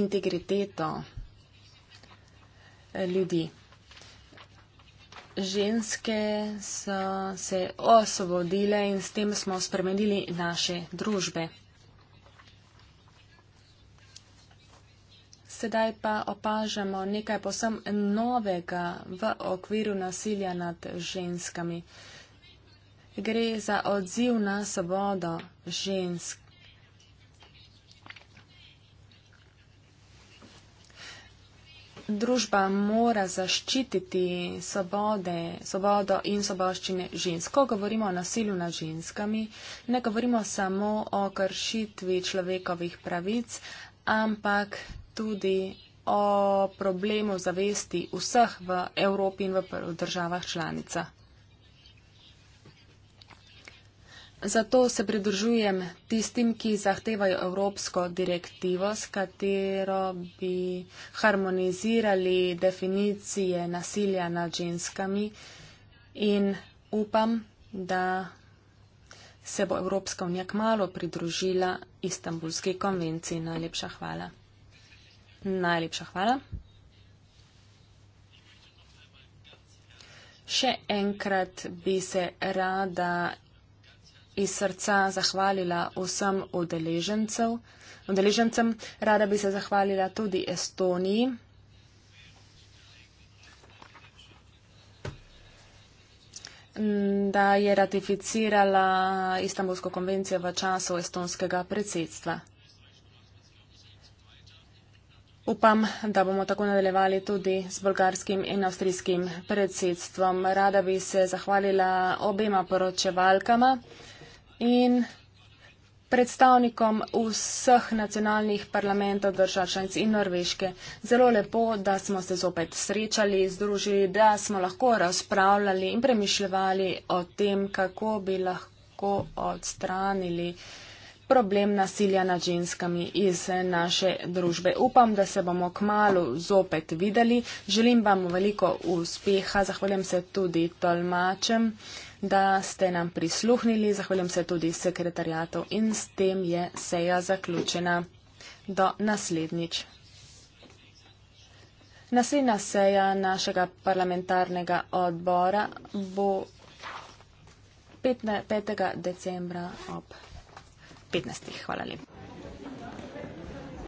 integriteto ljudi. Ženske so se osvobodile in s tem smo spremenili naše družbe. sedaj pa opažamo nekaj posem novega v okviru nasilja nad ženskami. Gre za odziv na svobodo žensk. Družba mora zaščititi svobode, svobodo in soboščine žensk. Ko govorimo o nasilju nad ženskami, ne govorimo samo o kršitvi človekovih pravic, ampak tudi o problemu zavesti vseh v Evropi in v državah članica. Zato se pridružujem tistim, ki zahtevajo evropsko direktivo, s katero bi harmonizirali definicije nasilja nad ženskami in upam, da se bo Evropska unija kmalo pridružila Istanbulski konvenciji. Najlepša hvala. Najlepša hvala. Še enkrat bi se rada iz srca zahvalila vsem udeležencem. Rada bi se zahvalila tudi Estoniji. da je ratificirala Istanbulsko konvencijo v času estonskega predsedstva. Upam, da bomo tako nadaljevali tudi s bolgarskim in avstrijskim predsedstvom. Rada bi se zahvalila obema poročevalkama in predstavnikom vseh nacionalnih parlamentov držav članic in Norveške. Zelo lepo, da smo se zopet srečali, združili, da smo lahko razpravljali in premišljali o tem, kako bi lahko odstranili problem nasilja nad ženskami iz naše družbe. Upam, da se bomo kmalo zopet videli. Želim vam veliko uspeha. Zahvaljujem se tudi tolmačem, da ste nam prisluhnili. Zahvaljujem se tudi sekretarjatu in s tem je seja zaključena. Do naslednjič. Naslednja seja našega parlamentarnega odbora bo 5. decembra ob 15. 15. Hvala lepa.